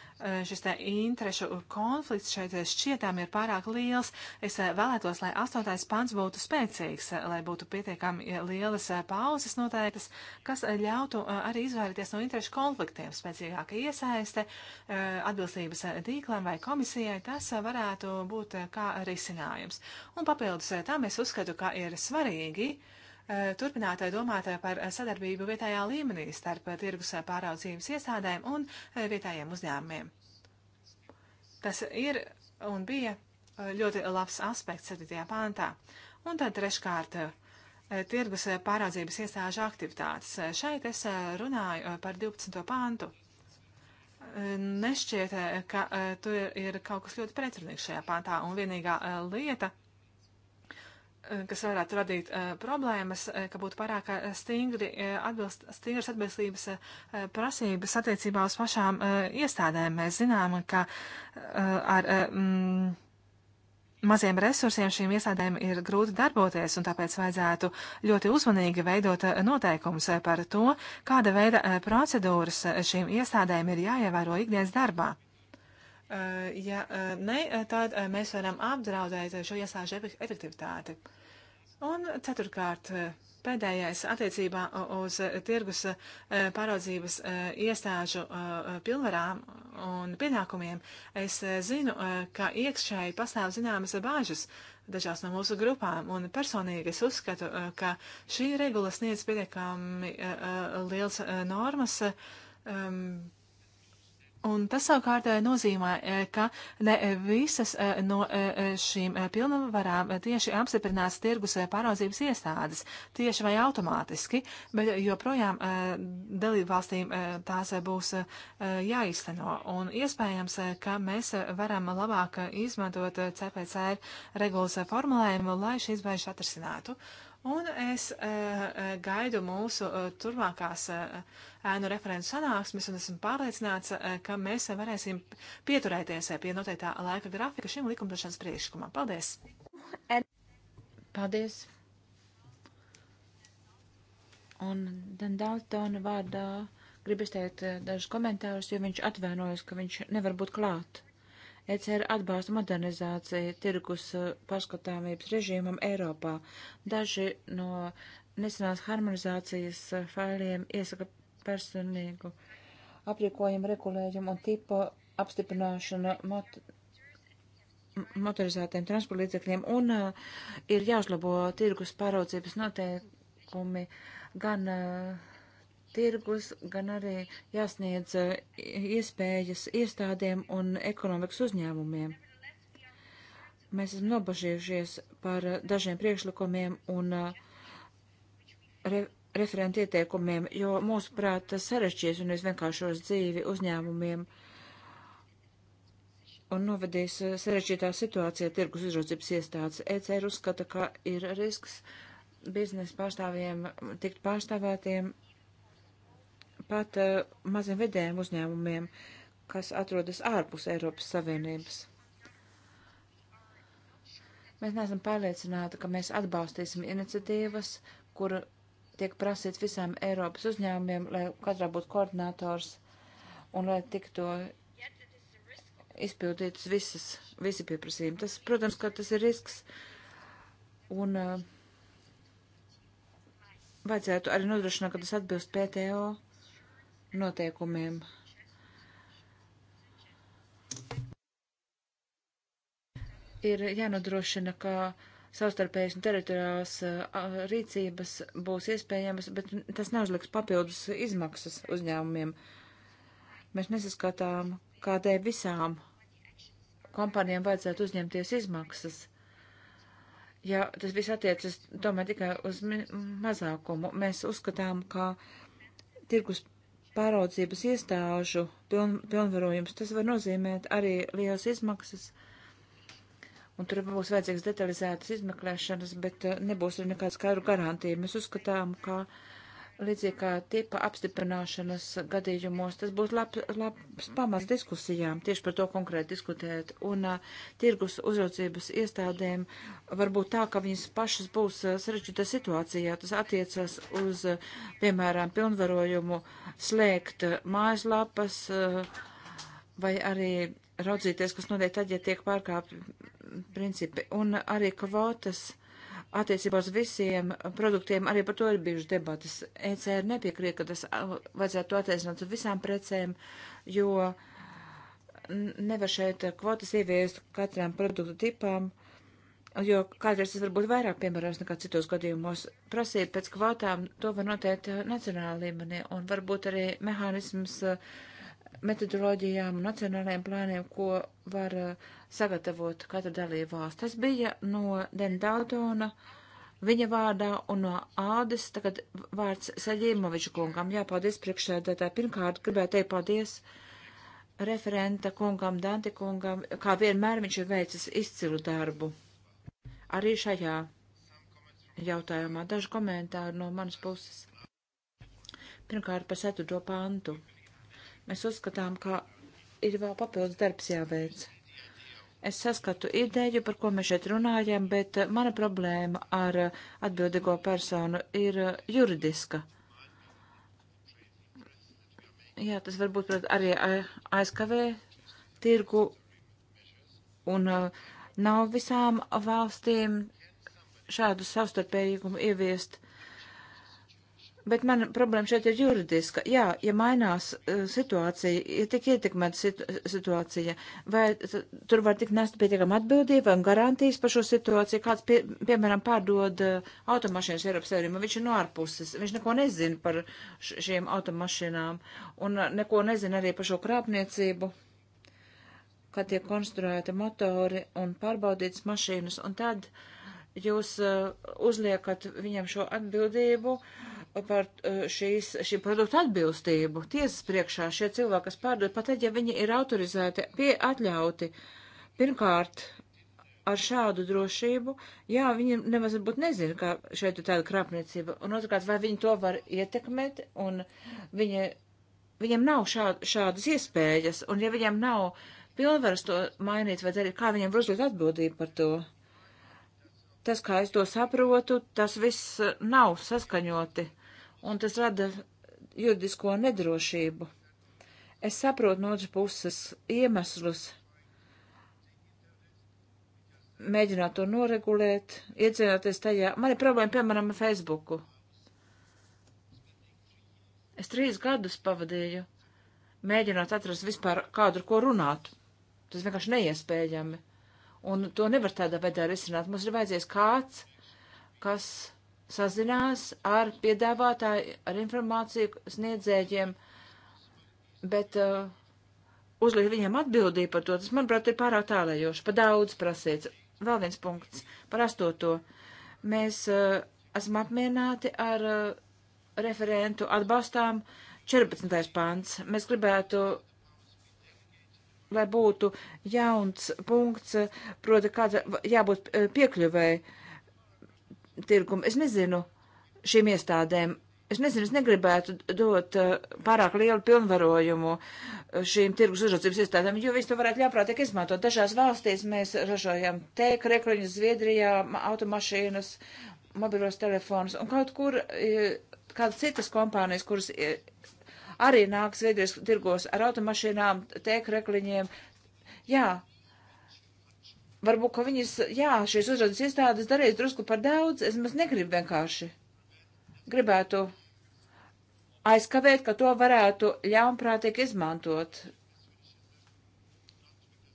šis te interešu konflikts šeit šķietām ir pārāk liels. Es vēlētos, lai astotais pants būtu spēcīgs, lai būtu pietiekami lielas pauzes noteiktas, kas ļautu arī izvairīties no interešu konfliktiem. Spēcīgāka iesaiste atbilstības tīklam vai komisijai tas varētu būt kā risinājums. Un papildus tam es uzskatu, ka ir svarīgi. Uh, Eh, turpināt domāt par eh, sadarbību vietējā līmenī starp eh, tirgus pāraudzības iestādēm un vietējiem uzņēmumiem. Tas ir un bija ļoti labs aspekts 7. pāntā. Un tad treškārt tirgus pāraudzības iestāžu aktivitātes. Šeit es runāju par 12. pāntu. Nešķiet, ka tur ir kaut kas ļoti pretrunīgs šajā pāntā, un vienīgā lieta, Eh, kas varētu radīt eh, problēmas, eh, ka būtu pārāk stingri atbilst, stingras atbilstības prasības attiecībā uz pašām iestādēm. Mēs zinām, ka ar mm, maziem resursiem šīm iestādēm ir grūti darboties, un tāpēc vajadzētu ļoti uzmanīgi veidot noteikums par to, kāda veida procedūras šīm iestādēm ir jāievēro ikdienas darbā. Eh, ja eh, ne, eh, tad mēs varam apdraudēt šo iestāžu efektivitāti. Un ceturkārt, pēdējais attiecībā uz tirgus pāraudzības iestāžu pilnvarām un pienākumiem. Es zinu, ka iekšēji pastāv zināmas bāžas dažās no mūsu grupām, un personīgi es uzskatu, ka šī regula sniedz pietiekami liels normas Un tas savukārt eh, nozīmē, eh, ka ne visas eh, no šīm pilnvarām tieši apstiprinās tirgus pāraudzības iestādes, tieši vai automātiski, bet joprojām dalību valstīm tās būs jāizteno. Un iespējams, ka mēs varam labāk izmantot CPC regulas formulējumu, lai šīs beigas atrisinātu. Uh, Un es eh, eh, gaidu mūsu eh, turpmākās ēnu referentu sanāksmes, un esmu pārliecināts, ka mēs varēsim pieturēties pie noteiktā laika grafika šim likumdošanas priekšlikumam. Paldies! Paldies! Un Dan Daltona vārdā gribu izteikt dažus komentārus, jo viņš atvainojas, ka viņš nevar būt klāt. ECR atbalsta modernizāciju tirgus uh, paskatāmības režīmam Eiropā. Daži no nesenās harmonizācijas uh, failiem iesaka personīgu aprīkojumu, regulējumu un tipu apstiprināšanu mot motorizētiem transportlīdzekļiem un uh, ir jāuzlabo tirgus pāraudzības noteikumi gan uh, tirgus, gan arī jāsniedz eh, iespējas iestādēm un ekonomikas uzņēmumiem. Mēs esam nobažījušies par dažiem priekšlikumiem un eh, re referentu ieteikumiem, jo mūsuprāt tas sarežģīs un izvienkāršos dzīvi uzņēmumiem un novadīs eh, sarežģītā situācijā tirgus uzraudzības iestādes. ECR uzskata, ka ir risks biznesa pārstāvjiem tikt pārstāvētiem pat uh, maziem vidējiem uzņēmumiem, kas atrodas ārpus Eiropas Savienības. Mēs neesam pārliecināti, ka mēs atbalstīsim iniciatīvas, kur tiek prasīts visām Eiropas uzņēmumiem, lai katrā būtu koordinators un lai tiktu izpildītas visas, visi pieprasījumi. Tas, protams, ka tas ir risks. Un uh, vajadzētu arī nodrošināt, ka tas atbilst PTO noteikumiem. Ir jānodrošina, ka savstarpējas un teritoriālās rīcības būs iespējamas, bet tas neuzliks papildus izmaksas uzņēmumiem. Mēs nesaskatām, kādēļ visām kompānijām vajadzētu uzņemties izmaksas. Ja tas viss attiecas tomēr tikai uz mazākumu, mēs uzskatām, ka tirgus pāraudzības iestāžu piln, pilnvarojums, tas var nozīmēt arī lielas izmaksas. Un tur būs vajadzīgs detalizētas izmeklēšanas, bet eh, nebūs arī nekāda skaidra garantija. Mēs uzskatām, ka uh, līdzīgi kā tipa apstiprināšanas gadījumos, tas būtu lab, labs pamats diskusijām, tieši par to konkrēti diskutēt. Un uh, tirgus uzraudzības iestādēm varbūt tā, ka viņas pašas būs uh, sarežģītā situācijā. Tas attiecas uz, uh, piemēram, pilnvarojumu slēgt uh, mājaslapas uh, vai arī raudzīties, kas notiek tad, ja tiek pārkāpti principi. Un uh, arī kvotas. Uh, attiecībā uz visiem produktiem, arī par to ir bijušas debatas. ECR nepiekrīt, ka tas vajadzētu attiecināt uz visām precēm, jo nevar šeit kvotas ieviest katram produktu tipam, jo kādreiz tas var būt vairāk piemērojams nekā citos gadījumos. Prasīt pēc kvotām to var noteikt nacionālā līmenī un varbūt arī mehānisms uh, metodoloģijām un nacionālajiem plāniem, ko var eh, sagatavot katra dalībvalsts. Tas bija no Dendautona, viņa vārdā un no Ādes, tagad vārds Saļīmoviča kungam. Jā, paldies priekšsēdētāji. Pirmkārt, gribētu teikt paldies referenta kungam, Dante kungam, kā vienmēr viņš ir veicis izcilu darbu. Arī šajā jautājumā daži komentāri no manas puses. Pirmkārt, par ceturto pantu. Mēs uzskatām, ka ir vēl papildus darbs jāveic. Es saskatu ideju, par ko mēs šeit runājam, bet eh, mana problēma ar eh, atbildīgo personu ir eh, juridiska. Jā, tas varbūt arī aizkavē tirgu un nav visām valstīm šādu savstarpējumu ieviest. Bet man problēma šeit ir juridiska. Jā, ja mainās uh, situācija, ja tik ietekmēta situ situācija, vai tur var tik nest pietiekam atbildību un garantijas par šo situāciju, kāds, pie, piemēram, pārdod uh, automašīnas Eiropas Savienībā, viņš ir no ārpuses, viņš neko nezina par šīm automašīnām un uh, neko nezina arī par šo krāpniecību, kā tiek konstruēti motori un pārbaudītas mašīnas, un tad jūs uh, uzliekat viņam šo atbildību. Uh, par uh, šīs, šī produkta atbilstību tiesas priekšā šie cilvēki, kas pārdod, pat tad, ja viņi ir autorizēti, pie atļauti, pirmkārt, ar šādu drošību, jā, viņi nemaz varbūt nezina, ka šeit ir tāda krāpniecība, un otrkārt, vai viņi to var ietekmēt, un viņi, viņiem nav šād, šādas iespējas, un ja viņiem nav pilnvaras to mainīt vai darīt, kā viņiem var uzlikt atbildību par to? Tas, kā es to saprotu, tas viss nav saskaņoti. Uh, un tas rada juridisko nedrošību. Es saprotu no otras puses iemeslus mēģināt to noregulēt, iedzināties tajā. Man ir problēma, piemēram, ar Facebooku. Es trīs gadus pavadīju, mēģinot atrast vispār kādu, ar ko runāt. Tas vienkārši neiespējami. Un to nevar tādā veidā risināt. Mums ir vajadzīgs kāds, kas sazinās ar piedāvātāju, ar informāciju sniedzējiem, bet uh, uzliek viņiem atbildību par to, tas, manuprāt, ir pārāk tālējoši, pa daudz prasīts. Vēl viens punkts par astoto. Mēs uh, esam apmierināti ar uh, referentu atbalstām 14. pants. Mēs gribētu, lai būtu jauns punkts, proti, kāda jābūt uh, piekļuvēja tirgumu. Es nezinu šīm iestādēm. Es nezinu, es negribētu dot uh, pārāk lielu pilnvarojumu eh, šīm tirgus uzraudzības iestādēm, jo visu to varētu ļāprātīgi izmantot. Dažās valstīs mēs ražojam tēku, rekliņus Zviedrijā, automašīnas, mobilos telefonus un kaut kur eh, kādas citas kompānijas, kuras arī nāk Zviedrijas tirgos ar automašīnām, tēku, rekliņiem. Jā, varbūt, ka viņas, jā, šīs uzraudzes iestādes darīs drusku par daudz, es maz negribu vienkārši. Gribētu aizkavēt, ka to varētu ļaunprātīgi izmantot.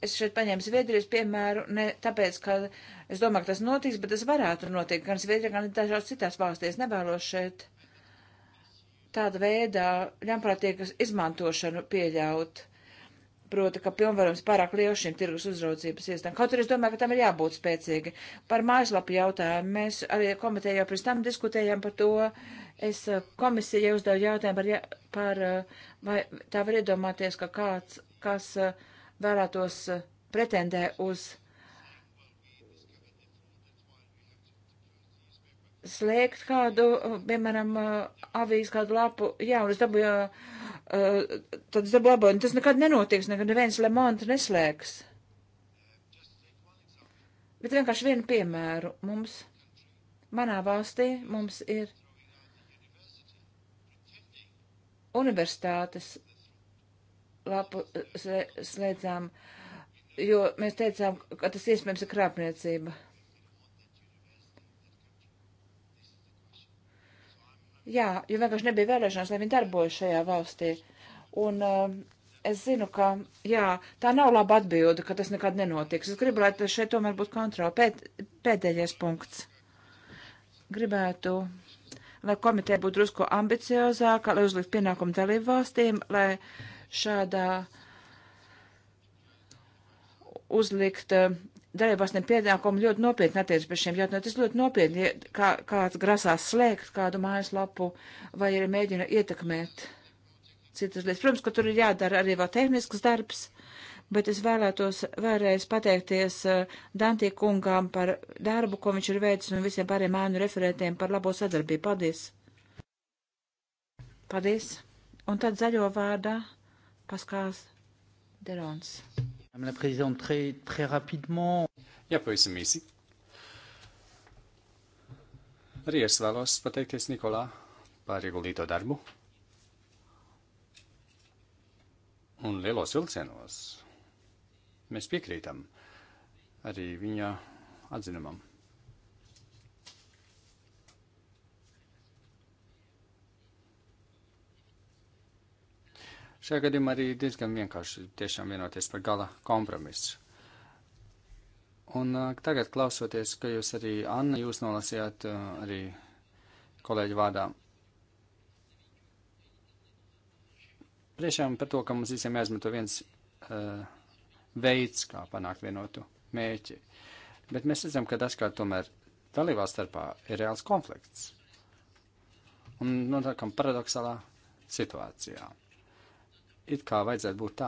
Es šeit paņēmu Zviedrijas piemēru, ne tāpēc, ka es domāju, ka tas notiks, bet tas varētu notikt gan Zviedrijā, gan dažās citās valstīs. Nevēlos šeit tāda veidā ļaunprātīgas izmantošanu pieļaut. Uh, proti, ka pilnvarojums pārāk liels šīm tirgus uzraudzības iestādēm. Kaut arī es domāju, ka tam ir jābūt spēcīgi. Par mājaslapu jautājumu mēs arī komitejā pirms tam diskutējām par to. Es eh, komisijai uzdevu jautājumu par, par eh, vai tā var iedomāties, ka kāds, kas eh, vēlētos pretendē uz slēgt kādu, piemēram, avīzi kādu lapu, jā, un es dabūju uh, Eh, tad darba labojumi. Tas nekad nenotiks, nekad neviens Lemanta neslēgs. Bet vienkārši vienu piemēru mums, manā valstī, mums ir universitātes lapu slēdzām, jo mēs teicām, ka tas iespējams ir krāpniecība. Jā, jo vienkārši nebija vēlēšanās, lai viņi darbojas šajā valstī. Un um, es zinu, ka jā, tā nav laba atbilde, ka tas nekad nenotiks. Es gribu, lai šeit tomēr būtu kontrola. Pēd, pēdējais punkts. Gribētu, lai komiteja būtu drusku ambiciozāka, lai uzlikt pienākumu dalību valstīm, lai šādā uzlikt um, dalībvalstīm pienākumu ļoti nopietni attiec pie šiem jautājumiem. Tas ļoti nopietni, ja kā, kāds grasās slēgt kādu mājaslapu vai arī mēģina ietekmēt citas lietas. Protams, ka tur ir jādara arī vēl tehnisks darbs, bet es vēlētos vēlreiz pateikties eh, Dantī kungām par darbu, ko viņš ir veicis un visiem pārējiem mānu referētiem par labo sadarbību. Paldies! Paldies! Un tad zaļo vārdā Paskās Derons. La Présidente, très, très rapidement. Jā, pavisam īsi. Arī es vēlos pateikties Nikolā par ieguldīto darbu. Un lielos vilcienos mēs piekrītam arī viņa atzinumam. Šajā gadījumā arī diezgan vienkārši tiešām vienoties par gala kompromisu. Un uh, tagad klausoties, ka jūs arī, Anna, jūs nolasījāt uh, arī kolēģi vārdā. Priešām par to, ka mums visiem jāizmanto viens uh, veids, kā panākt vienotu mērķi. Bet mēs redzam, ka dažkārt tomēr dalībās starpā ir reāls konflikts. Un nonākam paradoxālā situācijā it kā vajadzētu būt tā,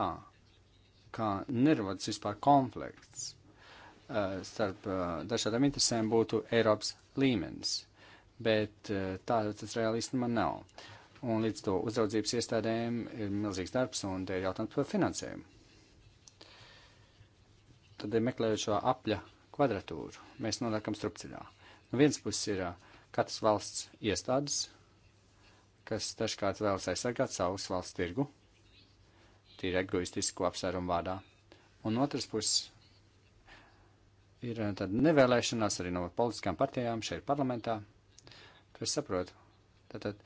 ka nerodas vispār konflikts uh, starp uh, dažādām interesēm būtu Eiropas līmenis, bet uh, tā tas reāli īstenībā nav. Un līdz to uzraudzības iestādēm ir milzīgs darbs un te ir jautājums par finansējumu. Tad ir meklējot šo apļa kvadratūru, mēs nonākam strupceļā. No nu, vienas puses ir uh, katras valsts iestādes, kas dažkārt vēlas aizsargāt savus valsts tirgu tīri egoistisku apsvērumu vārdā. Un otrs puses ir eh, tad nevēlēšanās arī no politiskām partijām šeit parlamentā, kas saprot, tātad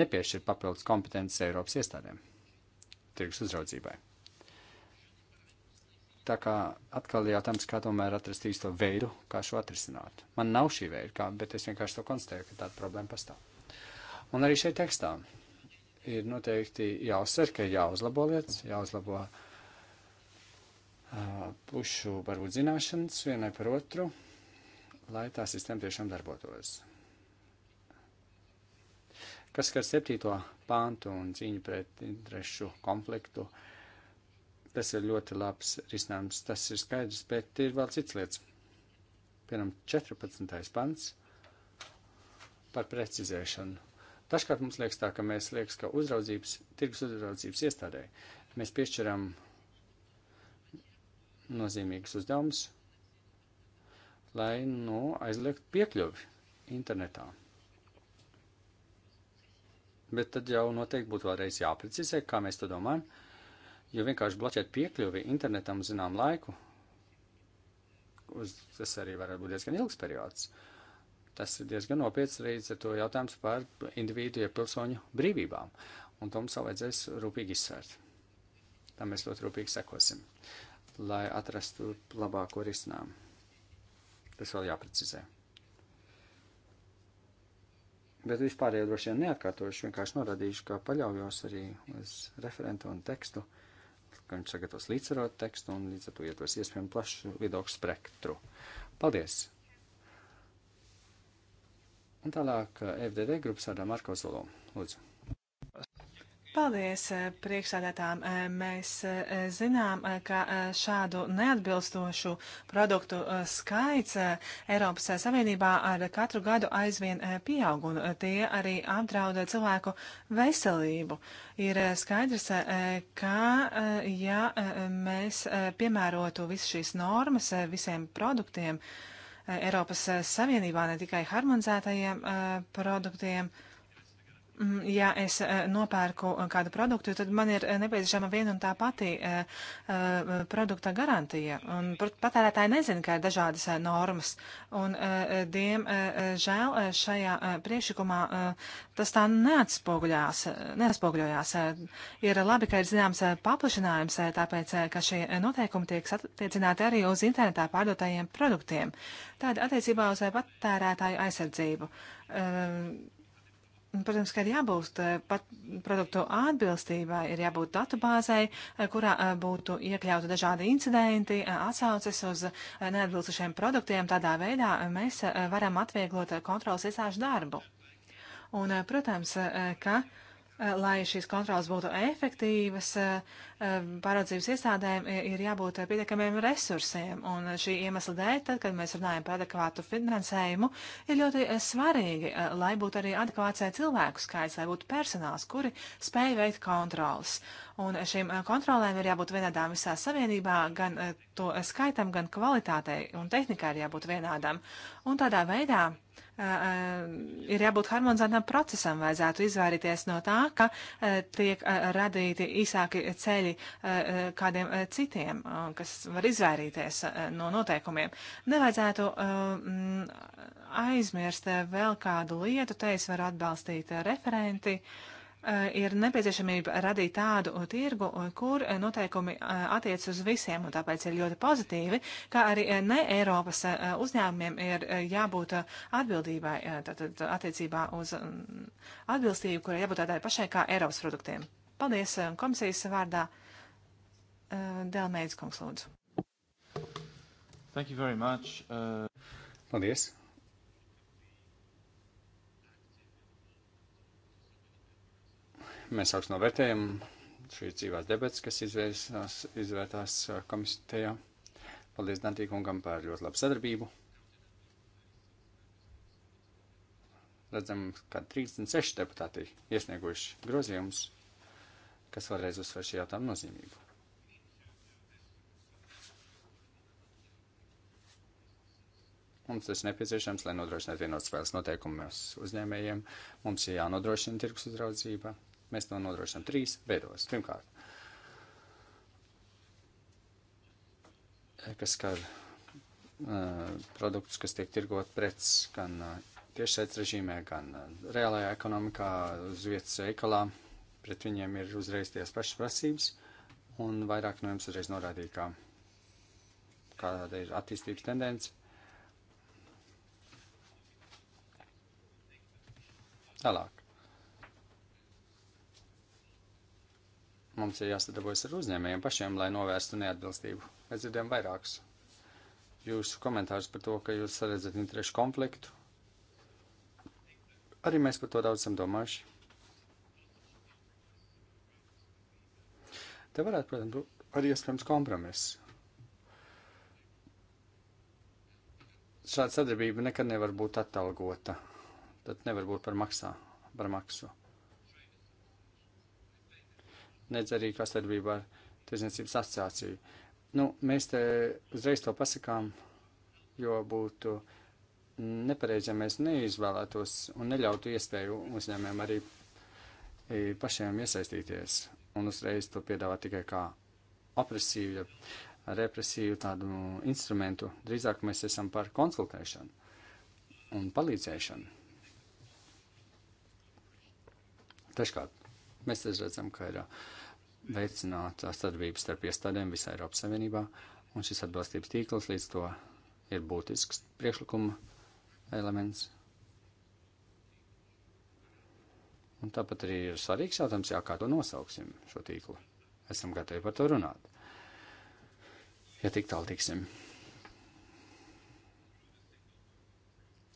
nepiešķir papildus kompetences Eiropas iestādēm, tirgus uzraudzībai. Tā kā atkal jautājums, kā tomēr atrast īsto veidu, kā šo atrisināt. Man nav šī veida, kā, bet es vienkārši to konstatēju, ka tāda problēma pastāv. Un arī šeit tekstā ir noteikti jāuzsver, ka jāuzlabo lietas, jāuzlabo uh, pušu varbūt zināšanas vienai par otru, lai tā sistēma tiešām darbotos. Kas skar septīto pāntu un cīņu pret interešu konfliktu, tas ir ļoti labs risinājums, tas ir skaidrs, bet ir vēl cits lietas. Piemēram, 14. pants par precizēšanu Dažkārt mums liekas tā, ka mēs liekas, ka uzraudzības, tirgus uzraudzības iestādē mēs piešķiram nozīmīgus uzdevumus, lai, nu, aizliegt piekļuvi internetā. Bet tad jau noteikti būtu vēlreiz jāprecizē, kā mēs to domājam, jo vienkārši bloķēt piekļuvi internetam zinām laiku, uz, tas arī varētu būt diezgan ilgs periods. Uh, Tas ir diezgan nopietns līdz ar to jautājums par individu iepilsoņu brīvībām, un to mums vēl vajadzēs rūpīgi izsvērt. Tam mēs ļoti rūpīgi sekosim, lai atrastu labāko risinājumu. Tas vēl jāprecizē. Bet vispārējo droši vien neatkārtošu, vienkārši norādīšu, ka paļaujos arī uz referentu un tekstu, ka viņš sagatavos līdzsvarot tekstu un līdz ar to ietves iespējami plašu viedokļu spektru. Paldies! Un tālāk eh, FDD grupas vārdā Marko Zolo. Lūdzu. Paldies, eh, priekšsādātām. Eh, mēs zinām, ka šādu neatbilstošu produktu skaits Eiropas Savienībā ar katru gadu aizvien pieaug, un tie arī apdrauda cilvēku veselību. Ir skaidrs, ka ja mēs piemērotu visas šīs normas visiem produktiem, Eiropas Savienībā, ne tikai harmonizētajiem eh, produktiem. Uh, Mm, ja es eh, nopērku eh, kādu produktu, tad man ir eh, nepieciešama viena un tā pati produkta garantija. Un patērētāji nezina, ka ir dažādas normas. Un, diemžēl, šajā priekšlikumā tas tā neatspoguļojās. Ir labi, ka ir zināms paplašinājums, tāpēc, ka šie noteikumi tiek attiecināti arī uz internetā pārdotajiem produktiem. Tāda attiecībā uz patērētāju aizsardzību Protams, ka ir jābūt eh, pat produktu atbilstībai, ir jābūt datubāzei, eh, kurā eh, būtu iekļauti dažādi incidenti, atsauces uz neatbilstušiem produktiem. Tādā veidā mēs varam atvieglot kontrolas iestāžu darbu. Un, protams, ka Eh, lai šīs kontrolas būtu efektīvas, eh, eh, pāraudzības iestādēm ir jābūt pietiekamiem resursiem. Un šī iemesla dēļ, tad, kad mēs runājam par adekvātu finansējumu, ir ļoti svarīgi, lai būtu arī adekvāts cilvēku skaits, lai būtu personāls, kuri spēj veikt kontrolas. Un šīm kontrolēm ir jābūt vienādām visā savienībā, gan to skaitam, gan kvalitātei un tehnikai ir jābūt vienādām. Un tādā veidā ir jābūt harmonizētam procesam. Vajadzētu izvairīties no tā, ka tiek radīti īsāki ceļi kādiem citiem, kas var izvairīties no noteikumiem. Nevajadzētu aizmirst vēl kādu lietu, te es varu atbalstīt referenti. Uh, Eh, ir nepieciešamība radīt tādu eh, tirgu, eh, kur noteikumi attiec uz visiem, un tāpēc ir ļoti pozitīvi, ka arī ne Eiropas uzņēmumiem ir jābūt atbildībai, tātad attiecībā uz mm, atbilstību, kurai jābūt tādai pašai kā Eiropas produktiem. Paldies komisijas vārdā. Delmeids kungs lūdzu. Thank you very much. Uh... Paldies. Mēs augstu novērtējam šīs dzīvās debatas, kas izvērsās, izvērtās uh, komisijā. Paldies Dantīkungam par ļoti labu sadarbību. Redzam, ka 36 deputāti iesnieguši grozījumus, kas vēlreiz uzsver šī jautājuma nozīmību. Mums tas nepieciešams, lai nodrošinātu vienotas spēles noteikumus uzņēmējiem. Mums ir jānodrošina tirgus uzraudzība, Mēs to nodrošinām trīs veidos. Pirmkārt, kas skar uh, produktus, kas tiek tirgot preces gan uh, tiešsaistes režīmē, gan uh, reālajā ekonomikā, uz vietas veikalā. Pret viņiem ir uzreiz tās pašas prasības, un vairāk no jums uzreiz norādīja, kā, kāda ir attīstības tendence. Tālāk. mums ir jāsadarbojas ar uzņēmējiem pašiem, lai novērstu neatbilstību. Mēs dzirdējam vairākus jūsu komentārus par to, ka jūs redzat interešu konfliktu. Arī mēs par to daudz esam domājuši. Te varētu, protams, būt arī iespējams kompromiss. Šāda sadarbība nekad nevar būt atalgota. Tad nevar būt par maksā, par maksu nedz arī kā sadarbība ar Tirzniecības asociāciju. Nu, mēs te uzreiz to pasakām, jo būtu nepareizi, ja mēs neizvēlētos un neļautu iespēju uzņēmējiem arī e, pašiem iesaistīties un uzreiz to piedāvāt tikai kā opresīvu, represīvu tādu instrumentu. Drīzāk mēs esam par konsultēšanu un palīdzēšanu. Dažkārt mēs redzam, ka ir uh, veicināt uh, sadarbību starp iestādēm visā Eiropas Savienībā, un šis atbalstības tīkls līdz to ir būtisks priekšlikuma elements. Un tāpat arī ir svarīgs jautājums, jā, kā to nosauksim šo tīklu. Esam gatavi par to runāt. Ja tik tālu tiksim.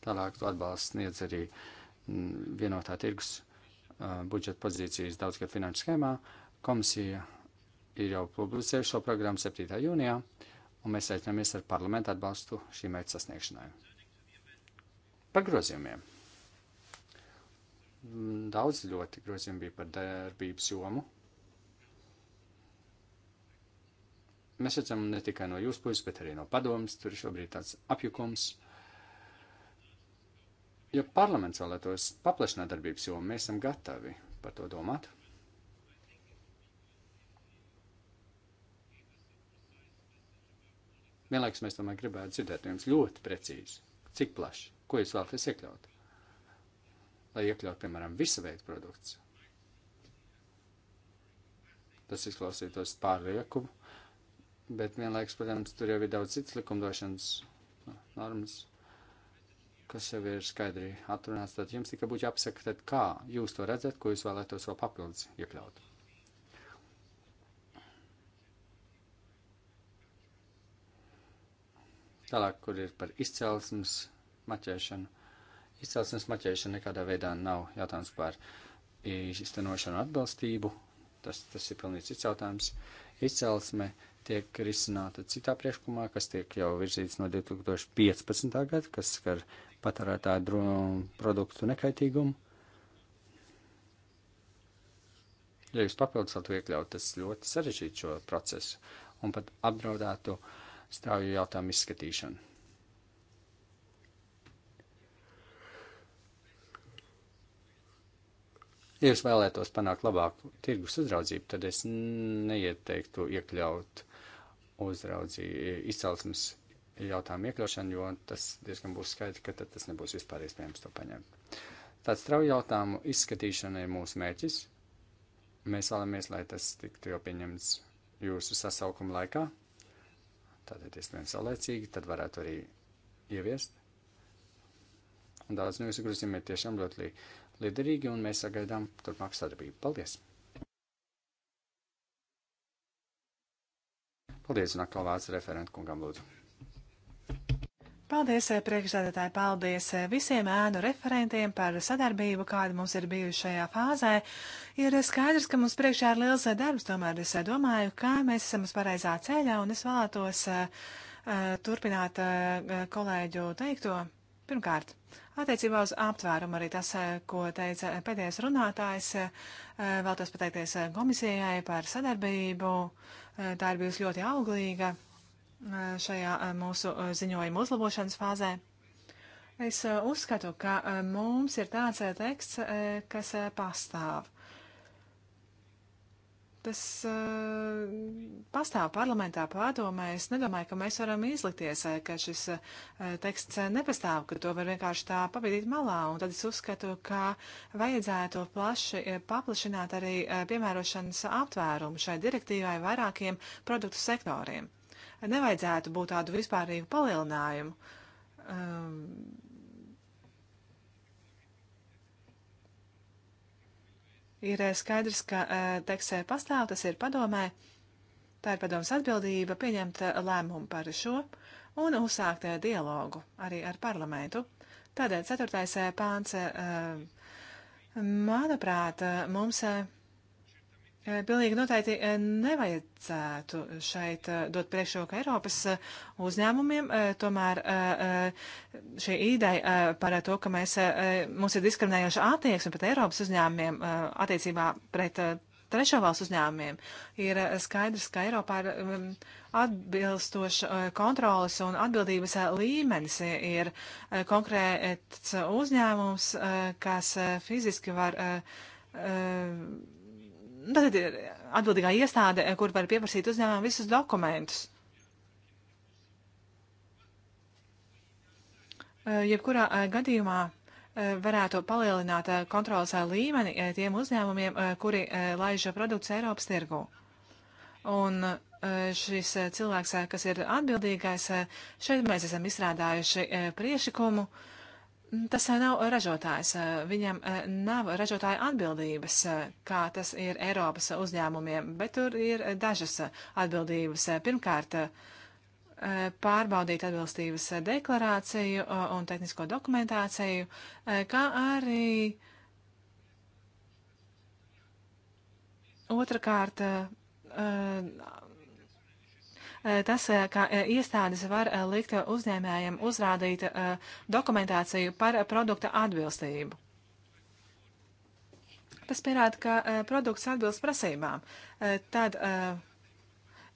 Tālāk to atbalsts sniedz arī mm, vienotā tirgus uh, budžeta pozīcijas daudzgad finanšu schēmā, uh, Komisija ir jau publicējusi šo programmu 7. jūnijā, un mēs aicinamies ar parlamentu atbalstu šī mērķa sasniegšanai. Par grozījumiem. Daudz ļoti grozījumi bija par darbības jomu. Mēs redzam ne tikai no jūsu puses, bet arī no padomas, tur ir šobrīd tāds apjukums. Ja parlaments vēlētos paplašināt darbības jomu, mēs esam gatavi par to domāt. Vienlaiks mēs tomēr gribētu dzirdēt jums ļoti precīzi, cik plaši, ko jūs vēlaties iekļaut. Lai iekļaut, piemēram, visu veidu produkts. Tas izklausītos pārlieku, bet vienlaiks, protams, tur jau ir daudz cits likumdošanas nu, normas, kas jau ir skaidri atrunāts. Tad jums tikai būtu jāpasaka, tad kā jūs to redzat, ko jūs vēlētos vēl papildus iekļaut. Tālāk, kur ir par izcelsmes maķēšanu. Izcelsmes maķēšana nekādā veidā nav jautājums par iztenošanu atbalstību. Tas, tas ir pilnīgi cits jautājums. Izcelsme tiek risināta citā priekšlikumā, kas tiek jau virzīts no 2015. gada, kas skar patērētāju produktu nekaitīgumu. Ja jūs papildus vēl to iekļaut, tas ļoti sarežģītu šo procesu un pat apdraudētu uh, stāvju jautājumu izskatīšanu. Ja es vēlētos panākt labāku tirgus uzraudzību, tad es neieteiktu iekļaut uzraudzību izcelsmes jautājumu iekļaušanu, jo tas diezgan būs skaidrs, ka tad tas nebūs vispār iespējams to paņemt. Tāds strauji jautājumu izskatīšana ir mūsu mērķis. Mēs vēlamies, lai tas tiktu jau pieņemts jūsu sasaukuma laikā, Tātad iespējams saulēcīgi, tad varētu arī ieviest. Un daudz no jūsu grozījumiem ir tiešām ļoti liederīgi, un mēs sagaidām turpmāk sadarbību. Paldies! Paldies, un atkal vārds referentkungam lūdzu. Paldies, eh, priekšsēdētāji, paldies eh, visiem ēnu referentiem par sadarbību, kāda mums ir bijusi šajā fāzē. Ir skaidrs, ka mums priekšā ir liels eh, darbs, tomēr es domāju, ka mēs esam uz pareizā ceļā, un es vēlētos uh, turpināt uh, kolēģu teikto. Pirmkārt, attiecībā uz aptvērumu arī tas, ko teica pēdējais runātājs, vēlētos pateikties komisijai par sadarbību. Tā ir bijusi ļoti auglīga šajā mūsu ziņojuma uzlabošanas fāzē. Es uzskatu, ka mums ir tāds teksts, kas pastāv. Tas pastāv parlamentā pārdomē. Es nedomāju, ka mēs varam izlikties, ka šis teksts nepastāv, ka to var vienkārši tā pavadīt malā. Un tad es uzskatu, ka vajadzētu plaši paplašināt arī piemērošanas aptvērumu šai direktīvai vairākiem produktu sektoriem nevajadzētu būt tādu vispārīgu palielinājumu. Um, ir eh, skaidrs, ka uh, eh, tekstē eh, pastāv, tas ir padomē, tā ir padomas atbildība pieņemt lēmumu par šo un uzsākt uh, dialogu arī ar parlamentu. Tādēļ ceturtais pāns, uh, manuprāt, mums. Uh, Pilnīgi noteikti nevajadzētu šeit dot priekšroku Eiropas uzņēmumiem, tomēr šī ideja par to, ka mēs, mums ir diskriminējoša attieksme pret Eiropas uzņēmumiem attiecībā pret trešo valstu uzņēmumiem, ir skaidrs, ka Eiropā ir atbilstoša kontrolas un atbildības līmenis ir konkrēts uzņēmums, kas fiziski var tad ir atbildīgā iestāde, eh, kur var pieprasīt uzņēmumam visus dokumentus. Eh, jebkurā eh, gadījumā varētu palielināt kontrolas līmeni tiem uzņēmumiem, kuri laiž produkts Eiropas tirgu. Un šis cilvēks, kas ir atbildīgais, šeit mēs esam izstrādājuši priešikumu, uh, Tas eh, nav ražotājs. Eh, viņam eh, nav ražotāja atbildības, kā tas ir Eiropas uzņēmumiem, bet tur ir dažas atbildības. Pirmkārt, pārbaudīt atbilstības deklarāciju un tehnisko dokumentāciju, kā arī otrkārt Eh, tas, eh, ka eh, iestādes var likt uzņēmējiem uzrādīt dokumentāciju par produkta atbilstību. Tas pierāda, ka produkts atbilst prasībām. Tad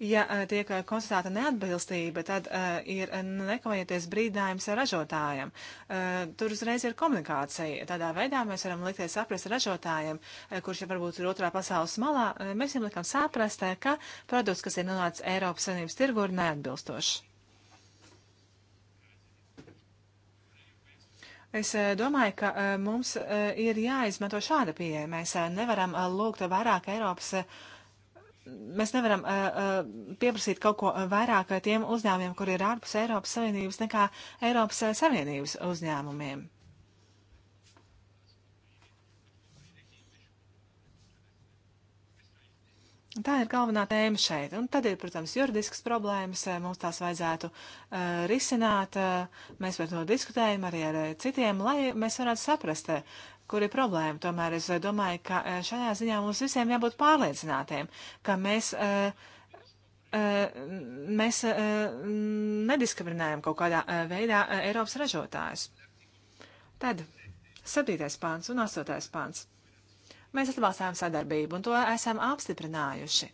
Ja tiek konstatēta neatbilstība, tad uh, ir nekavējoties brīdinājums ražotājam. Uh, tur uzreiz ir komunikācija. Tādā veidā mēs varam likties saprast ražotājiem, kurš jau varbūt ir otrā pasaules malā. Mēs viņam likam saprast, ka produkts, kas ir nonācis Eiropas Savienības tirgu, ir neatbilstošs. Es domāju, ka mums ir jāizmanto šāda pieeja. Mēs nevaram lūgt vairāk Eiropas uh, mēs nevaram uh, uh, pieprasīt kaut ko vairāk tiem uzņēmumiem, kur ir ārpus Eiropas Savienības, nekā Eiropas uh, Savienības uzņēmumiem. Tā ir galvenā tēma šeit. Un tad ir, protams, juridiskas problēmas, uh, mums tās vajadzētu uh, risināt. Uh, mēs par to diskutējam arī ar uh, citiem, lai mēs varētu saprast, uh, kur ir problēma. Tomēr es eh, domāju, ka eh, šajā ziņā mums visiem jābūt pārliecinātiem, ka mēs, eh, mēs nediskriminējam kaut kādā veidā Eiropas ražotājus. Tad 7. pāns un 8. pāns. Mēs atbalstām sadarbību un to esam apstiprinājuši.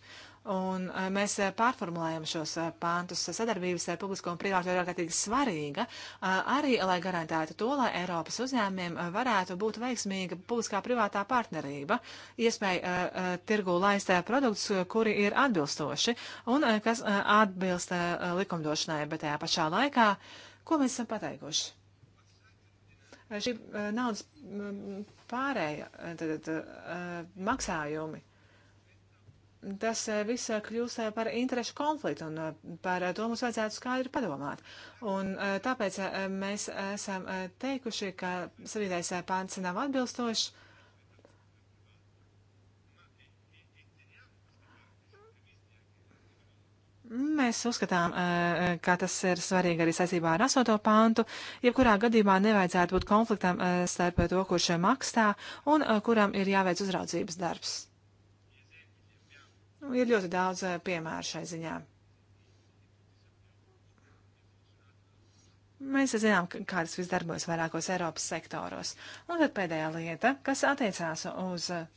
Un e, mēs e, pārformulējam šos e, pāntus. Sadarbības ar publisko un privātu ir ārkārtīgi svarīga, arī lai garantētu to, lai Eiropas uzņēmiem varētu būt veiksmīga publiskā privātā partnerība, iespēja tirgu laist produktus, kuri ir atbilstoši un kas atbilst likumdošanai, bet tajā pašā laikā, ko mēs esam pateikuši? Šī naudas pārēja, tad, tad, maksājumi tas eh, viss eh, kļūs eh, par interešu konfliktu, un par to mums vajadzētu skaidri padomāt. Un tāpēc mēs esam teikuši, ka savīdais pāns nav atbilstošs. Mēs uzskatām, ka tas ir svarīgi arī saistībā ar asoto pāntu. Jebkurā gadījumā nevajadzētu būt konfliktam starp to, kurš maksā un kuram ir jāveic uzraudzības darbs. Nu, ir ļoti daudz eh, piemēru šai ziņā. Mēs zinām, kādas viss darbojas vairākos Eiropas sektoros. Un tad pēdējā lieta, kas attiecās uz eh,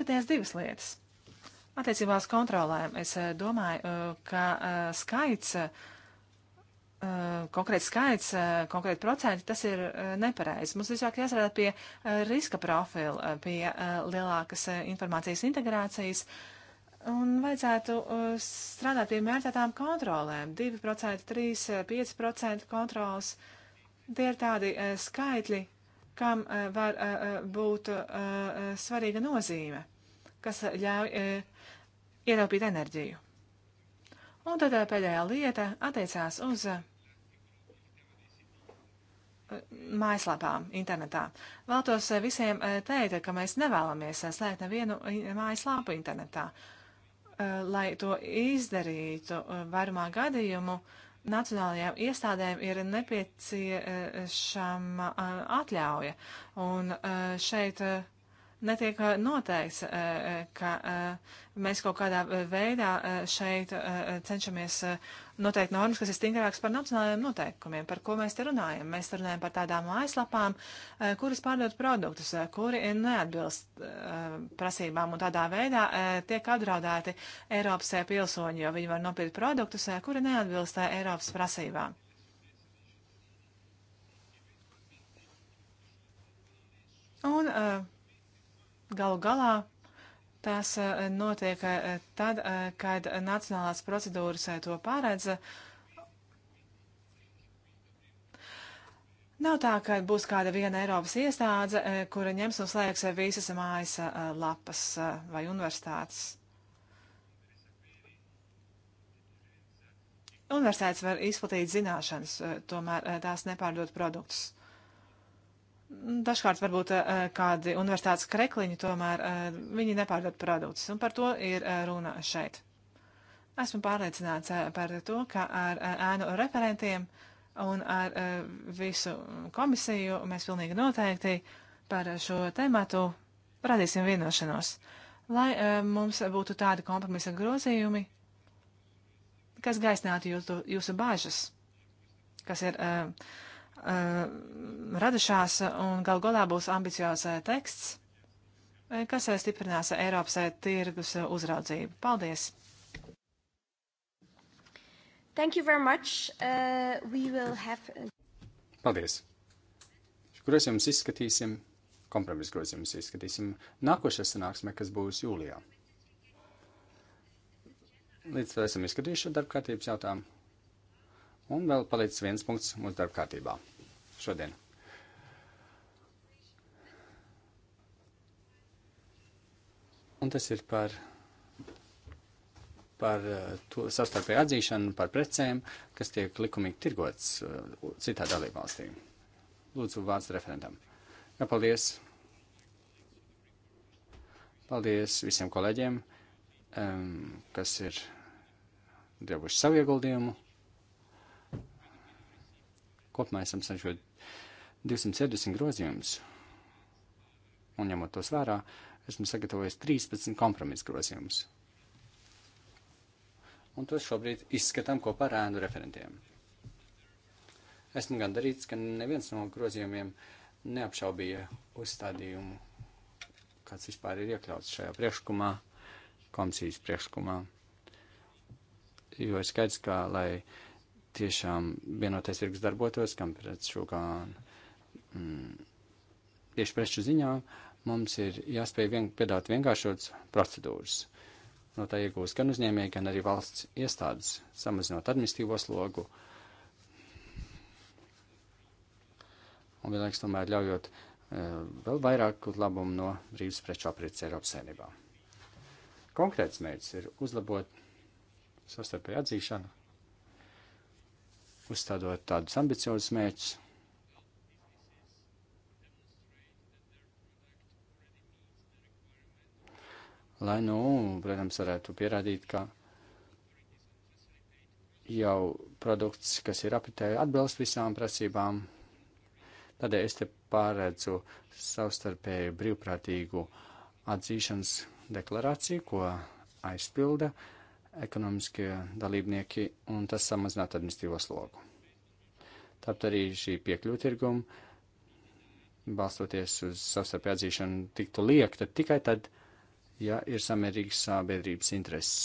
pēdējās divas lietas. Attiecībā uz kontrolēm es eh, domāju, ka skaits, konkrēts skaits, konkrēti procenti, tas ir nepareizi. Mums visāk jāsarādā pie riska profila, pie lielākas informācijas integrācijas. Uh, Un vajadzētu uh, strādāt pie mērķētām kontrolēm. 2%, 3%, 5% kontrols. Tie ir tādi uh, skaitļi, kam uh, var būt svarīga nozīme, kas ļauj ietaupīt enerģiju. Un tad pēdējā lieta attiecās uz mājaslapām internetā. Vēltos visiem teikt, ka mēs nevēlamies slēgt nevienu mājaslapu internetā. Uh, Eh, lai to izdarītu eh, varumā gadījumu, nacionālajām iestādēm ir nepieciešama eh, atļauja. Un šeit netiek eh, noteikts, eh, eh, ka mēs kaut kādā veidā šeit cenšamies noteikt normas, kas ir stingrākas par nacionālajiem noteikumiem, par ko mēs te runājam. Mēs te runājam par tādām mājaslapām, kuras pārdod produktus, kuri neatbilst prasībām, un tādā veidā tiek apdraudēti Eiropas pilsoņi, jo viņi var nopirkt produktus, kuri neatbilst Eiropas prasībām. Un uh, Galu galā tas eh, notiek eh, tad, eh, kad nacionālās procedūras to pārēdz. Nav tā, ka būs kāda viena Eiropas iestāde, kura ņems un slēgs visas mājas lapas vai universitātes. Universitātes var izplatīt zināšanas, tomēr tās nepārdod produktus. Dažkārt varbūt eh, kādi universitātes krekliņi tomēr eh, viņi nepārdod produktus, un par to ir eh, runa šeit. Esmu pārliecināts par to, ka ar ēnu referentiem un ar visu komisiju mēs pilnīgi noteikti par šo tēmatu radīsim vienošanos, lai mums būtu tādi kompromisa grozījumi, kas gaisnātu jūsu, jūsu bāžas, kas ir uh, Um, radušās, un gal galā būs ambiciozs uh, teksts, uh, kas uh, stiprinās Eiropas tirgus uzraudzību. Paldies! Thank you very much. Uh, we will have... Paldies! Grozījumus izskatīsim, kompromisu grozījumus izskatīsim nākošajā sanāksmē, kas būs jūlijā. Līdz tam esam izskatījuši darba kārtības jautājumu. Un vēl palicis viens punkts mūsu darba kārtībā šodien. Un tas ir par, par eh, to sastarpēju atzīšanu par precēm, kas tiek likumīgi tirgots eh, citā dalībvalstī. Lūdzu, vārds referentam. Jā, paldies. Paldies visiem kolēģiem, um, kas ir devuši savu ieguldījumu. Kopumā esam saņēmuši 270 grozījumus, un ņemot tos vērā, esmu sagatavojis 13 kompromisu grozījumus. Un tos šobrīd izskatām kopā ar ēnu referentiem. Esmu gandarīts, ka neviens no grozījumiem neapšaubīja uzstādījumu, kāds vispār ir iekļauts šajā priekšlikumā, komisijas priekšlikumā. Jo ir skaidrs, ka, lai uh, tiešām vienotais tirgus darbotos, gan preču, gan mm, tieši preču ziņā, mums ir jāspēj vien, piedāt vienkāršotas procedūras. No tā iegūst gan uzņēmēji, gan arī valsts iestādes, samazinot administīvo slogu. Un vienlaiks tomēr ļaujot e, vēl vairāk gūt labumu no brīvas preču aprits Eiropas saimnībā. Konkrēts mērķis ir uzlabot sastarpēju atzīšanu uzstādot tādus ambiciozus mērķus. Lai, nu, protams, varētu pierādīt, ka jau produkts, kas ir apritē, atbilst visām prasībām. Tādēļ es te pārēdzu savstarpēju brīvprātīgu atzīšanas deklarāciju, ko aizpilda uh, ekonomiskie dalībnieki, un tas samazinātu administratīvo slogu. Tāpat arī šī piekļuva tirguma, balstoties uz savstarpēju atzīšanu, tiktu liekta tikai tad, ja ir samērīgs sabiedrības intereses.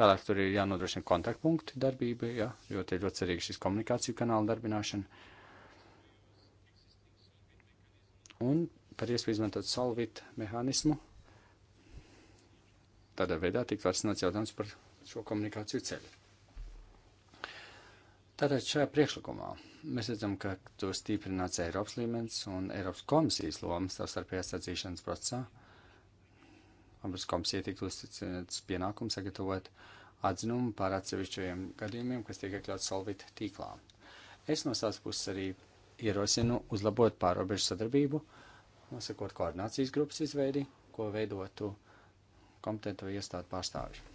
Tālāk tur ir jānodrošina kontaktpunkti darbība, ja, jo te ir ļoti svarīgi šis komunikāciju kanāla darbināšana. Un par iespēju izmantot solvit mehānismu Tādā veidā tiktu atsināts jautājums par šo komunikāciju ceļu. Tātad šajā priekšlikumā mēs redzam, ka to stiprināts Eiropas līmenis un Eiropas komisijas lomas savstarpējā sadzīšanas procesā. Abas komisija tiktu uzticēts pienākums sagatavot atzinumu par atsevišķajiem gadījumiem, kas tiek iekļauts solvit tīklā. Es no savas puses arī ierosinu uzlabot pārobežu sadarbību, nosakot koordinācijas grupas izveidi, ko veidotu uh, kompetento iestādu pārstāvju.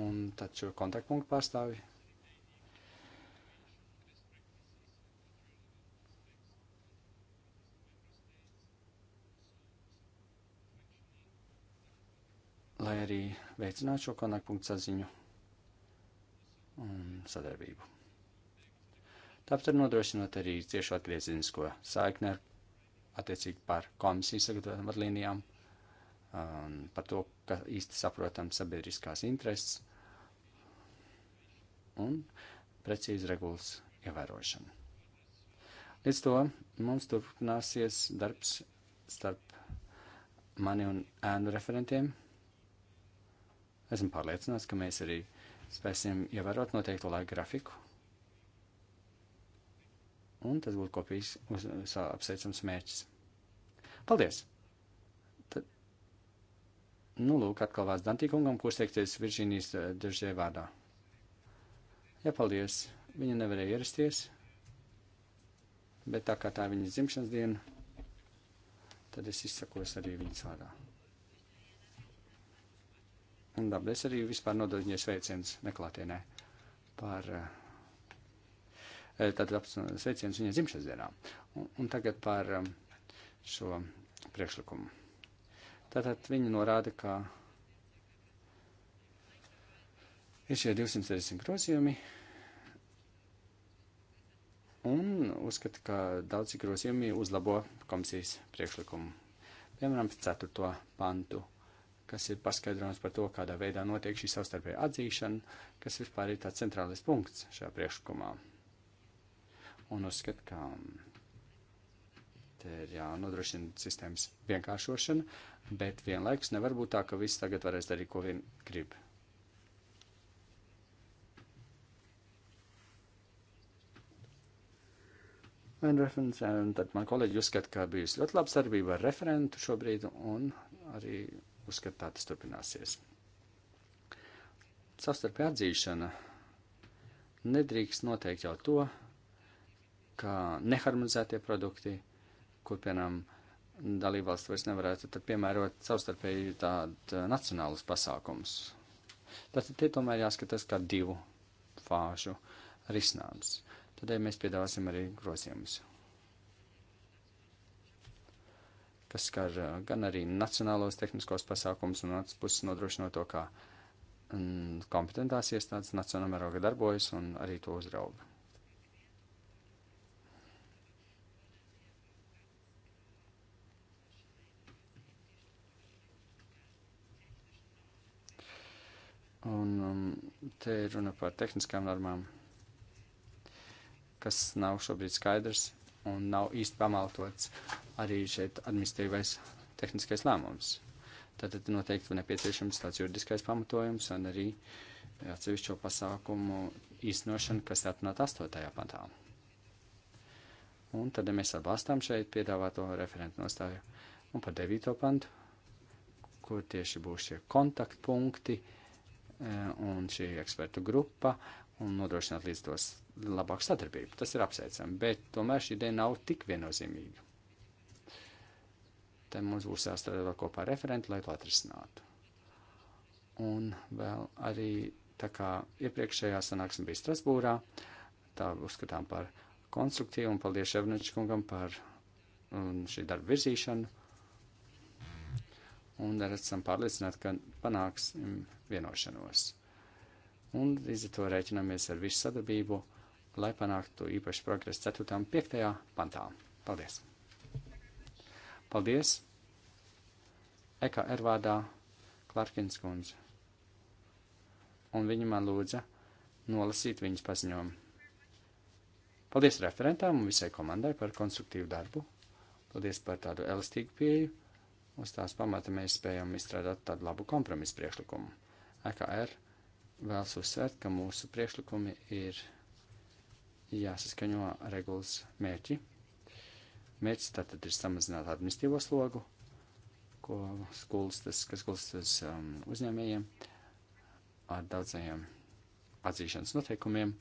Un tad šo kontaktpunktu pārstāvju. Lai arī veicinātu šo kontaktpunktu saziņu un sadarbību. Tāpat ir nodrošinot arī ciešu atgriezinisko saikni ar attiecīgi par komisijas sagatavotām vadlīnijām, um, par to, ka īsti saprotam sabiedriskās intereses un precīzi regulas ievērošanu. Līdz to mums turpināsies darbs starp mani un ēnu referentiem. Esmu pārliecināts, ka mēs arī spēsim ievērot noteikto laika grafiku un tas būtu kopīgs uz, uz, apsveicams mērķis. Paldies! Tad, nu, lūk, atkal vārds Dantīkungam, kurš teikties Virģīnijas dažie vārdā. Jā, paldies! Viņa nevarēja ierasties, bet tā kā tā ir viņas dzimšanas diena, tad es izsakos arī viņas vārdā. Un labi, es arī vispār nododu viņai sveicienus neklātienē par uh, Eh, Tad sveiciens viņa dzimšanas dienā. Un, un tagad par um, šo priekšlikumu. Tātad viņa norāda, ka ir šie 260 grozījumi, un uzskata, ka daudzi grozījumi uzlabo komisijas priekšlikumu. Piemēram, 4. pantu, kas ir paskaidrojums par to, kādā veidā notiek šī savstarpēja atzīšana, kas vispār ir tāds centrālais punkts šajā priekšlikumā un uzskata, ka um, te ir jānodrošina sistēmas vienkāršošana, bet vienlaikus nevar būt tā, ka viss tagad varēs darīt, ko vien grib. Un referents, un tad man kolēģi uzskata, ka bijusi ļoti laba sadarbība ar referentu šobrīd, un arī uzskata, tā tas turpināsies. Savstarpēja atzīšana nedrīkst noteikt jau to, ka neharmonizētie produkti, kur, piemēram, dalībvalsts vairs nevarētu tad piemērot savstarpēji tādu eh, nacionālus pasākumus. Tātad te tomēr jāskatās kā divu fāžu risinājums. Tādēļ mēs piedāvāsim arī grozījumus, kas skar eh, gan arī nacionālos tehniskos pasākumus un otrs puses nodrošinot to, kā mm, kompetentās iestādes nacionālā mēroga darbojas un arī to uzrauga. Un um, te ir runa par tehniskām normām, kas nav šobrīd skaidrs un nav īsti pamaltots arī šeit administratīvais tehniskais lēmums. Tātad noteikti nepieciešams tāds juridiskais pamatojums un arī atsevišķo pasākumu īstenošana, kas ir atrunāta 8. pantā. Un tad ja mēs atbalstām šeit piedāvāto referentu nostāju. Un par 9. pantu, kur tieši būs šie kontaktpunkti, uh, Eh, un šī ekspertu grupa un nodrošināt līdz tos labāku sadarbību. Tas ir apsveicami, bet tomēr šī ideja nav tik viennozīmīga. Te mums būs jāstrādā vēl kopā ar referentu, lai to atrisinātu. Un vēl arī tā kā iepriekšējā sanāksme bija Strasbūrā, tā uzskatām par konstruktīvu un paldies Ševničkungam par um, šī darba virzīšanu un esam pārliecināti, ka panāksim vienošanos. Un līdz ar to rēķinamies ar visu sadarbību, lai panāktu īpaši progresu 4. un 5. pantā. Paldies! Paldies! Eka Ervādā Klarkins kundze. Un viņa man lūdza nolasīt viņas paziņojumu. Paldies referentām un visai komandai par konstruktīvu darbu. Paldies par tādu elastīgu pieeju Uz tās pamata mēs spējam izstrādāt tādu labu kompromisu priekšlikumu. EKR vēlas uzsvērt, ka mūsu priekšlikumi ir jāsaskaņo regulas mērķi. Mērķis tātad ir samazināt administīvo slogu, ko skulstas, kas skulstas um, uzņēmējiem ar daudzajiem atzīšanas noteikumiem,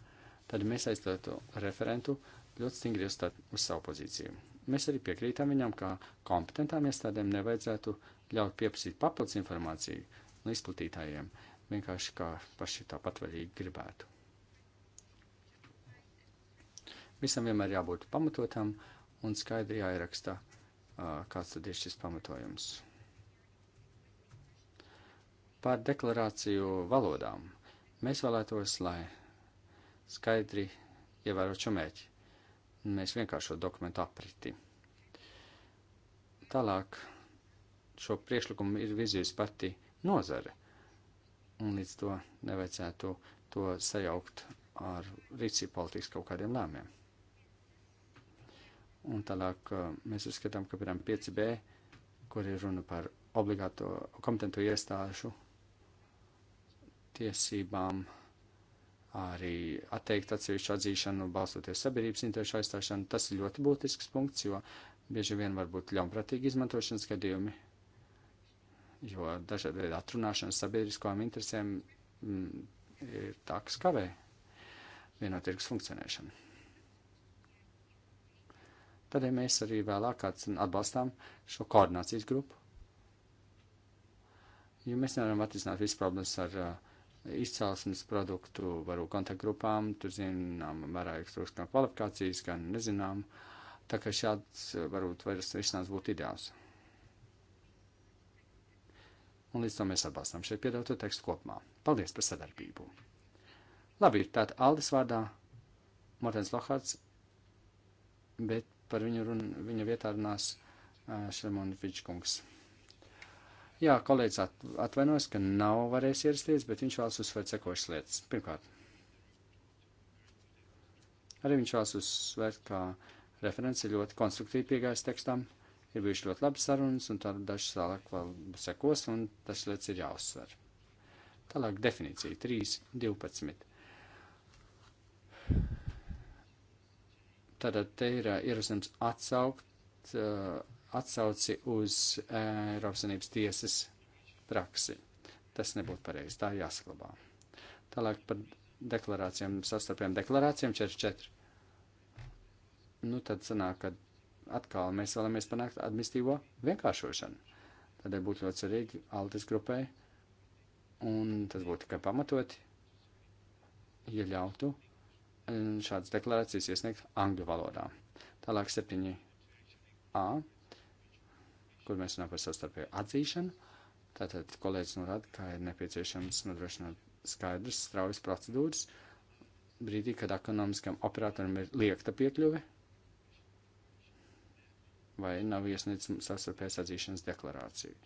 tad mēs aizstātu referentu ļoti stingri uzstāt uz savu pozīciju. Mēs arī piekrītam viņam, ka kompetentām iestādēm nevajadzētu ļaut pieprasīt papildus informāciju no izplatītājiem, vienkārši kā paši tāpat vaļīgi gribētu. Visam vienmēr jābūt pamatotam un skaidri jāieraksta, kāds tad ir šis pamatojums. Par deklarāciju valodām. Mēs vēlētos, lai skaidri ievērot šo mērķi. Mēs vienkāršo dokumentu apriti. Tālāk šo priekšlikumu ir vizijas pati nozare, un līdz to nevajadzētu to sajaukt ar rīcību politikas kaut kādiem lēmiem. Un tālāk eh, mēs uzskatām, ka, piemēram, 5B, kur ir runa par obligāto kompetentu iestāžu tiesībām, uh, arī atteikt atsevišķu atzīšanu, balstoties sabiedrības interesu aizstāšanu. Tas ir ļoti būtisks punkts, jo bieži vien var būt ļaunprātīgi izmantošanas gadījumi, jo dažādi veidi atrunāšanas sabiedriskām interesēm m, mm, ir tā, kas kavē vienotirgus funkcionēšanu. Tādēļ ja mēs arī vēlāk atbalstām šo koordinācijas grupu, jo mēs nevaram atrisināt visas problēmas ar uh, izcelsmes produktu, varu kontaktgrupām, tur zinām, vairāk trūkst no kvalifikācijas, gan nezinām. Tā kā šāds varbūt vairs risinājums būtu ideāls. Un līdz tam mēs atbalstām šeit piedāvāto tekstu kopumā. Paldies par sadarbību! Labi, tātad Aldis vārdā Mortens Lohārds, bet par viņu, run, viņu vietā runās eh, Šermona Vičkungs. Jā, kolēģis atvainojas, ka nav varējis ierasties, bet viņš vēlas uzsvērt sekošas lietas. Pirmkārt, arī viņš vēlas uzsvērt, ka referents ir ļoti konstruktīvi piegājis tekstam, ir bijuši ļoti labi sarunas, un tad dažas tālāk vēl sekos, un tas lietas ir jāuzsver. Tālāk definīcija 3, 12. Tātad te ir uh, ierosinājums atsaukt uh, atsauci uz eh, Eiropas Savienības tiesas praksi. Tas nebūtu pareizi, tā jāsaglabā. Tālāk par deklarācijām, sastarpējām deklarācijām 44. Nu, tad sanāk, ka atkal mēs vēlamies panākt administīvo vienkāršošanu. Tādēļ būtu ļoti svarīgi altis grupai, un tas būtu tikai pamatoti, ja ļautu eh, šādas deklarācijas iesniegt angļu valodā. Tālāk 7a kur mēs runājam par savstarpēju atzīšanu. Tātad kolēģis norāda, ka ir nepieciešams nodrošināt skaidrs, straujas procedūras brīdī, kad ekonomiskam operatoram ir liekta piekļuve vai nav iesniedz savstarpējas atzīšanas deklarāciju.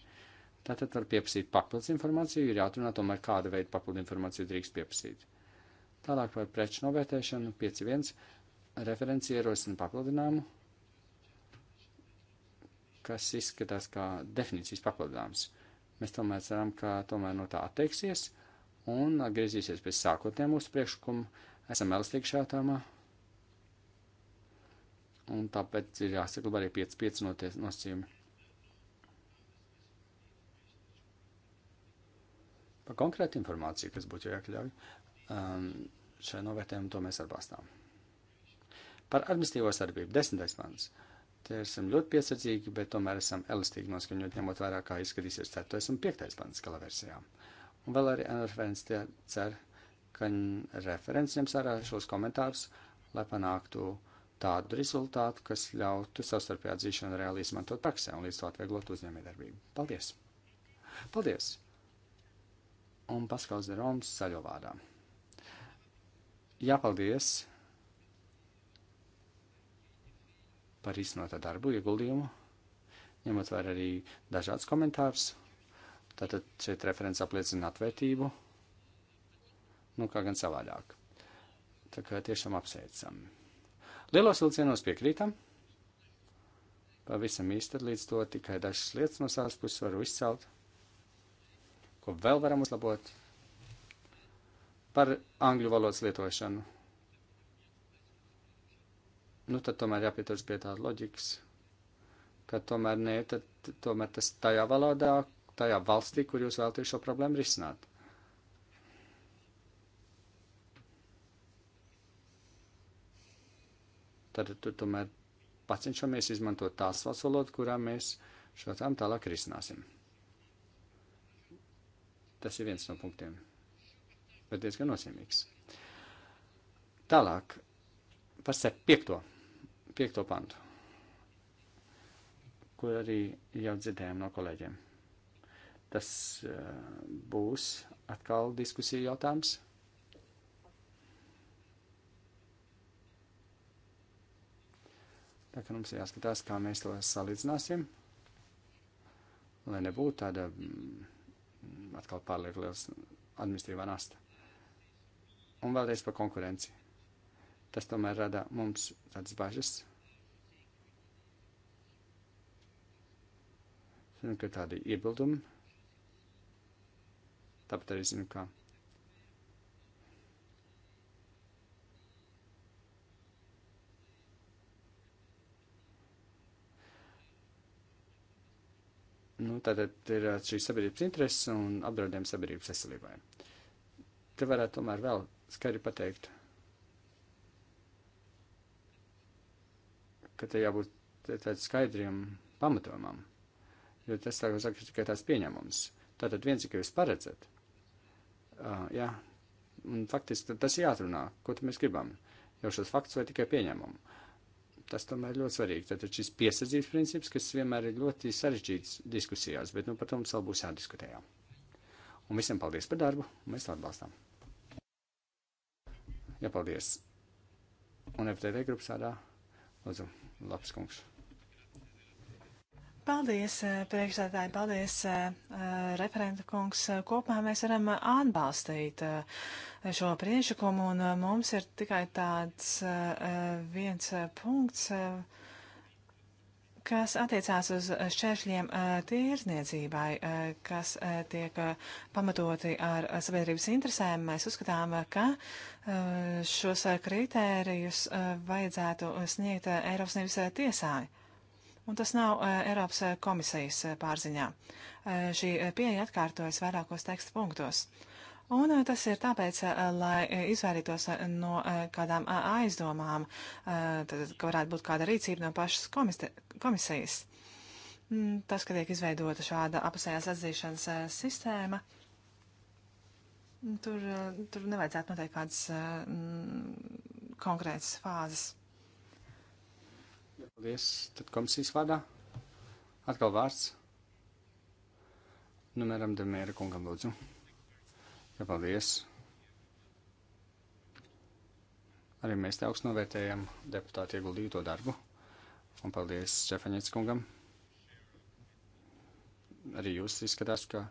Tātad var pieprasīt papildus informāciju, ir jāatrunā tomēr, kāda veida papildu informāciju drīkst pieprasīt. Tālāk par preču novērtēšanu 5.1. referenci ierosina papildinājumu kas izskatās kā definīcijas papildinājums. Mēs tomēr ceram, ka tomēr no tā atteiksies un atgriezīsies pie sākotnē mūsu priekšlikuma. Esam elastīgi šajā tēmā. Un tāpēc ir jāsaglabā arī 5-5 nosacījumi. Par konkrētu informāciju, kas būtu jākļauj, um, šai novērtējumu to mēs atbalstām. Par administīvo sadarbību desmitais pants. Uh, Te esam ļoti piesardzīgi, bet tomēr esam elastīgi noskaņot, ņemot vērā, kā izskatīsies 4. un 5. pants gala versijā. Un vēl arī referents cer, ka referents ņems vērā šos komentārus, lai panāktu tādu rezultātu, kas ļautu savstarpēju atzīšanu reāli izmantot praksē un līdz to atvieglot uzņēmējdarbību. Paldies! Paldies! Un Paskals Deroms zaļo vārdā. Jā, paldies! par izsnotā darbu ieguldījumu, ņemot vērā arī dažāds komentārs. Tātad šeit referents apliecina atvērtību, nu kā gan savādāk. Tā kā tiešām apsveicam. Lielos vilcienos piekrītam. Pavisam īsti līdz to tikai dažas lietas no savas puses varu izcelt, ko vēl varam uzlabot par angļu valodas lietošanu nu tad tomēr jāpieturas pie tāda loģikas, ka tomēr nē, tad tomēr tas tajā valodā, tajā valstī, kur jūs vēlaties šo problēmu risināt. Tad tur tomēr pacenšamies izmantot tās valsts valodu, kurā mēs šo tām tālāk risināsim. Tas ir viens no punktiem, bet diezgan nozīmīgs. Tālāk par sep piekto piekto pantu, kur arī jau dzirdējām no kolēģiem. Tas eh, būs atkal diskusija jautājums. Tā kā mums ir jāskatās, kā mēs to salīdzināsim, lai nebūtu tāda mm, atkal pārlieku liels administrīvā nasta. Un vēlreiz par konkurenci. Tas tomēr rada mums tādas bažas. Zinu, ka tādi iebildumi. Tāpat arī zinu, ka. Nu, tātad ir uh, šīs sabiedrības intereses un apdraudējums sabiedrības veselībai. Te varētu tomēr vēl skaidri pateikt, ka te jābūt tādiem skaidriem pamatojumam, jo tas, tā kā saka, ir tikai tās pieņēmums. Tātad viens, ka jūs paredzat, uh, jā, un faktiski tas jāatrunā, ko mēs gribam, jau šos faktus vai tikai pieņēmumu. Tas tomēr ir ļoti svarīgi. Tātad šis piesardzības princips, kas vienmēr ir ļoti sarežģīts diskusijās, bet, nu, par to mums vēl būs jādiskutē. Jau. Un visiem paldies par darbu, mēs to atbalstām. Jā, paldies. Un FTV grupas sādā. Lūdzu. Labs kungs. Paldies, eh, priekšsēdētāji, paldies, eh, eh, referenta kungs. Kopā mēs varam atbalstīt šo priešakumu, un mums ir tikai tāds viens punkts kas attiecās uz šķēršļiem eh, tirzniecībai, eh, kas eh, tiek pamatoti ar sabiedrības interesēm, mēs uzskatām, ka šos kritērijus vajadzētu sniegt Eiropas nevis tiesāji. Un tas nav Eiropas komisijas pārziņā. Šī pieeja atkārtojas vairākos teksta punktos. Un eh, tas ir tāpēc, eh, lai eh, izvairītos no kādām aizdomām, tad, ka varētu būt kāda rīcība no pašas komiste, komisijas. Mm, tas, ka tiek izveidota šāda apusējās atzīšanas sistēma, tur, tur nevajadzētu noteikt kādas mm, konkrētas fāzes. Paldies. Tad komisijas vārdā atkal vārds. Numeram Demēra kungam lūdzu. Jā, paldies. Arī mēs te augstu novērtējam deputātu ieguldīto darbu. Un paldies Čefaņets kungam. Arī jūs izskatās, ka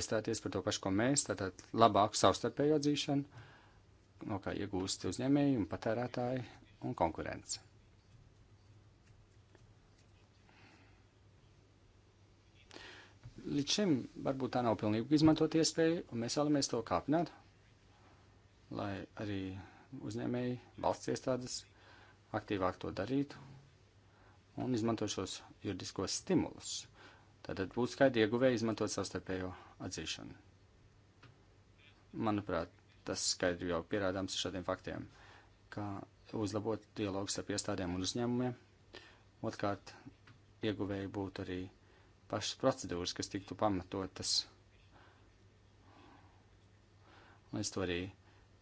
iestāties par to pašu, ko mēs, tātad labāku savstarpējo dzīšanu, no kā iegūst uzņēmēji un patērētāji un konkurence. līdz šim varbūt tā nav pilnīgi izmantot iespēju, un mēs vēlamies to kāpināt, lai arī uzņēmēji, valsts iestādes aktīvāk to darītu un izmanto šos juridiskos stimulus. Tātad būtu skaidri ieguvēji izmantot savstarpējo atzīšanu. Manuprāt, tas skaidri jau pierādāms šādiem faktiem, ka uzlabot dialogu starp iestādēm un uzņēmumiem, otrkārt, ieguvēji būtu arī pašas procedūras, kas tiktu pamatotas. Līdz to arī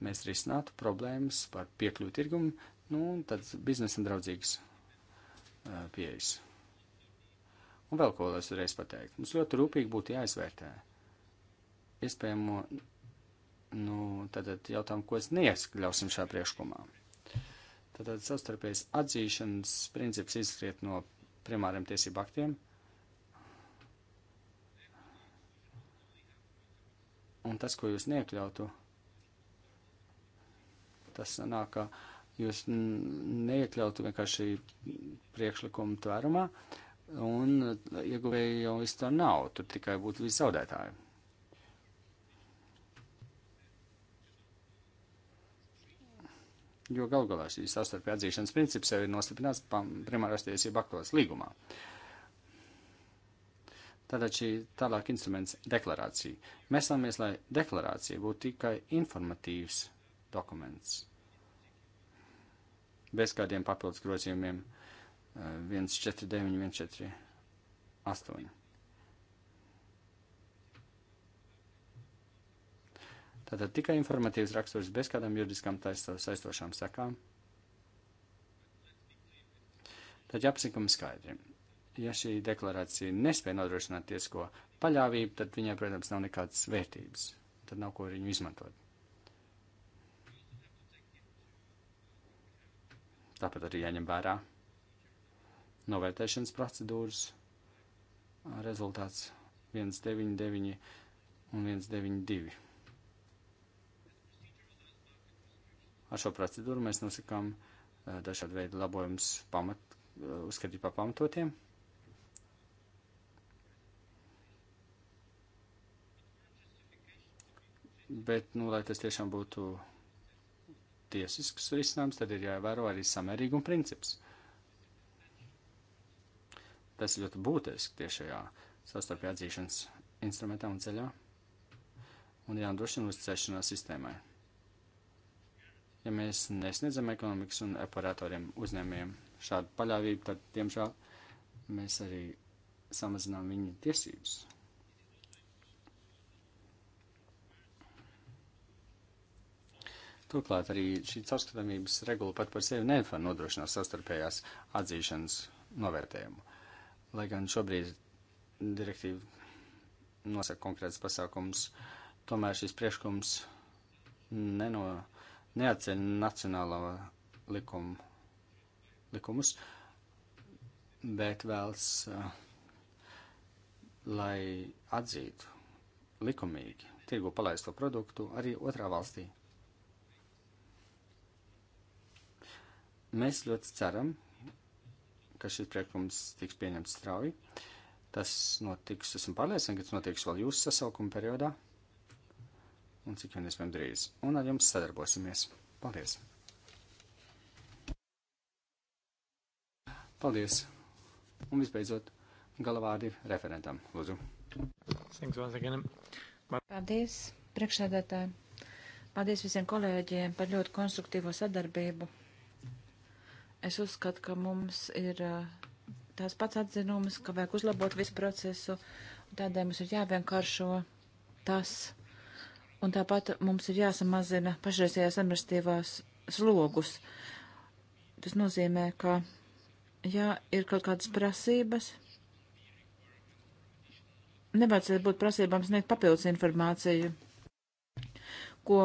mēs risinātu problēmas par piekļuvu tirgumu, nu, un tāds biznesam draudzīgs uh, pieejas. Un vēl ko es reiz pateiktu. Mums ļoti rūpīgi būtu jāizvērtē iespējamo, nu, tātad jautājumu, ko es neieskļausim šajā priekšlikumā. Tātad savstarpējas atzīšanas princips izskriet no primāriem tiesību aktiem – Un tas, ko jūs neiekļautu, tas sanāk, ka jūs neiekļautu vienkārši priekšlikumu tvērumā, un ieguvēji jau viss tur nav, tur tikai būtu visi zaudētāji. Jo gal galā šīs savstarpēji atzīšanas princips jau ir nostiprināts primārās tiesību aktos līgumā. Uh, Tātad šī tālāk instruments - deklarācija. Mēs vēlamies, lai deklarācija būtu tikai informatīvs dokuments. Bez kādiem papildus grozījumiem 149, eh, 148. Tātad tikai informatīvs raksturs bez kādām juridiskām saistošām sekām. Tad jāpasakām skaidri ja šī deklarācija nespēja nodrošināt tiesisko paļāvību, tad viņai, protams, nav nekādas vērtības. Tad nav ko viņu izmantot. Tāpat arī jāņem vērā novērtēšanas procedūras rezultāts 199 un 192. Ar šo procedūru mēs nosakām eh, dažādu veidu labojumus pamat, eh, uzskatīt par pamatotiem. Bet, nu, lai tas tiešām būtu tiesisks risinājums, tad ir jāievēro arī samērīguma princips. Tas ir ļoti būtiski tiešajā sastarpējā atzīšanas instrumentā un ceļā un jānodrošina uzticēšanās sistēmai. Ja mēs nesniedzam ekonomikas un operatoriem uzņēmējiem šādu paļāvību, tad, diemžēl, mēs arī samazinām viņu tiesības. Turklāt arī šī caurskatāmības regula pat par sevi nevar nodrošināt sastarpējās atzīšanas novērtējumu. Lai gan šobrīd direktīva nosaka konkrēts pasākums, tomēr šis priekšlikums neno, neatceļ nacionālo likumu, likumus, bet vēlas, eh, lai atzītu likumīgi tirgu palaisto produktu arī otrā valstī Mēs ļoti ceram, ka šis priekums tiks pieņemts strauji. Tas notiks, esmu pārliecināts, ka tas notiks vēl jūsu sasaukuma periodā. Un cik vien iespējams drīz. Un ar jums sadarbosimies. Paldies! Paldies! Un visbeidzot, galavādi referentam. Lūdzu. Paldies, priekšsēdētāji! Paldies visiem kolēģiem par ļoti konstruktīvo sadarbību. Es uzskatu, ka mums ir eh, tās pats atzinums, ka vajag uzlabot visu procesu, un tādēļ mums ir jāvienkāršo tas, un tāpat mums ir jāsamazina pašreizējās administratīvās slogus. Tas nozīmē, ka, ja ir kaut kādas prasības, nevajadzētu būt prasībām sniegt papildus informāciju, ko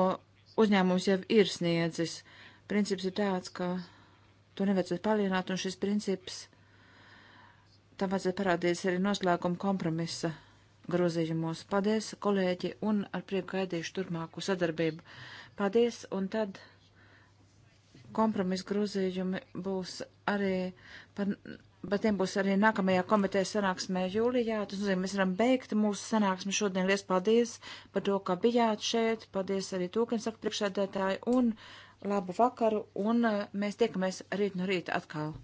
uzņēmums jau ir sniedzis. Princips ir tāds, ka To nevajadzētu palielināt, un šis princips tam vajadzētu parādīties arī noslēguma kompromisa grozījumos. Paldies, kolēģi, un ar prieku gaidīšu turpmāku sadarbību. Paldies, un tad kompromisa grozījumi būs arī par bet tiem būs arī nākamajā komitejas sanāksmē jūlijā. Tas nozīmē, mēs varam beigt mūsu sanāksmi šodien. Lies paldies par to, ka bijāt šeit. Paldies arī tūkiem, saka priekšsēdētāji. Un labu vakaru, un eh, mēs tiekamies rīt no rīta atkal.